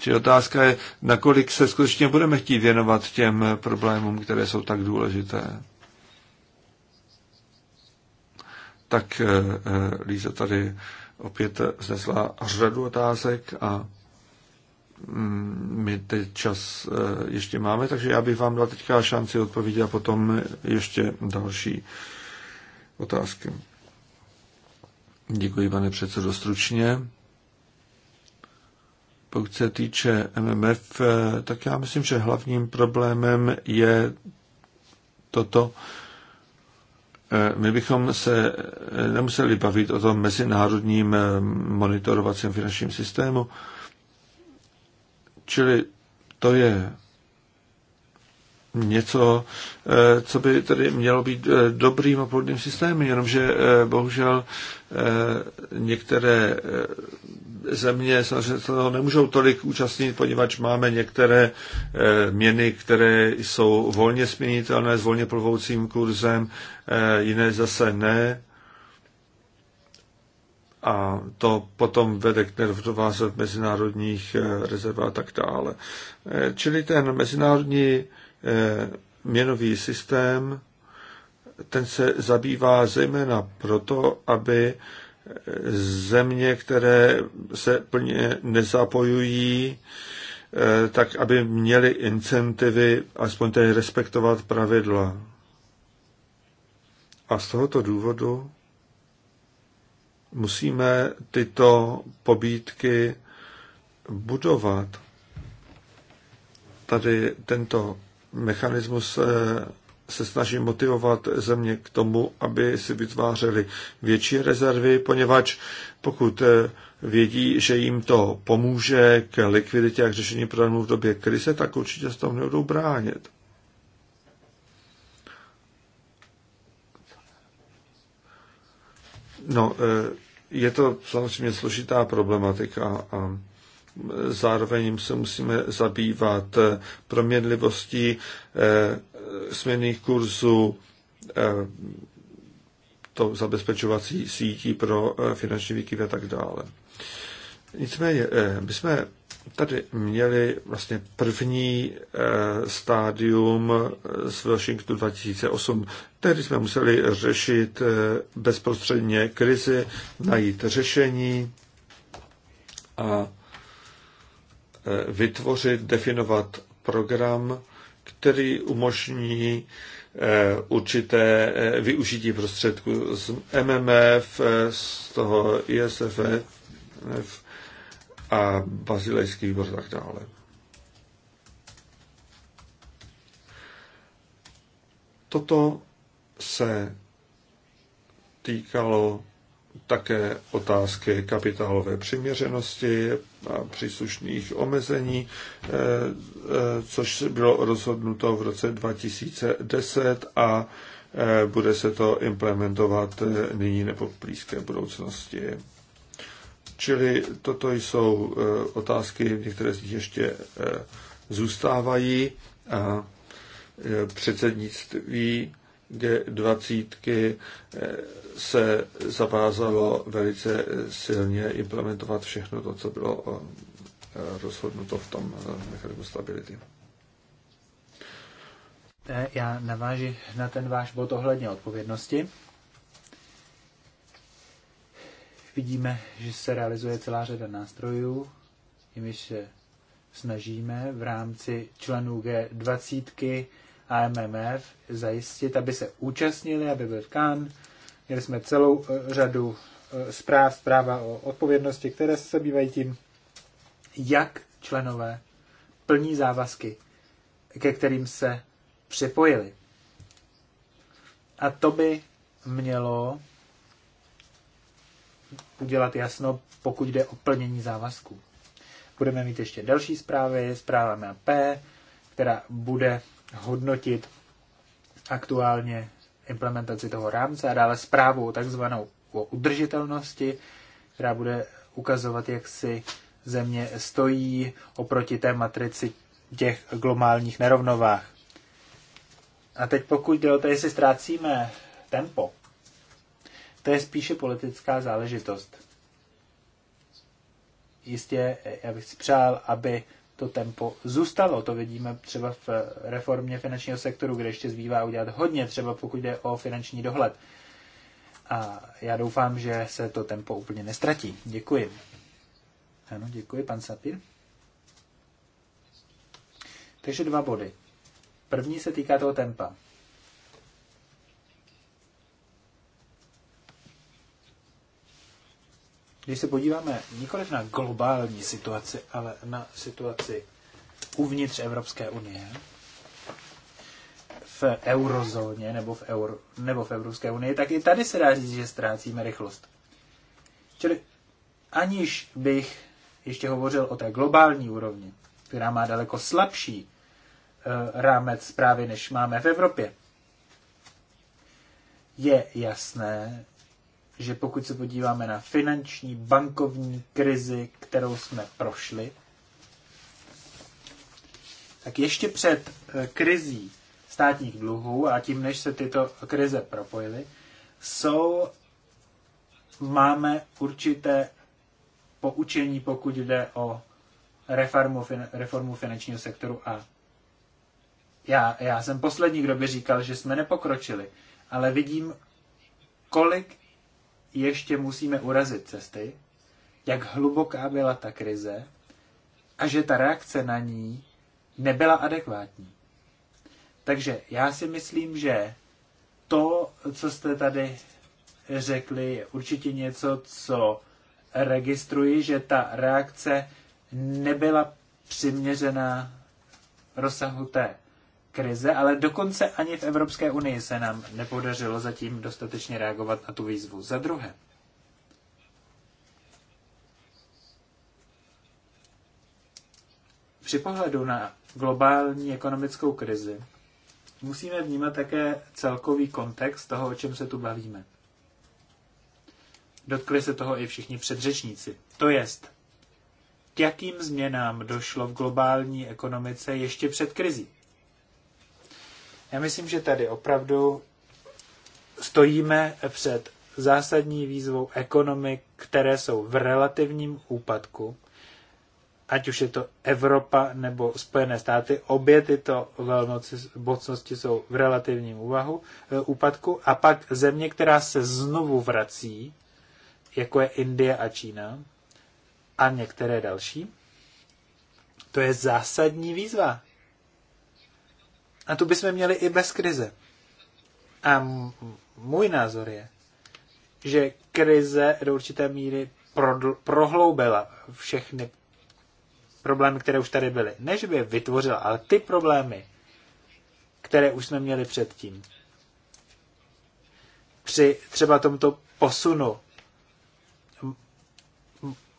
Čili otázka je, nakolik se skutečně budeme chtít věnovat těm problémům, které jsou tak důležité. Tak eh, eh, Líza tady opět znesla řadu otázek a Mm, my teď čas eh, ještě máme, takže já bych vám dal teďka šanci odpovědět a potom ještě další otázky. Děkuji, pane předsedo, stručně. Pokud se týče MMF, eh, tak já myslím, že hlavním problémem je toto. Eh, my bychom se nemuseli bavit o tom mezinárodním monitorovacím finančním systému, Čili to je něco, eh, co by tedy mělo být eh, dobrým a plodným systémem, jenomže eh, bohužel některé země samozřejmě toho nemůžou tolik účastnit, poněvadž máme některé měny, které jsou volně směnitelné s volně plovoucím kurzem, jiné zase ne a to potom vede k nerovnováze v mezinárodních eh, rezervách a tak dále. Eh, čili ten mezinárodní eh, měnový systém, ten se zabývá zejména proto, aby země, které se plně nezapojují, tak aby měly incentivy aspoň tedy respektovat pravidla. A z tohoto důvodu musíme tyto pobídky budovat. Tady tento mechanismus eh, se snaží motivovat země k tomu, aby si vytvářely větší rezervy, poněvadž pokud eh, vědí, že jim to pomůže k likviditě a k řešení problémů v době krize, tak určitě se tomu nebudou bránit. No, eh, je to samozřejmě složitá problematika a eh, zároveň se musíme zabývat eh, proměnlivostí směrných kurzů, to zabezpečovací sítí pro finanční výkyvy a tak dále. Nicméně, eh, my jsme tady měli vlastně první eh, stádium eh, z Washingtonu 2008, který jsme museli řešit bezprostředně krizi, najít řešení a vytvořit, definovat program, který umožní určité využití prostředků z MMF, z toho ISF, a bazilejský výbor a tak dále. Toto se týkalo také otázky kapitálové přiměřenosti a příslušných omezení, eh, eh, což bylo rozhodnuto v roce 2010 a eh, bude se to implementovat nyní nebo v blízké budoucnosti. Čili toto jsou e, otázky, některé z nich ještě e, zůstávají. A e, předsednictví G20 se zavázalo velice silně implementovat všechno to, co bylo rozhodnuto v tom mechanismu stability. Já naváži na ten váš bod ohledně odpovědnosti. vidíme, že se realizuje celá řada nástrojů, jimiž se snažíme v rámci členů G20 AMMF zajistit, aby se účastnili, aby byl Kán. Měli jsme celou eh, řadu eh, zpráv, zpráva o odpovědnosti, které se zabývají tím, jak členové plní závazky, ke kterým se připojili. A to by mělo udělat jasno, pokud jde o plnění závazků. Budeme mít ještě další zprávy, zpráva na P, která bude hodnotit aktuálně implementaci toho rámce a dále zprávu o takzvanou o udržitelnosti, která bude ukazovat, jak si země stojí oproti té matrici těch globálních nerovnovách. A teď pokud jde o to, jestli ztrácíme tempo, to je spíše politická záležitost. Jistě, já bych si přál, aby to tempo zůstalo. To vidíme třeba v reformě finančního sektoru, kde ještě zbývá udělat hodně, třeba pokud jde o finanční dohled. A já doufám, že se to tempo úplně nestratí. Děkuji. Ano, děkuji, pan Sapir. Takže dva body. První se týká toho tempa. Když se podíváme nikoli na globální situaci, ale na situaci uvnitř Evropské unie, v eurozóně nebo v, euro, nebo v Evropské unii, tak i tady se dá říct, že ztrácíme rychlost. Čili aniž bych ještě hovořil o té globální úrovni, která má daleko slabší eh, rámec zprávy, než máme v Evropě, je jasné, že pokud se podíváme na finanční, bankovní krizi, kterou jsme prošli, tak ještě před eh, krizí státních dluhů a tím, než se tyto krize propojily, jsou, máme určité poučení, pokud jde o reformu, reformu finančního sektoru a já, já jsem poslední, kdo by říkal, že jsme nepokročili, ale vidím, kolik ještě musíme urazit cesty, jak hluboká byla ta krize a že ta reakce na ní nebyla adekvátní. Takže já si myslím, že to, co jste tady řekli, je určitě něco, co registruji, že ta reakce nebyla přiměřená rozsahu té krize, ale dokonce ani v Evropské unii se nám nepodařilo zatím dostatečně reagovat na tu výzvu. Za druhé, při pohledu na globální ekonomickou krizi musíme vnímat také celkový kontext toho, o čem se tu bavíme. Dotkli se toho i všichni předřečníci. To jest, k jakým změnám došlo v globální ekonomice ještě před krizí? Já myslím, že tady opravdu stojíme před zásadní výzvou ekonomik, které jsou v relativním úpadku, ať už je to Evropa nebo Spojené státy, obě tyto mocnosti jsou v relativním úvahu, eh, úpadku a pak země, která se znovu vrací, jako je Indie a Čína a některé další, to je zásadní výzva. A tu bychom měli i bez krize. A můj názor je, že krize do určité míry prohloubila všechny problémy, které už tady byly. Ne, že by je vytvořila, ale ty problémy, které už jsme měli předtím. Při třeba tomto posunu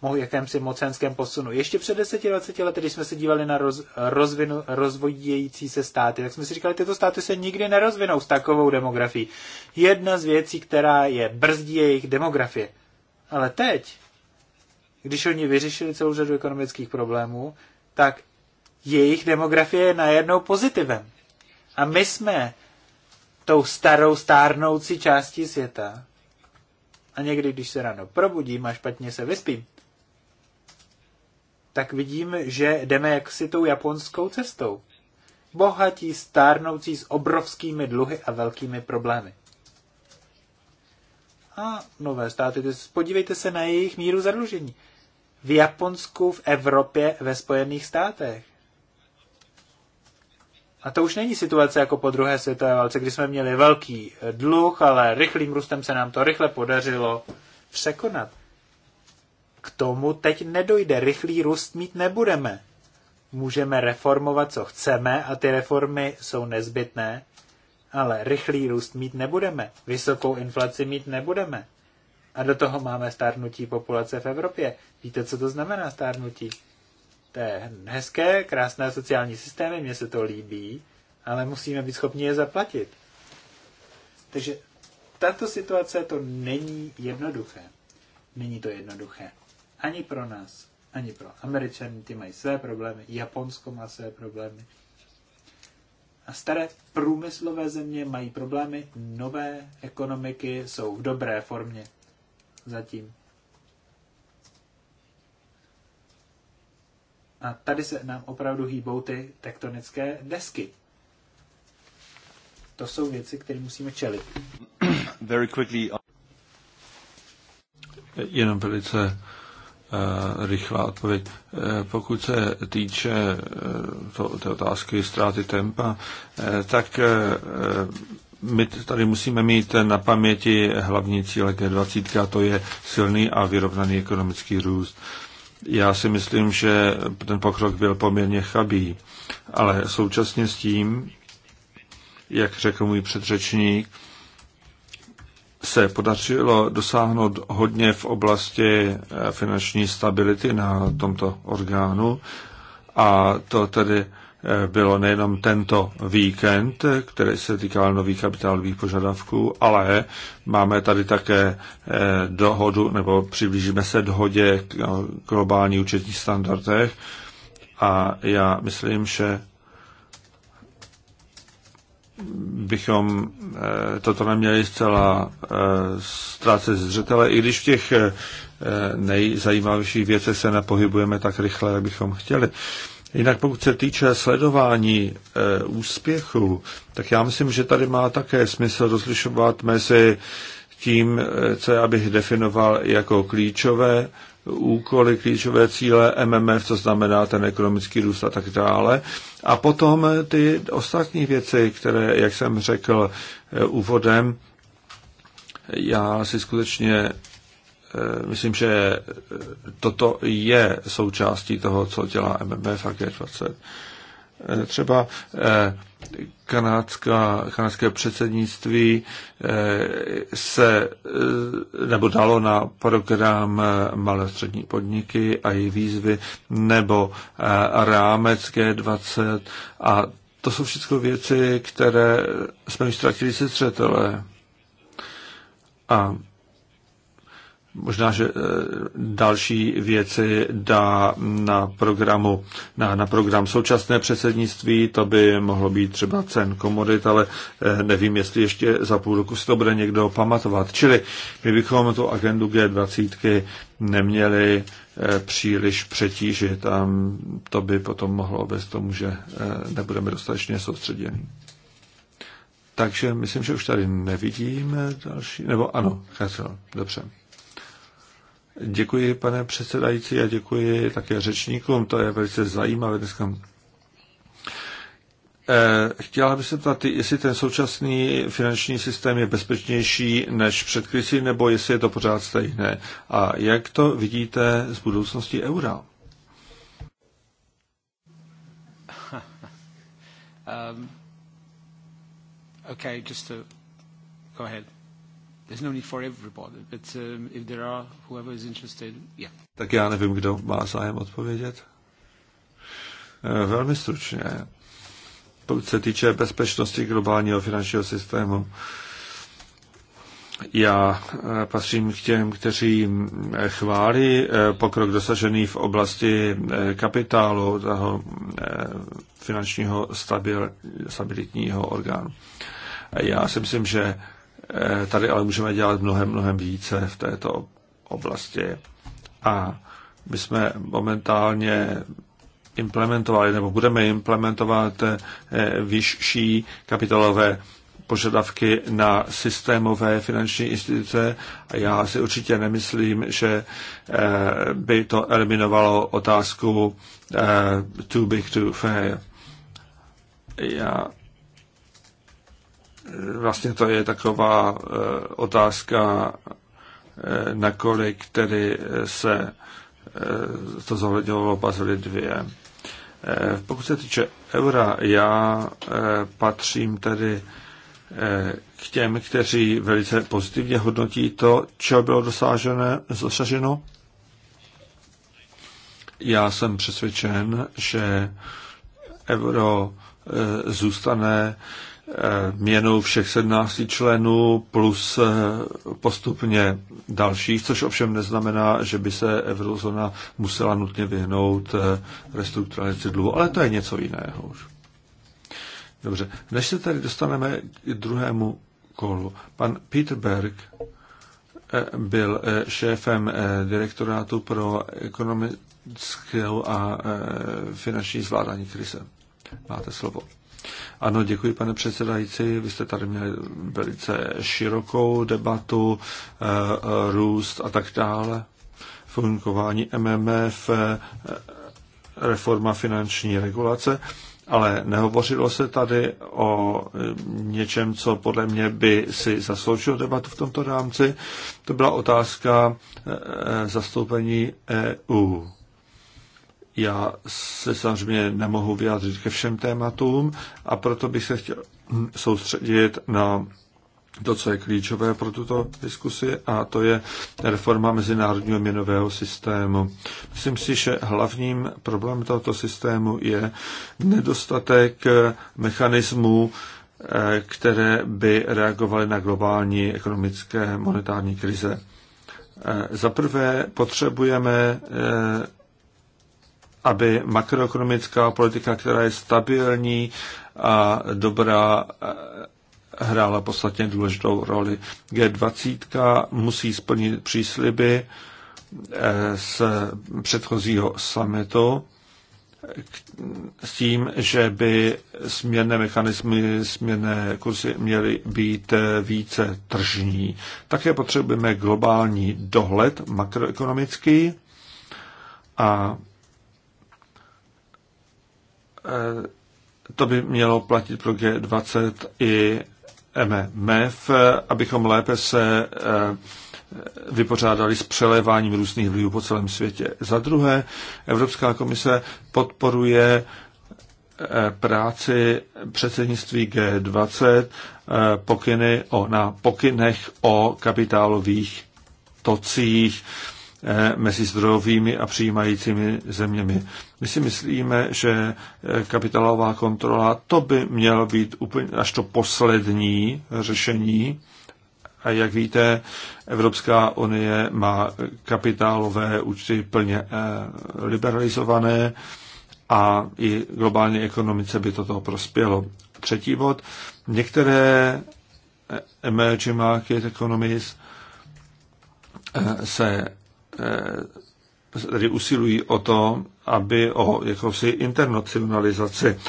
Mohu jakémsi mocenském posunu. Ještě před 10-20 lety, když jsme se dívali na roz, rozvinu, rozvojící se státy, tak jsme si říkali, tyto státy se nikdy nerozvinou s takovou demografií. Jedna z věcí, která je brzdí, jejich demografie. Ale teď, když oni vyřešili celou řadu ekonomických problémů, tak jejich demografie je najednou pozitivem. A my jsme tou starou stárnoucí částí světa. A někdy, když se ráno probudím a špatně se vyspím, tak vidím, že jdeme jaksi tou japonskou cestou. Bohatí, stárnoucí s obrovskými dluhy a velkými problémy. A nové státy, podívejte se na jejich míru zadlužení. V Japonsku, v Evropě, ve Spojených státech. A to už není situace jako po druhé světové válce, kdy jsme měli velký dluh, ale rychlým růstem se nám to rychle podařilo překonat. K tomu teď nedojde. Rychlý růst mít nebudeme. Můžeme reformovat, co chceme, a ty reformy jsou nezbytné, ale rychlý růst mít nebudeme. Vysokou inflaci mít nebudeme. A do toho máme stárnutí populace v Evropě. Víte, co to znamená stárnutí? To je hezké, krásné sociální systémy, mně se to líbí, ale musíme být schopni je zaplatit. Takže tato situace to není jednoduché. Není to jednoduché ani pro nás, ani pro Američany, ty mají své problémy, Japonsko má své problémy. A staré průmyslové země mají problémy, nové ekonomiky jsou v dobré formě zatím. A tady se nám opravdu hýbou ty tektonické desky. To jsou věci, které musíme čelit. Very quickly. Jenom velice Eh, rychlá odpověď. Eh, pokud se týče eh, to, té otázky ztráty tempa, tak my tady musíme mít na paměti hlavní cíle G20, a to je silný a vyrovnaný ekonomický růst. Já si myslím, že ten pokrok byl poměrně chabý, ale současně s tím, jak řekl můj předřečník, se podařilo dosáhnout hodně v oblasti eh, finanční stability na tomto orgánu a to tedy eh, bylo nejenom tento víkend, který se týkal nových kapitálových požadavků, ale máme tady také eh, dohodu, nebo přiblížíme se dohodě k globální účetních standardech a já myslím, že bychom eh, toto neměli zcela eh, ztrácet zřetele, i když v těch eh, nejzajímavějších věcech se nepohybujeme tak rychle, jak bychom chtěli. Jinak pokud se týče sledování e, úspěchu, tak já myslím, že tady má také smysl rozlišovat mezi tím, co já bych definoval jako klíčové úkoly, klíčové cíle MMF, co znamená ten ekonomický růst a tak dále. A potom ty ostatní věci, které, jak jsem řekl eh, úvodem, já si skutečně eh, myslím, že eh, toto je součástí toho, co dělá MMF a G20. Eh, třeba eh, kanadská, kanadské předsednictví eh, se nebo dalo na program malé střední podniky a její výzvy nebo rámec G20 a to jsou všechno věci, které jsme už ztratili se A Možná, že eh, další věci dá na, programu, na, na program současné předsednictví, to by mohlo být třeba cen komodit, ale eh, nevím, jestli ještě za půl roku si to bude někdo pamatovat. Čili my bychom tu agendu G20 neměli eh, příliš přetížit a to by potom mohlo bez tomu, že nebudeme dostatečně soustředěni. Takže myslím, že už tady nevidíme další, nebo ano, Katrin, dobře. Děkuji, pane předsedající, a děkuji také řečníkům. To je velice zajímavé dneska. Eh, chtěla bych se ptát, jestli ten současný finanční systém je bezpečnější než před krizi, nebo jestli je to pořád stejné. A jak to vidíte z budoucnosti eura? um, okay, just to go ahead. There's no need for everybody, but um, if there are, whoever is interested, yeah. Tak já nevím, kdo má zájem odpovědět. Eh, velmi stručně. Pokud se týče bezpečnosti globálního finančního systému, já eh, patřím k těm, kteří mm, chválí eh, pokrok dosažený v oblasti kapitálu toho finančního stabil, stabilitního orgánu. Já si myslím, že Eh, tady ale můžeme dělat mnohem, mnohem více v této oblasti. A my jsme momentálně implementovali nebo budeme implementovat eh, vyšší kapitalové požadavky na systémové finanční instituce a já si určitě nemyslím, že eh, by to eliminovalo otázku too big to fail. Já vlastně to je taková eh, otázka, eh, nakolik tedy eh, se to zohledňovalo Bazily 2. Pokud se týče eura, já patřím tedy k těm, kteří velice pozitivně hodnotí to, co bylo dosaženo. Já jsem přesvědčen, že euro zůstane Eh, měnu všech 17 členů plus eh, postupně dalších, což ovšem neznamená, že by se eurozona musela nutně vyhnout eh, restrukturalizaci dluhu, ale to je něco jiného už. Dobře, než se tady dostaneme k druhému kolu. Pan Peter Berg byl šéfem direktorátu pro ekonomickou a finanční zvládání krize. Máte slovo. Ano, děkuji, pane předsedající. Vy jste tady měli velice širokou debatu, eh, eh, růst a tak dále, fungování MMF, eh, reforma finanční regulace, ale nehovořilo se tady o něčem, co podle mě by si zasloužilo debatu v tomto rámci. To byla otázka zastoupení EU já se samozřejmě nemohu vyjádřit ke všem tématům a proto bych se chtěl soustředit na to, co je klíčové pro tuto diskusi, a to je reforma mezinárodního měnového systému. Myslím si, že hlavním problémem tohoto systému je nedostatek mechanismů, které by reagovaly na globální ekonomické monetární krize. Za prvé potřebujeme aby makroekonomická politika, která je stabilní a dobrá, hrála podstatně důležitou roli. G20 musí splnit přísliby eh, z předchozího summitu s tím, že by směrné mechanismy, směrné kurzy měly být eh, více tržní. Také potřebujeme globální dohled makroekonomický a to by mělo platit pro G20 i MMF, abychom lépe se eh, vypořádali s přeléváním různých vlivů po celém světě. Za druhé, Evropská komise podporuje eh, práci předsednictví G20 eh, pokyny o, na pokynech o kapitálových tocích. Eh, mezi zdrojovými a přijímajícími zeměmi. My si myslíme, že eh, kapitalová kontrola to by mělo být úplně až to poslední řešení. A jak víte, Evropská unie má kapitálové účty plně eh, liberalizované a i globální ekonomice by toto prospělo. Třetí bod. Některé emerging market economies se Eh, tedy usilují o to, aby o jakousi internacionalizaci.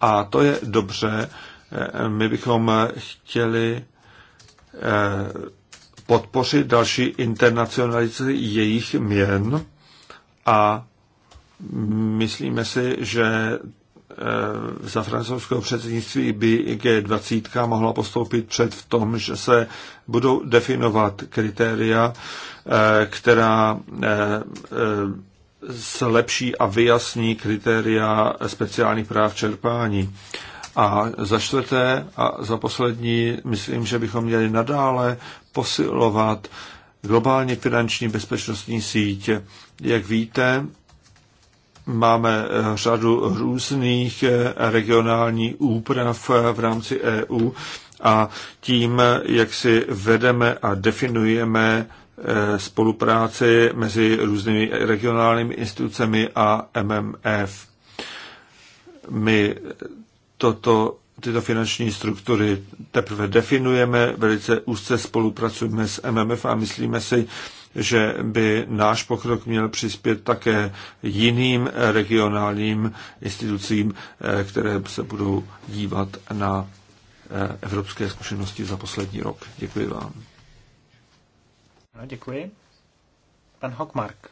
A to je dobře. Eh, my bychom chtěli eh, podpořit další internacionalizaci jejich měn a myslíme si, že Eh, za francouzského předsednictví by G20 mohla postoupit před v tom, že se budou definovat kritéria, eh, která eh, zlepší a vyjasní kritéria speciálních práv čerpání. A za čtvrté a za poslední, myslím, že bychom měli nadále posilovat globálně finanční bezpečnostní sítě, Jak víte, Máme eh, řadu různých eh, regionálních úprav eh, v rámci EU a tím, jak si vedeme a definujeme spolupráci mezi různými regionálními institucemi a MMF. My toto, tyto finanční struktury teprve definujeme, velice úzce spolupracujeme s MMF a myslíme si, že by náš pokrok měl přispět také jiným regionálním institucím, eh, které se budou dívat na eh, evropské zkušenosti za poslední rok. Děkuji vám. Ano, děkuji. Pan Hockmark,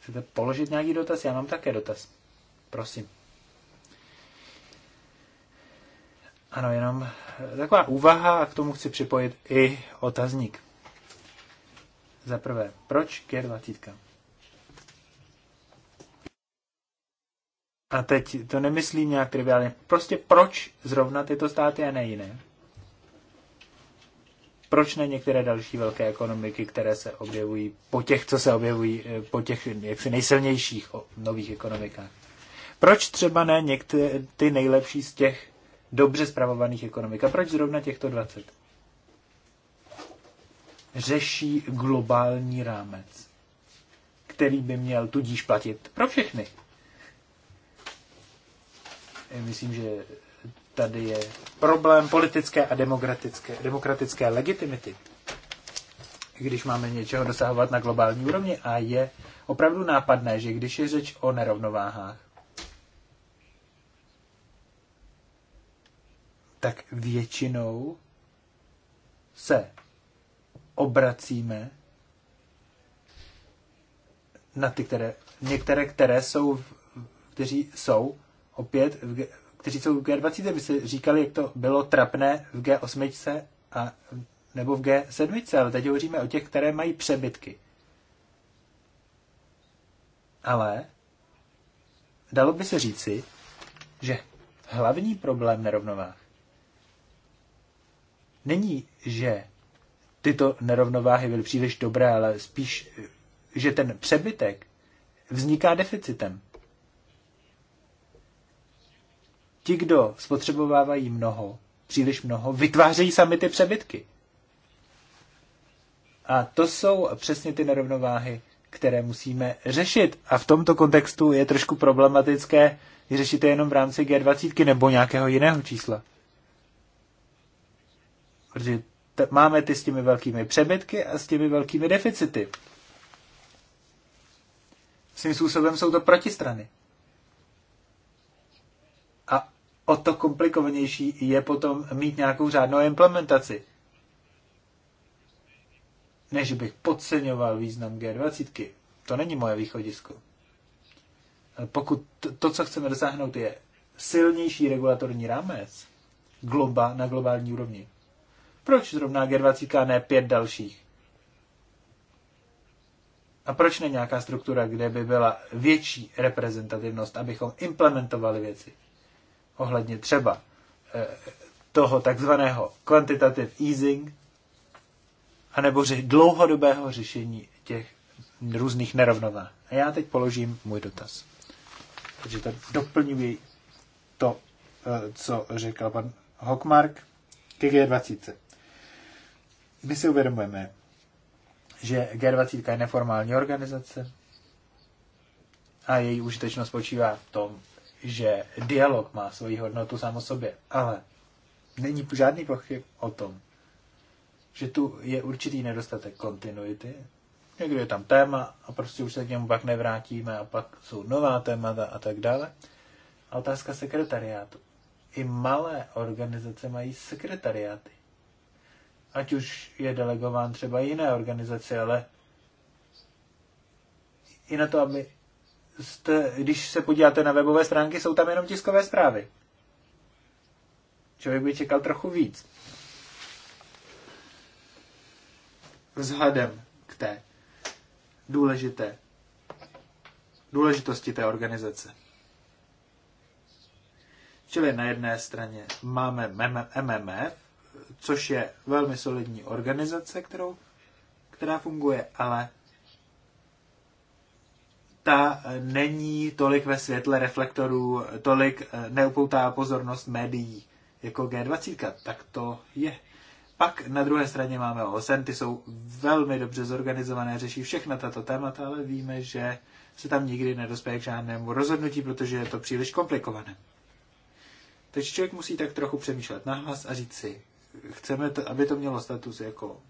chcete položit nějaký dotaz? Já mám také dotaz. Prosím. Ano, jenom taková úvaha a k tomu chci připojit i otazník. Za prvé, proč G20? A teď to nemyslím nějak triviálně. Prostě proč zrovna tyto státy a ne jiné? Proč ne některé další velké ekonomiky, které se objevují po těch, co se objevují, eh, po těch jaksi nejsilnějších nových ekonomikách? Proč třeba ne některé ty nejlepší z těch dobře zpravovaných ekonomik? A proč zrovna těchto 20? řeší globální rámec, který by měl tudíž platit pro všechny. Myslím, že tady je problém politické a demokratické, demokratické legitimity, když máme něčeho dosahovat na globální úrovni a je opravdu nápadné, že když je řeč o nerovnováhách, tak většinou se obracíme na ty, které, některé, které jsou, kteří jsou opět, v, kteří jsou v G20, by se říkali, jak to bylo trapné v G8 a, nebo v G7, ale teď hovoříme o těch, které mají přebytky. Ale dalo by se říci, že hlavní problém nerovnovách není, že tyto nerovnováhy byly příliš dobré, ale spíš, že ten přebytek vzniká deficitem. Ti, kdo spotřebovávají mnoho, příliš mnoho, vytvářejí sami ty přebytky. A to jsou přesně ty nerovnováhy, které musíme řešit. A v tomto kontextu je trošku problematické řešit je jenom v rámci G20 nebo nějakého jiného čísla. Protože máme ty s těmi velkými přebytky a s těmi velkými deficity. Svým způsobem jsou to protistrany. A o to komplikovanější je potom mít nějakou řádnou implementaci. Než bych podceňoval význam G20, to není moje východisko. pokud to, co chceme dosáhnout, je silnější regulatorní rámec globa, na globální úrovni, proč zrovna G20 a ne pět dalších? A proč ne nějaká struktura, kde by byla větší reprezentativnost, abychom implementovali věci? Ohledně třeba eh, toho takzvaného quantitative easing, anebo ři- dlouhodobého řešení těch různých nerovnová. A já teď položím můj dotaz. Takže to doplňuji to, eh, co řekl pan Hockmark k 20 my si uvědomujeme, že G20 je neformální organizace a její užitečnost spočívá v tom, že dialog má svoji hodnotu sám o sobě, ale není žádný pochyb o tom, že tu je určitý nedostatek kontinuity. Někdy je tam téma a prostě už se k němu pak nevrátíme a pak jsou nová témata a tak dále. A otázka sekretariátu. I malé organizace mají sekretariáty ať už je delegován třeba jiné organizaci, ale i na to, aby jste, když se podíváte na webové stránky, jsou tam jenom tiskové zprávy. Člověk by čekal trochu víc. Vzhledem k té důležité důležitosti té organizace. Čili na jedné straně máme MMF, což je velmi solidní organizace, kterou, která funguje, ale ta eh, není tolik ve světle reflektorů, tolik eh, neupoutá pozornost médií jako G20, tak to je. Pak na druhé straně máme OSN, ty jsou velmi dobře zorganizované, řeší všechna tato témata, ale víme, že se tam nikdy nedospěje k žádnému rozhodnutí, protože je to příliš komplikované. Takže člověk musí tak trochu přemýšlet nahlas a říct si, chceme, to, aby to mělo status jako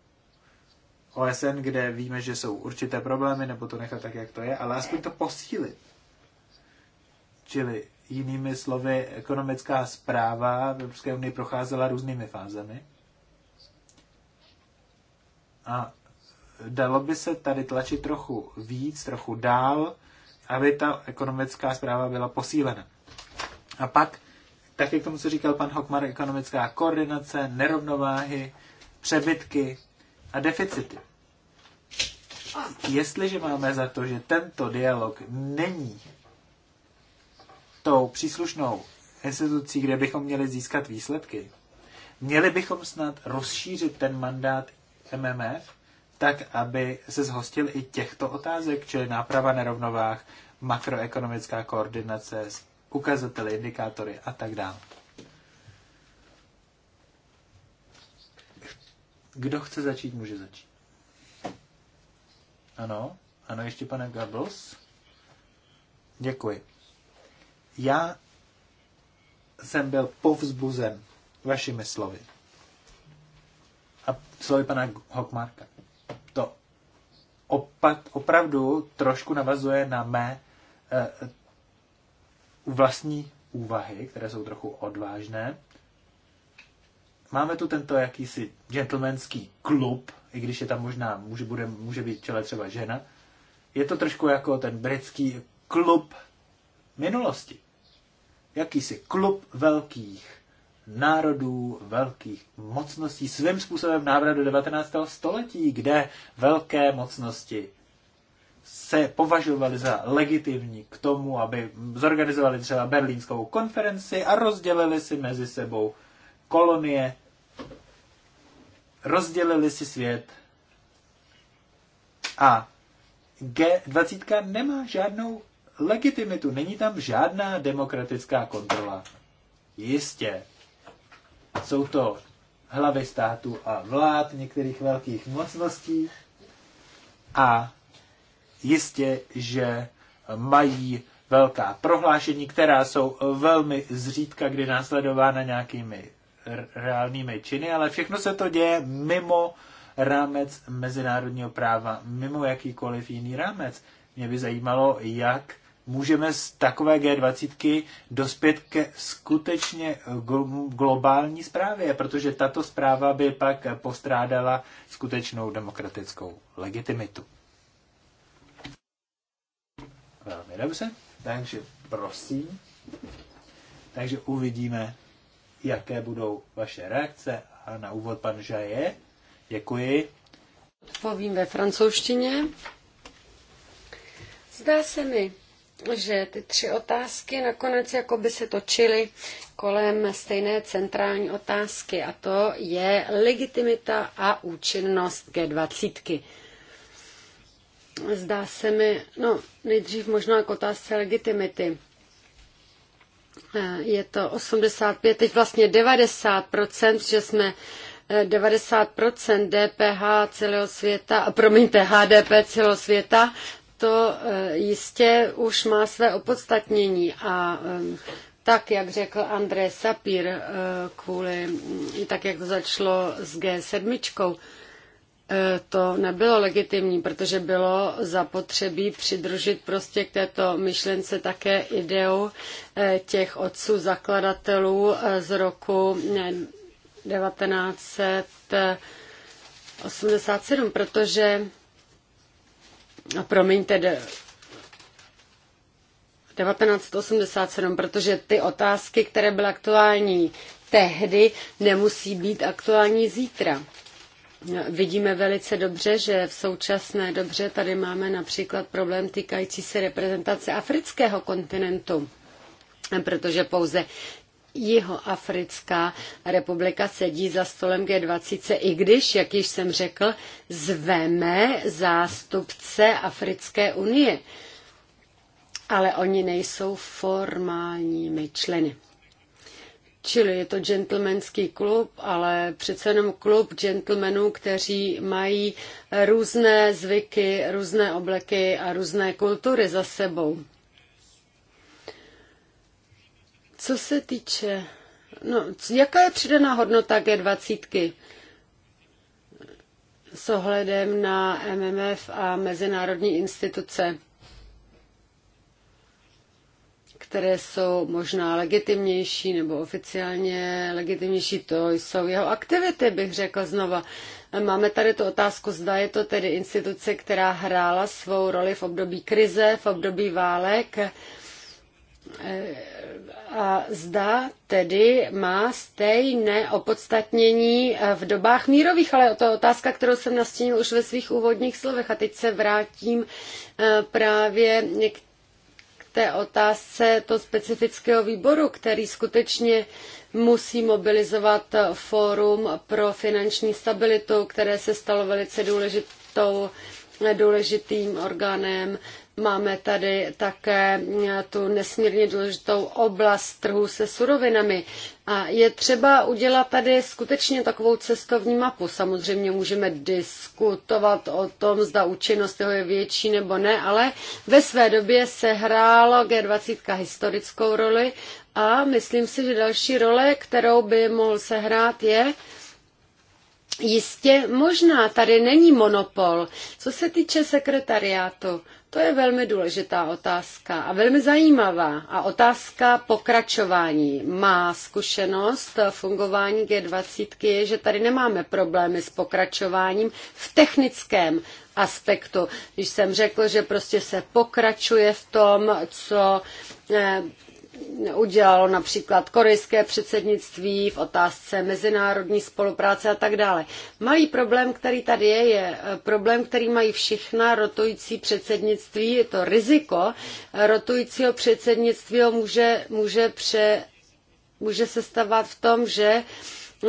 OSN, kde víme, že jsou určité problémy, nebo to nechat tak, jak to je, ale aspoň to posílit. Čili jinými slovy, ekonomická zpráva v Evropské unii procházela různými fázemi. A dalo by se tady tlačit trochu víc, trochu dál, aby ta ekonomická zpráva byla posílena. A pak také k tomu, co říkal pan Hockmar, ekonomická koordinace, nerovnováhy, přebytky a deficity. Jestliže máme za to, že tento dialog není tou příslušnou institucí, kde bychom měli získat výsledky, měli bychom snad rozšířit ten mandát MMF, tak, aby se zhostil i těchto otázek, čili náprava nerovnovách, makroekonomická koordinace, ukazatele, indikátory a tak dále. Kdo chce začít, může začít. Ano, ano, ještě pane Gables. Děkuji. Já jsem byl povzbuzen vašimi slovy. A slovy pana Hockmarka. To opat, opravdu trošku navazuje na mé e, vlastní úvahy, které jsou trochu odvážné. Máme tu tento jakýsi gentlemanský klub, i když je tam možná, může, bude, může být čele třeba žena. Je to trošku jako ten britský klub minulosti. Jakýsi klub velkých národů, velkých mocností, svým způsobem návrat do 19. století, kde velké mocnosti se považovali za legitimní k tomu, aby zorganizovali třeba berlínskou konferenci a rozdělili si mezi sebou kolonie, rozdělili si svět. A G20 nemá žádnou legitimitu, není tam žádná demokratická kontrola. Jistě, jsou to hlavy států a vlád některých velkých mocností a jistě, že mají velká prohlášení, která jsou velmi zřídka kdy následována nějakými reálnými činy, ale všechno se to děje mimo rámec mezinárodního práva, mimo jakýkoliv jiný rámec. Mě by zajímalo, jak můžeme z takové G20 dospět ke skutečně globální zprávě, protože tato zpráva by pak postrádala skutečnou demokratickou legitimitu. Dobře, takže prosím. Takže uvidíme, jaké budou vaše reakce. A na úvod pan Žaje. Děkuji. Odpovím ve francouzštině. Zdá se mi, že ty tři otázky nakonec jako by se točily kolem stejné centrální otázky a to je legitimita a účinnost G20. Zdá se mi, no nejdřív možná k otázce legitimity. Eh, je to 85, teď vlastně 90%, že jsme 90% eh, DPH celého světa, promiňte, HDP celého světa, to eh, jistě už má své opodstatnění a tak, jak řekl André Sapir, kvůli, mm, tak jak to začalo s G7, E, to nebylo legitimní, protože bylo zapotřebí přidružit prostě k této myšlence také ideu e, těch otců zakladatelů e, z roku 1987, protože, promiňte, 1987, protože ty otázky, které byly aktuální tehdy, nemusí být aktuální zítra. Vidíme velice dobře, že v současné dobře tady máme například problém týkající se reprezentace afrického kontinentu, protože pouze Jihoafrická republika sedí za stolem G20, i když, jak již jsem řekl, zveme zástupce Africké unie. Ale oni nejsou formálními členy. Čili je to gentlemanský klub, ale přece jenom klub gentlemanů, kteří mají různé zvyky, různé obleky a různé kultury za sebou. Co se týče, no, jaká je přidaná hodnota G20? s ohledem na MMF a mezinárodní instituce které jsou možná legitimnější nebo oficiálně legitimnější, to jsou jeho aktivity, bych řekl znova. Máme tady tu otázku, zda je to tedy instituce, která hrála svou roli v období krize, v období válek, a zda tedy má stejné opodstatnění v dobách mírových, ale to je otázka, kterou jsem nastínil už ve svých úvodních slovech. A teď se vrátím eh, právě k té otázce to specifického výboru, který skutečně musí mobilizovat fórum pro finanční stabilitu, které se stalo velice důležitou důležitým orgánem Máme tady také mm, tu nesmírně důležitou oblast trhu se surovinami. A je třeba udělat tady skutečně takovou cestovní mapu. Samozřejmě můžeme diskutovat o tom, zda účinnost toho je větší nebo ne, ale ve své době se hrálo G20 historickou roli a myslím si, že další role, kterou by mohl sehrát, je Jistě možná, tady není monopol. Co se týče sekretariátu, to je velmi důležitá otázka a velmi zajímavá. A otázka pokračování. Má zkušenost fungování G20 je, že tady nemáme problémy s pokračováním v technickém aspektu. Když jsem řekl, že prostě se pokračuje v tom, co eh, udělalo například korejské předsednictví v otázce mezinárodní spolupráce a tak dále. Malý problém, který tady je, je eh, problém, který mají všechna rotující předsednictví, je to riziko rotujícího předsednictví může, může, pře, může se stavat v tom, že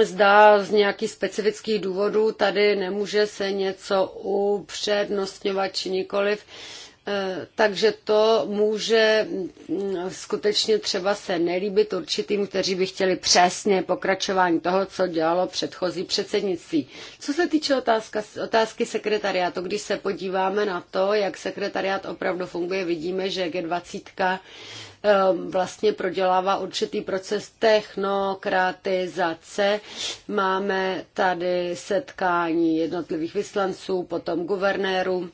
zda z nějakých specifických důvodů tady nemůže se něco upřednostňovat či nikoliv. Eh, takže to může mm, skutečně třeba se nelíbit určitým, kteří by chtěli přesně pokračování toho, co dělalo předchozí předsednictví. Co se týče otázka, otázky sekretariátu, když se podíváme na to, jak sekretariát opravdu funguje, vidíme, že G20 eh, vlastně prodělává určitý proces technokratizace. Máme tady setkání jednotlivých vyslanců, potom guvernérů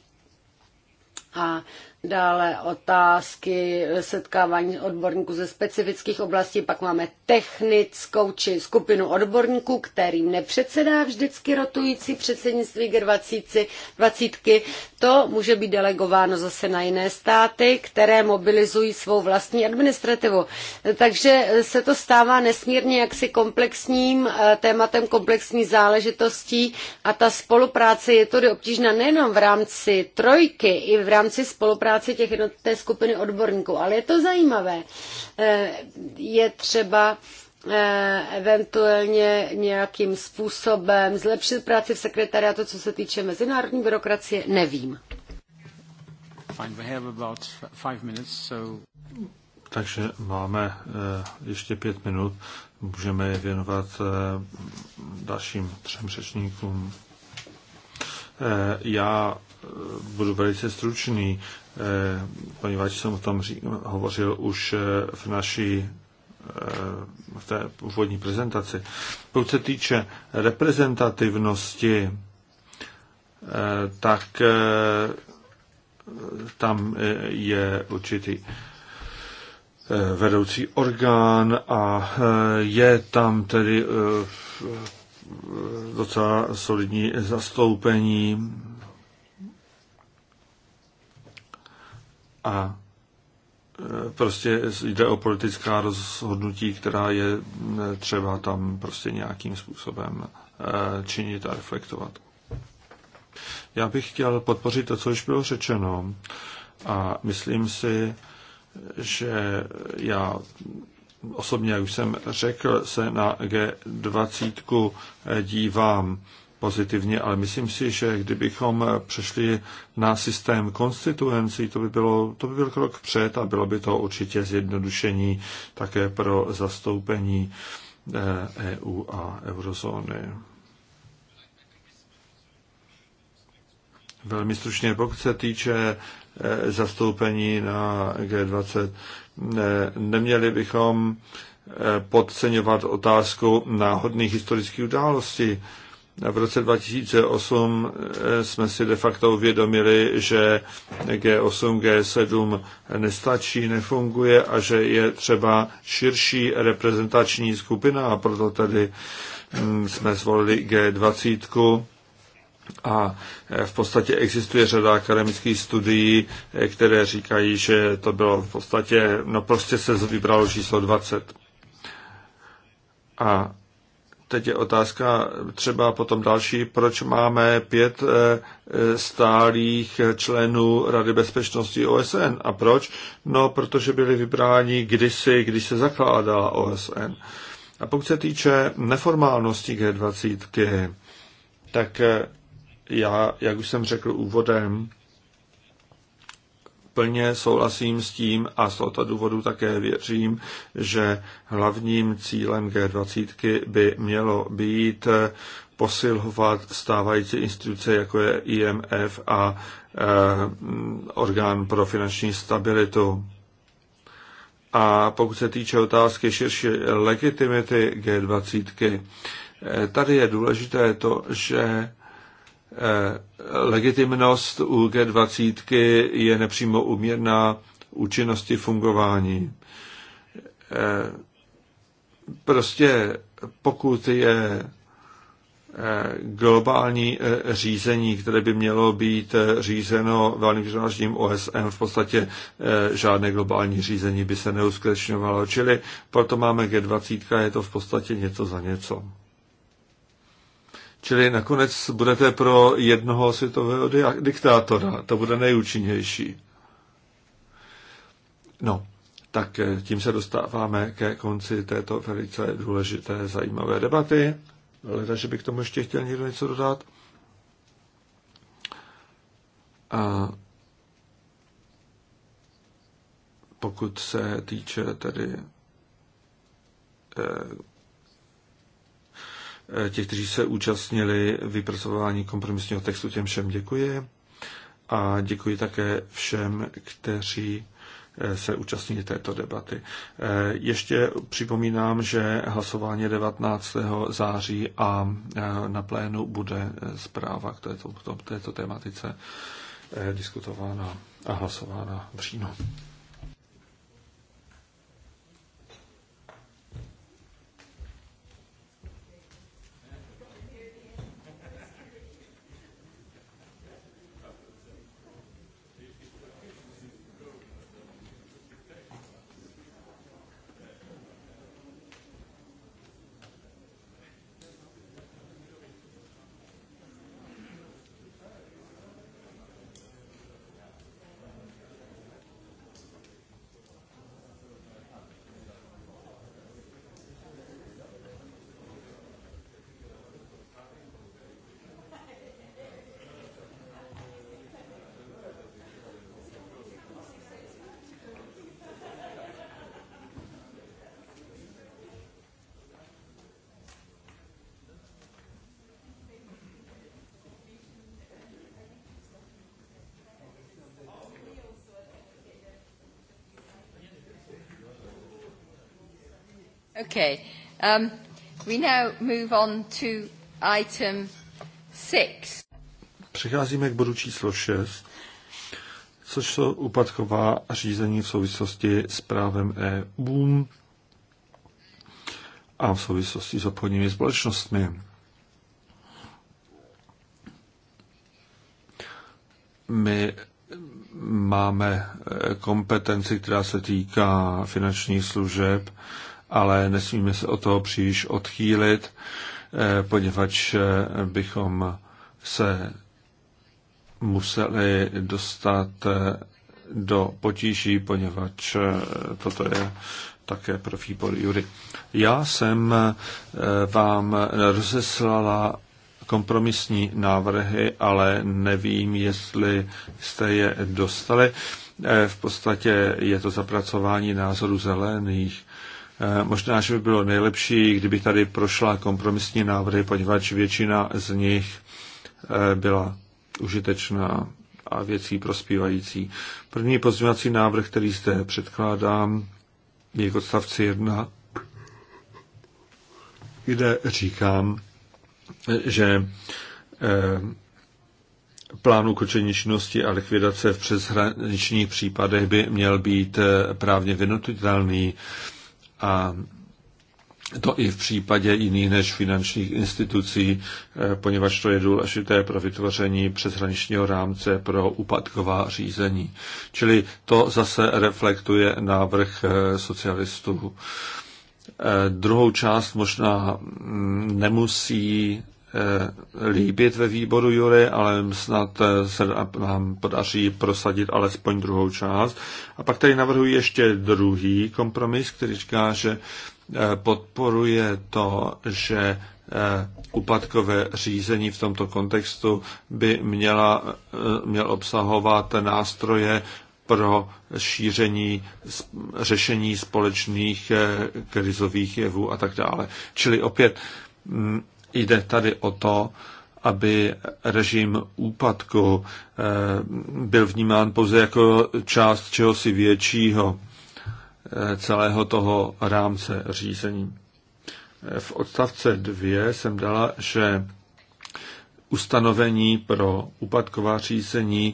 a dále otázky setkávání odborníků ze specifických oblastí, pak máme technickou či skupinu odborníků, kterým nepředsedá vždycky rotující předsednictví G20. To může být delegováno zase na jiné státy, které mobilizují svou vlastní administrativu. Takže se to stává nesmírně jaksi komplexním eh, tématem, komplexní záležitostí a ta spolupráce je tedy obtížná nejenom v rámci trojky, i v rámci spolupráce práci těch jednot, té skupiny odborníků. Ale je to zajímavé. Eh, je třeba eh, eventuálně nějakým způsobem zlepšit práci v sekretariátu, co se týče mezinárodní byrokracie, nevím. Takže máme eh, ještě pět minut, můžeme je věnovat dalším třem řečníkům. Já budu velice stručný, eh, poněvadž jsem o tom hovořil už eh, v naší eh, v té původní prezentaci. Pokud se týče reprezentativnosti, tak tam je určitý vedoucí orgán a je tam tedy docela solidní zastoupení A e, prostě jde o politická rozhodnutí, která je e, třeba tam prostě nějakým způsobem e, činit a reflektovat. Já bych chtěl podpořit to, co už bylo řečeno a myslím si, že já osobně, jak už jsem řekl, se na G20 dívám pozitivně, ale myslím si, že kdybychom přešli na systém konstituencí, to by, bylo, to by byl krok před a bylo by to určitě zjednodušení také pro zastoupení EU eh, e a eurozóny. Velmi stručně, pokud se týče eh, zastoupení na G20, eh, neměli bychom podceňovat otázku náhodných historických událostí v roce 2008 eh, jsme si de facto uvědomili, že G8, G7 nestačí, nefunguje a že je třeba širší reprezentační skupina a proto tedy mm, jsme zvolili G20 a eh, v podstatě existuje řada akademických studií, eh, které říkají, že to bylo v podstatě, no prostě se vybralo číslo 20. A teď je otázka třeba potom další, proč máme pět eh, eh, stálých členů Rady bezpečnosti OSN. A proč? No, protože byli vybráni kdysi, když se zakládala OSN. A pokud se týče neformálnosti G20, tak eh, já, jak už jsem řekl úvodem, plně souhlasím s tím a z tohoto důvodu také věřím, že hlavním cílem G20 by mělo být posilovat stávající instituce, jako je IMF a e, orgán pro finanční stabilitu. A pokud se týče otázky širší legitimity G20, e, tady je důležité to, že Eh, legitimnost u G20 je nepřímo uměrná účinnosti fungování. Eh, prostě pokud je eh, globální řízení, které by mělo být řízeno velmi vyřešením OSM v podstatě žádné globální řízení by se neuskutečňovalo. Čili proto máme G20, je to v podstatě něco za něco. Čili nakonec budete pro jednoho světového diktátora. To bude nejúčinnější. No, tak eh, tím se dostáváme ke konci této velice důležité, zajímavé debaty. Leda, že by k tomu ještě chtěl někdo něco dodat. A pokud se týče tedy eh, Eh, těch, kteří se účastnili vypracování kompromisního textu, těm všem děkuji. A děkuji také všem, kteří eh, se účastnili této debaty. Eh, ještě připomínám, že hlasování 19. září a na plénu bude zpráva k této, této tematice diskutována a hlasována v říjnu. Okay. Um, we now move on to item six. Přicházíme k bodu číslo 6, což jsou úpadková řízení v souvislosti s právem EU a v souvislosti s obchodními společnostmi. My máme kompetenci, která se týká finančních služeb ale nesmíme se o to příliš odchýlit, eh, poněvadž eh, bychom se museli dostat eh, do potíží, poněvadž toto je také pro výbor Jury. Já jsem vám rozeslala kompromisní návrhy, ale nevím, jestli jste je dostali. V podstatě je to zapracování názorů zelených. Eh, možná, že by bylo nejlepší, kdyby tady prošla kompromisní návrhy, poněvadž většina z nich eh, byla užitečná a věcí prospívající. První pozměňovací návrh, který zde předkládám, je k odstavci 1, kde říkám, eh, že plánu ukončení činnosti a likvidace v přeshraničních případech by měl být právně vynutitelný a to i v případě jiných než finančních institucí, eh, poněvadž to je důležité pro vytvoření přeshraničního rámce pro úpadková řízení. Čili to zase reflektuje návrh eh, socialistů. Eh, druhou část možná mm, nemusí Eh, líbit ve výboru Jury, ale snad eh, se nám podaří prosadit alespoň druhou část. A pak tady navrhuji ještě druhý kompromis, který říká, že eh, podporuje to, že úpadkové řízení v tomto kontextu by měla, měl obsahovat nástroje pro šíření řešení společných krizových jevů a tak dále. Čili opět mm, Jde tady o to, aby režim úpadku eh, byl vnímán pouze jako část čehosi většího eh, celého toho rámce řízení. Eh, v odstavce 2 jsem dala, že ustanovení pro úpadková řízení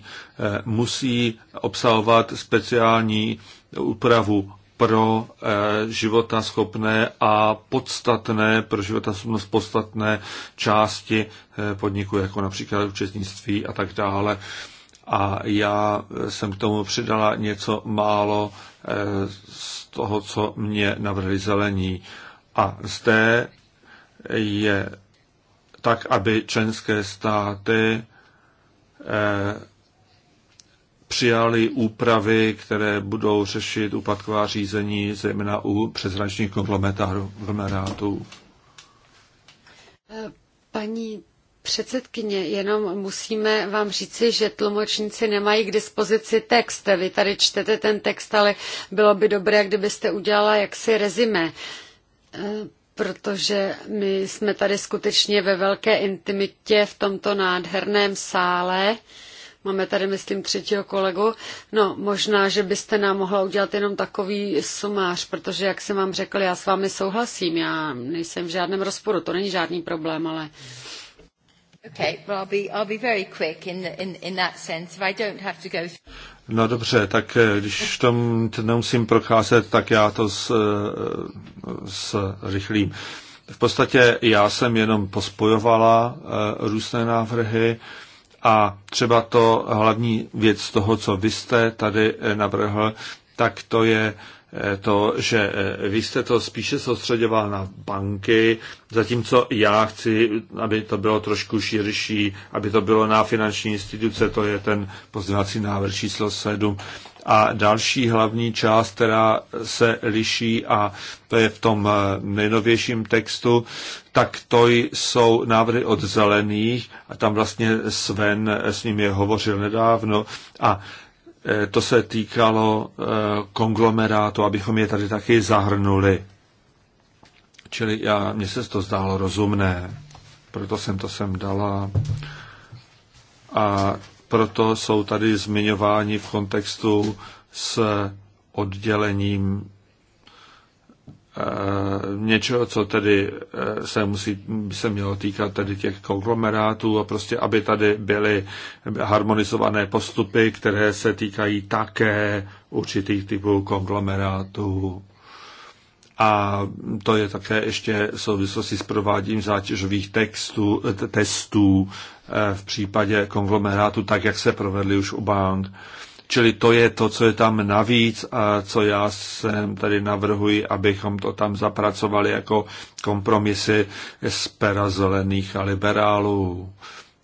musí obsahovat speciální úpravu pro eh, života schopné a podstatné, pro života schopnost podstatné části eh, podniku, jako například účetnictví a tak dále. A já jsem k tomu přidala něco málo eh, z toho, co mě navrhli zelení. A zde je tak, aby členské státy přijali úpravy, které budou řešit úpadková řízení, zejména u přezračních konglomerátů. Eh, paní předsedkyně, jenom musíme vám říci, že tlumočníci nemají k dispozici text. Vy tady čtete ten text, ale bylo by dobré, kdybyste udělala jaksi rezime eh, protože my jsme tady skutečně ve velké intimitě v tomto nádherném sále. Máme tady, myslím, třetího kolegu. No, možná, že byste nám mohla udělat jenom takový sumář, protože, jak jsem vám řekl, já s vámi souhlasím. Já nejsem v žádném rozporu, to není žádný problém, ale... No dobře, tak eh, když tom nemusím procházet, tak já to s, eh, s rychlým. V podstatě já jsem jenom pospojovala eh, různé návrhy. A třeba to hlavní věc toho, co vy jste tady eh, navrhl, tak to je Eh, to, že eh, vy jste to spíše soustředěval na banky, zatímco já chci, aby to bylo trošku širší, aby to bylo na finanční instituce, to je ten pozdravací návrh číslo 7. A další hlavní část, která se liší, a to je v tom eh, nejnovějším textu, tak to jsou návrhy od zelených, a tam vlastně Sven s ním je hovořil nedávno, a Eh, to se týkalo eh, konglomerátu, abychom je tady taky zahrnuli. Čili já, mně se to zdálo rozumné, proto jsem to sem dala. A proto jsou tady zmiňováni v kontextu s oddělením Eh, něčeho, co tedy eh, se, musí, se mělo týkat tedy těch konglomerátů a prostě, aby tady byly harmonizované postupy, které se týkají také určitých typů konglomerátů. A to je také ještě v souvislosti s prováděním zátěžových textů, testů eh, v případě konglomerátu, tak jak se provedly už u bank. Čili to je to, co je tam navíc a co já jsem tady navrhuji, abychom to tam zapracovali jako kompromisy z pera zelených a liberálů.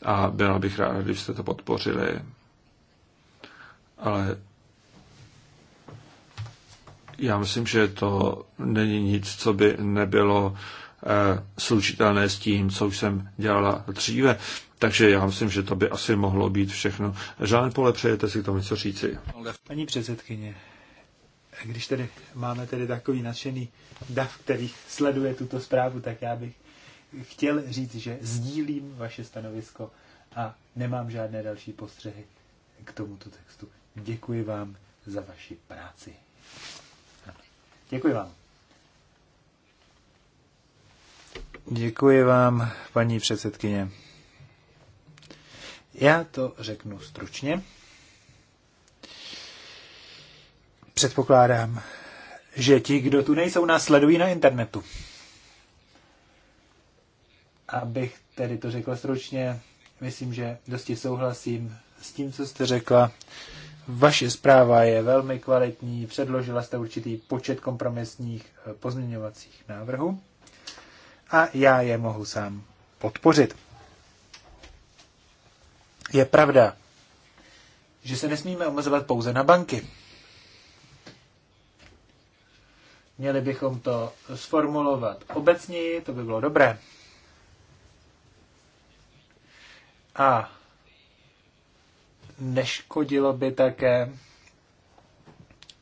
A byla bych rád, kdybyste to podpořili. Ale já myslím, že to není nic, co by nebylo eh, slučitelné s tím, co už jsem dělala dříve. Takže já myslím, že to by asi mohlo být všechno. Žán Pole, přejete si k tomu co říci? Paní předsedkyně, když tedy máme tedy takový nadšený dav, který sleduje tuto zprávu, tak já bych chtěl říct, že sdílím vaše stanovisko a nemám žádné další postřehy k tomuto textu. Děkuji vám za vaši práci. Děkuji vám. Děkuji vám, paní předsedkyně. Já to řeknu stručně. Předpokládám, že ti, kdo tu nejsou, nás sledují na internetu. Abych tedy to řekl stručně, myslím, že dosti souhlasím s tím, co jste řekla. Vaše zpráva je velmi kvalitní, předložila jste určitý počet kompromisních eh, pozměňovacích návrhů a já je mohu sám podpořit. Je pravda, že se nesmíme omezovat pouze na banky. Měli bychom to sformulovat obecněji, to by bylo dobré. A neškodilo by také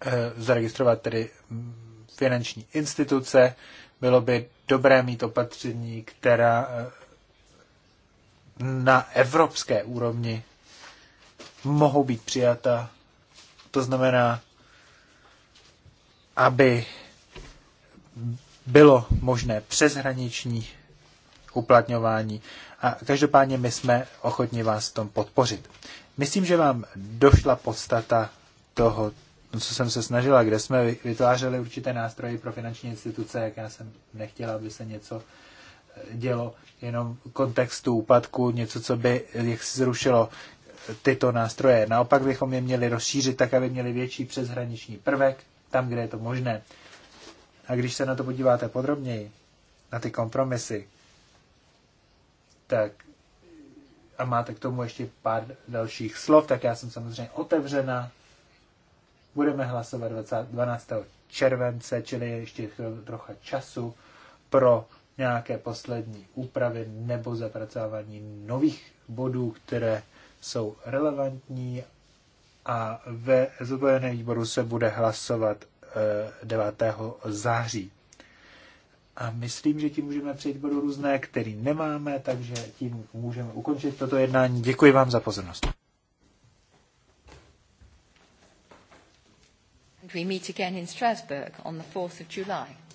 eh, zaregistrovat tedy finanční instituce. Bylo by dobré mít opatření, která eh, na evropské úrovni mohou být přijata. To znamená, aby bylo možné přeshraniční uplatňování. A každopádně my jsme ochotni vás v tom podpořit. Myslím, že vám došla podstata toho, no, co jsem se snažila, kde jsme vytvářeli určité nástroje pro finanční instituce, jak já jsem nechtěla, aby se něco dělo jenom v kontextu úpadku, něco, co by jak si zrušilo tyto nástroje. Naopak bychom je měli rozšířit tak, aby měli větší přeshraniční prvek, tam, kde je to možné. A když se na to podíváte podrobněji, na ty kompromisy, tak a máte k tomu ještě pár dalších slov, tak já jsem samozřejmě otevřena. Budeme hlasovat 20, 12. července, čili ještě trocha času pro nějaké poslední úpravy nebo zapracování nových bodů, které jsou relevantní a ve zvoleném výboru se bude hlasovat 9. Eh, září. A myslím, že tím můžeme přejít bodu různé, který nemáme, takže tím můžeme ukončit toto jednání. Děkuji vám za pozornost. We meet again in Strasbourg on the 4th of July.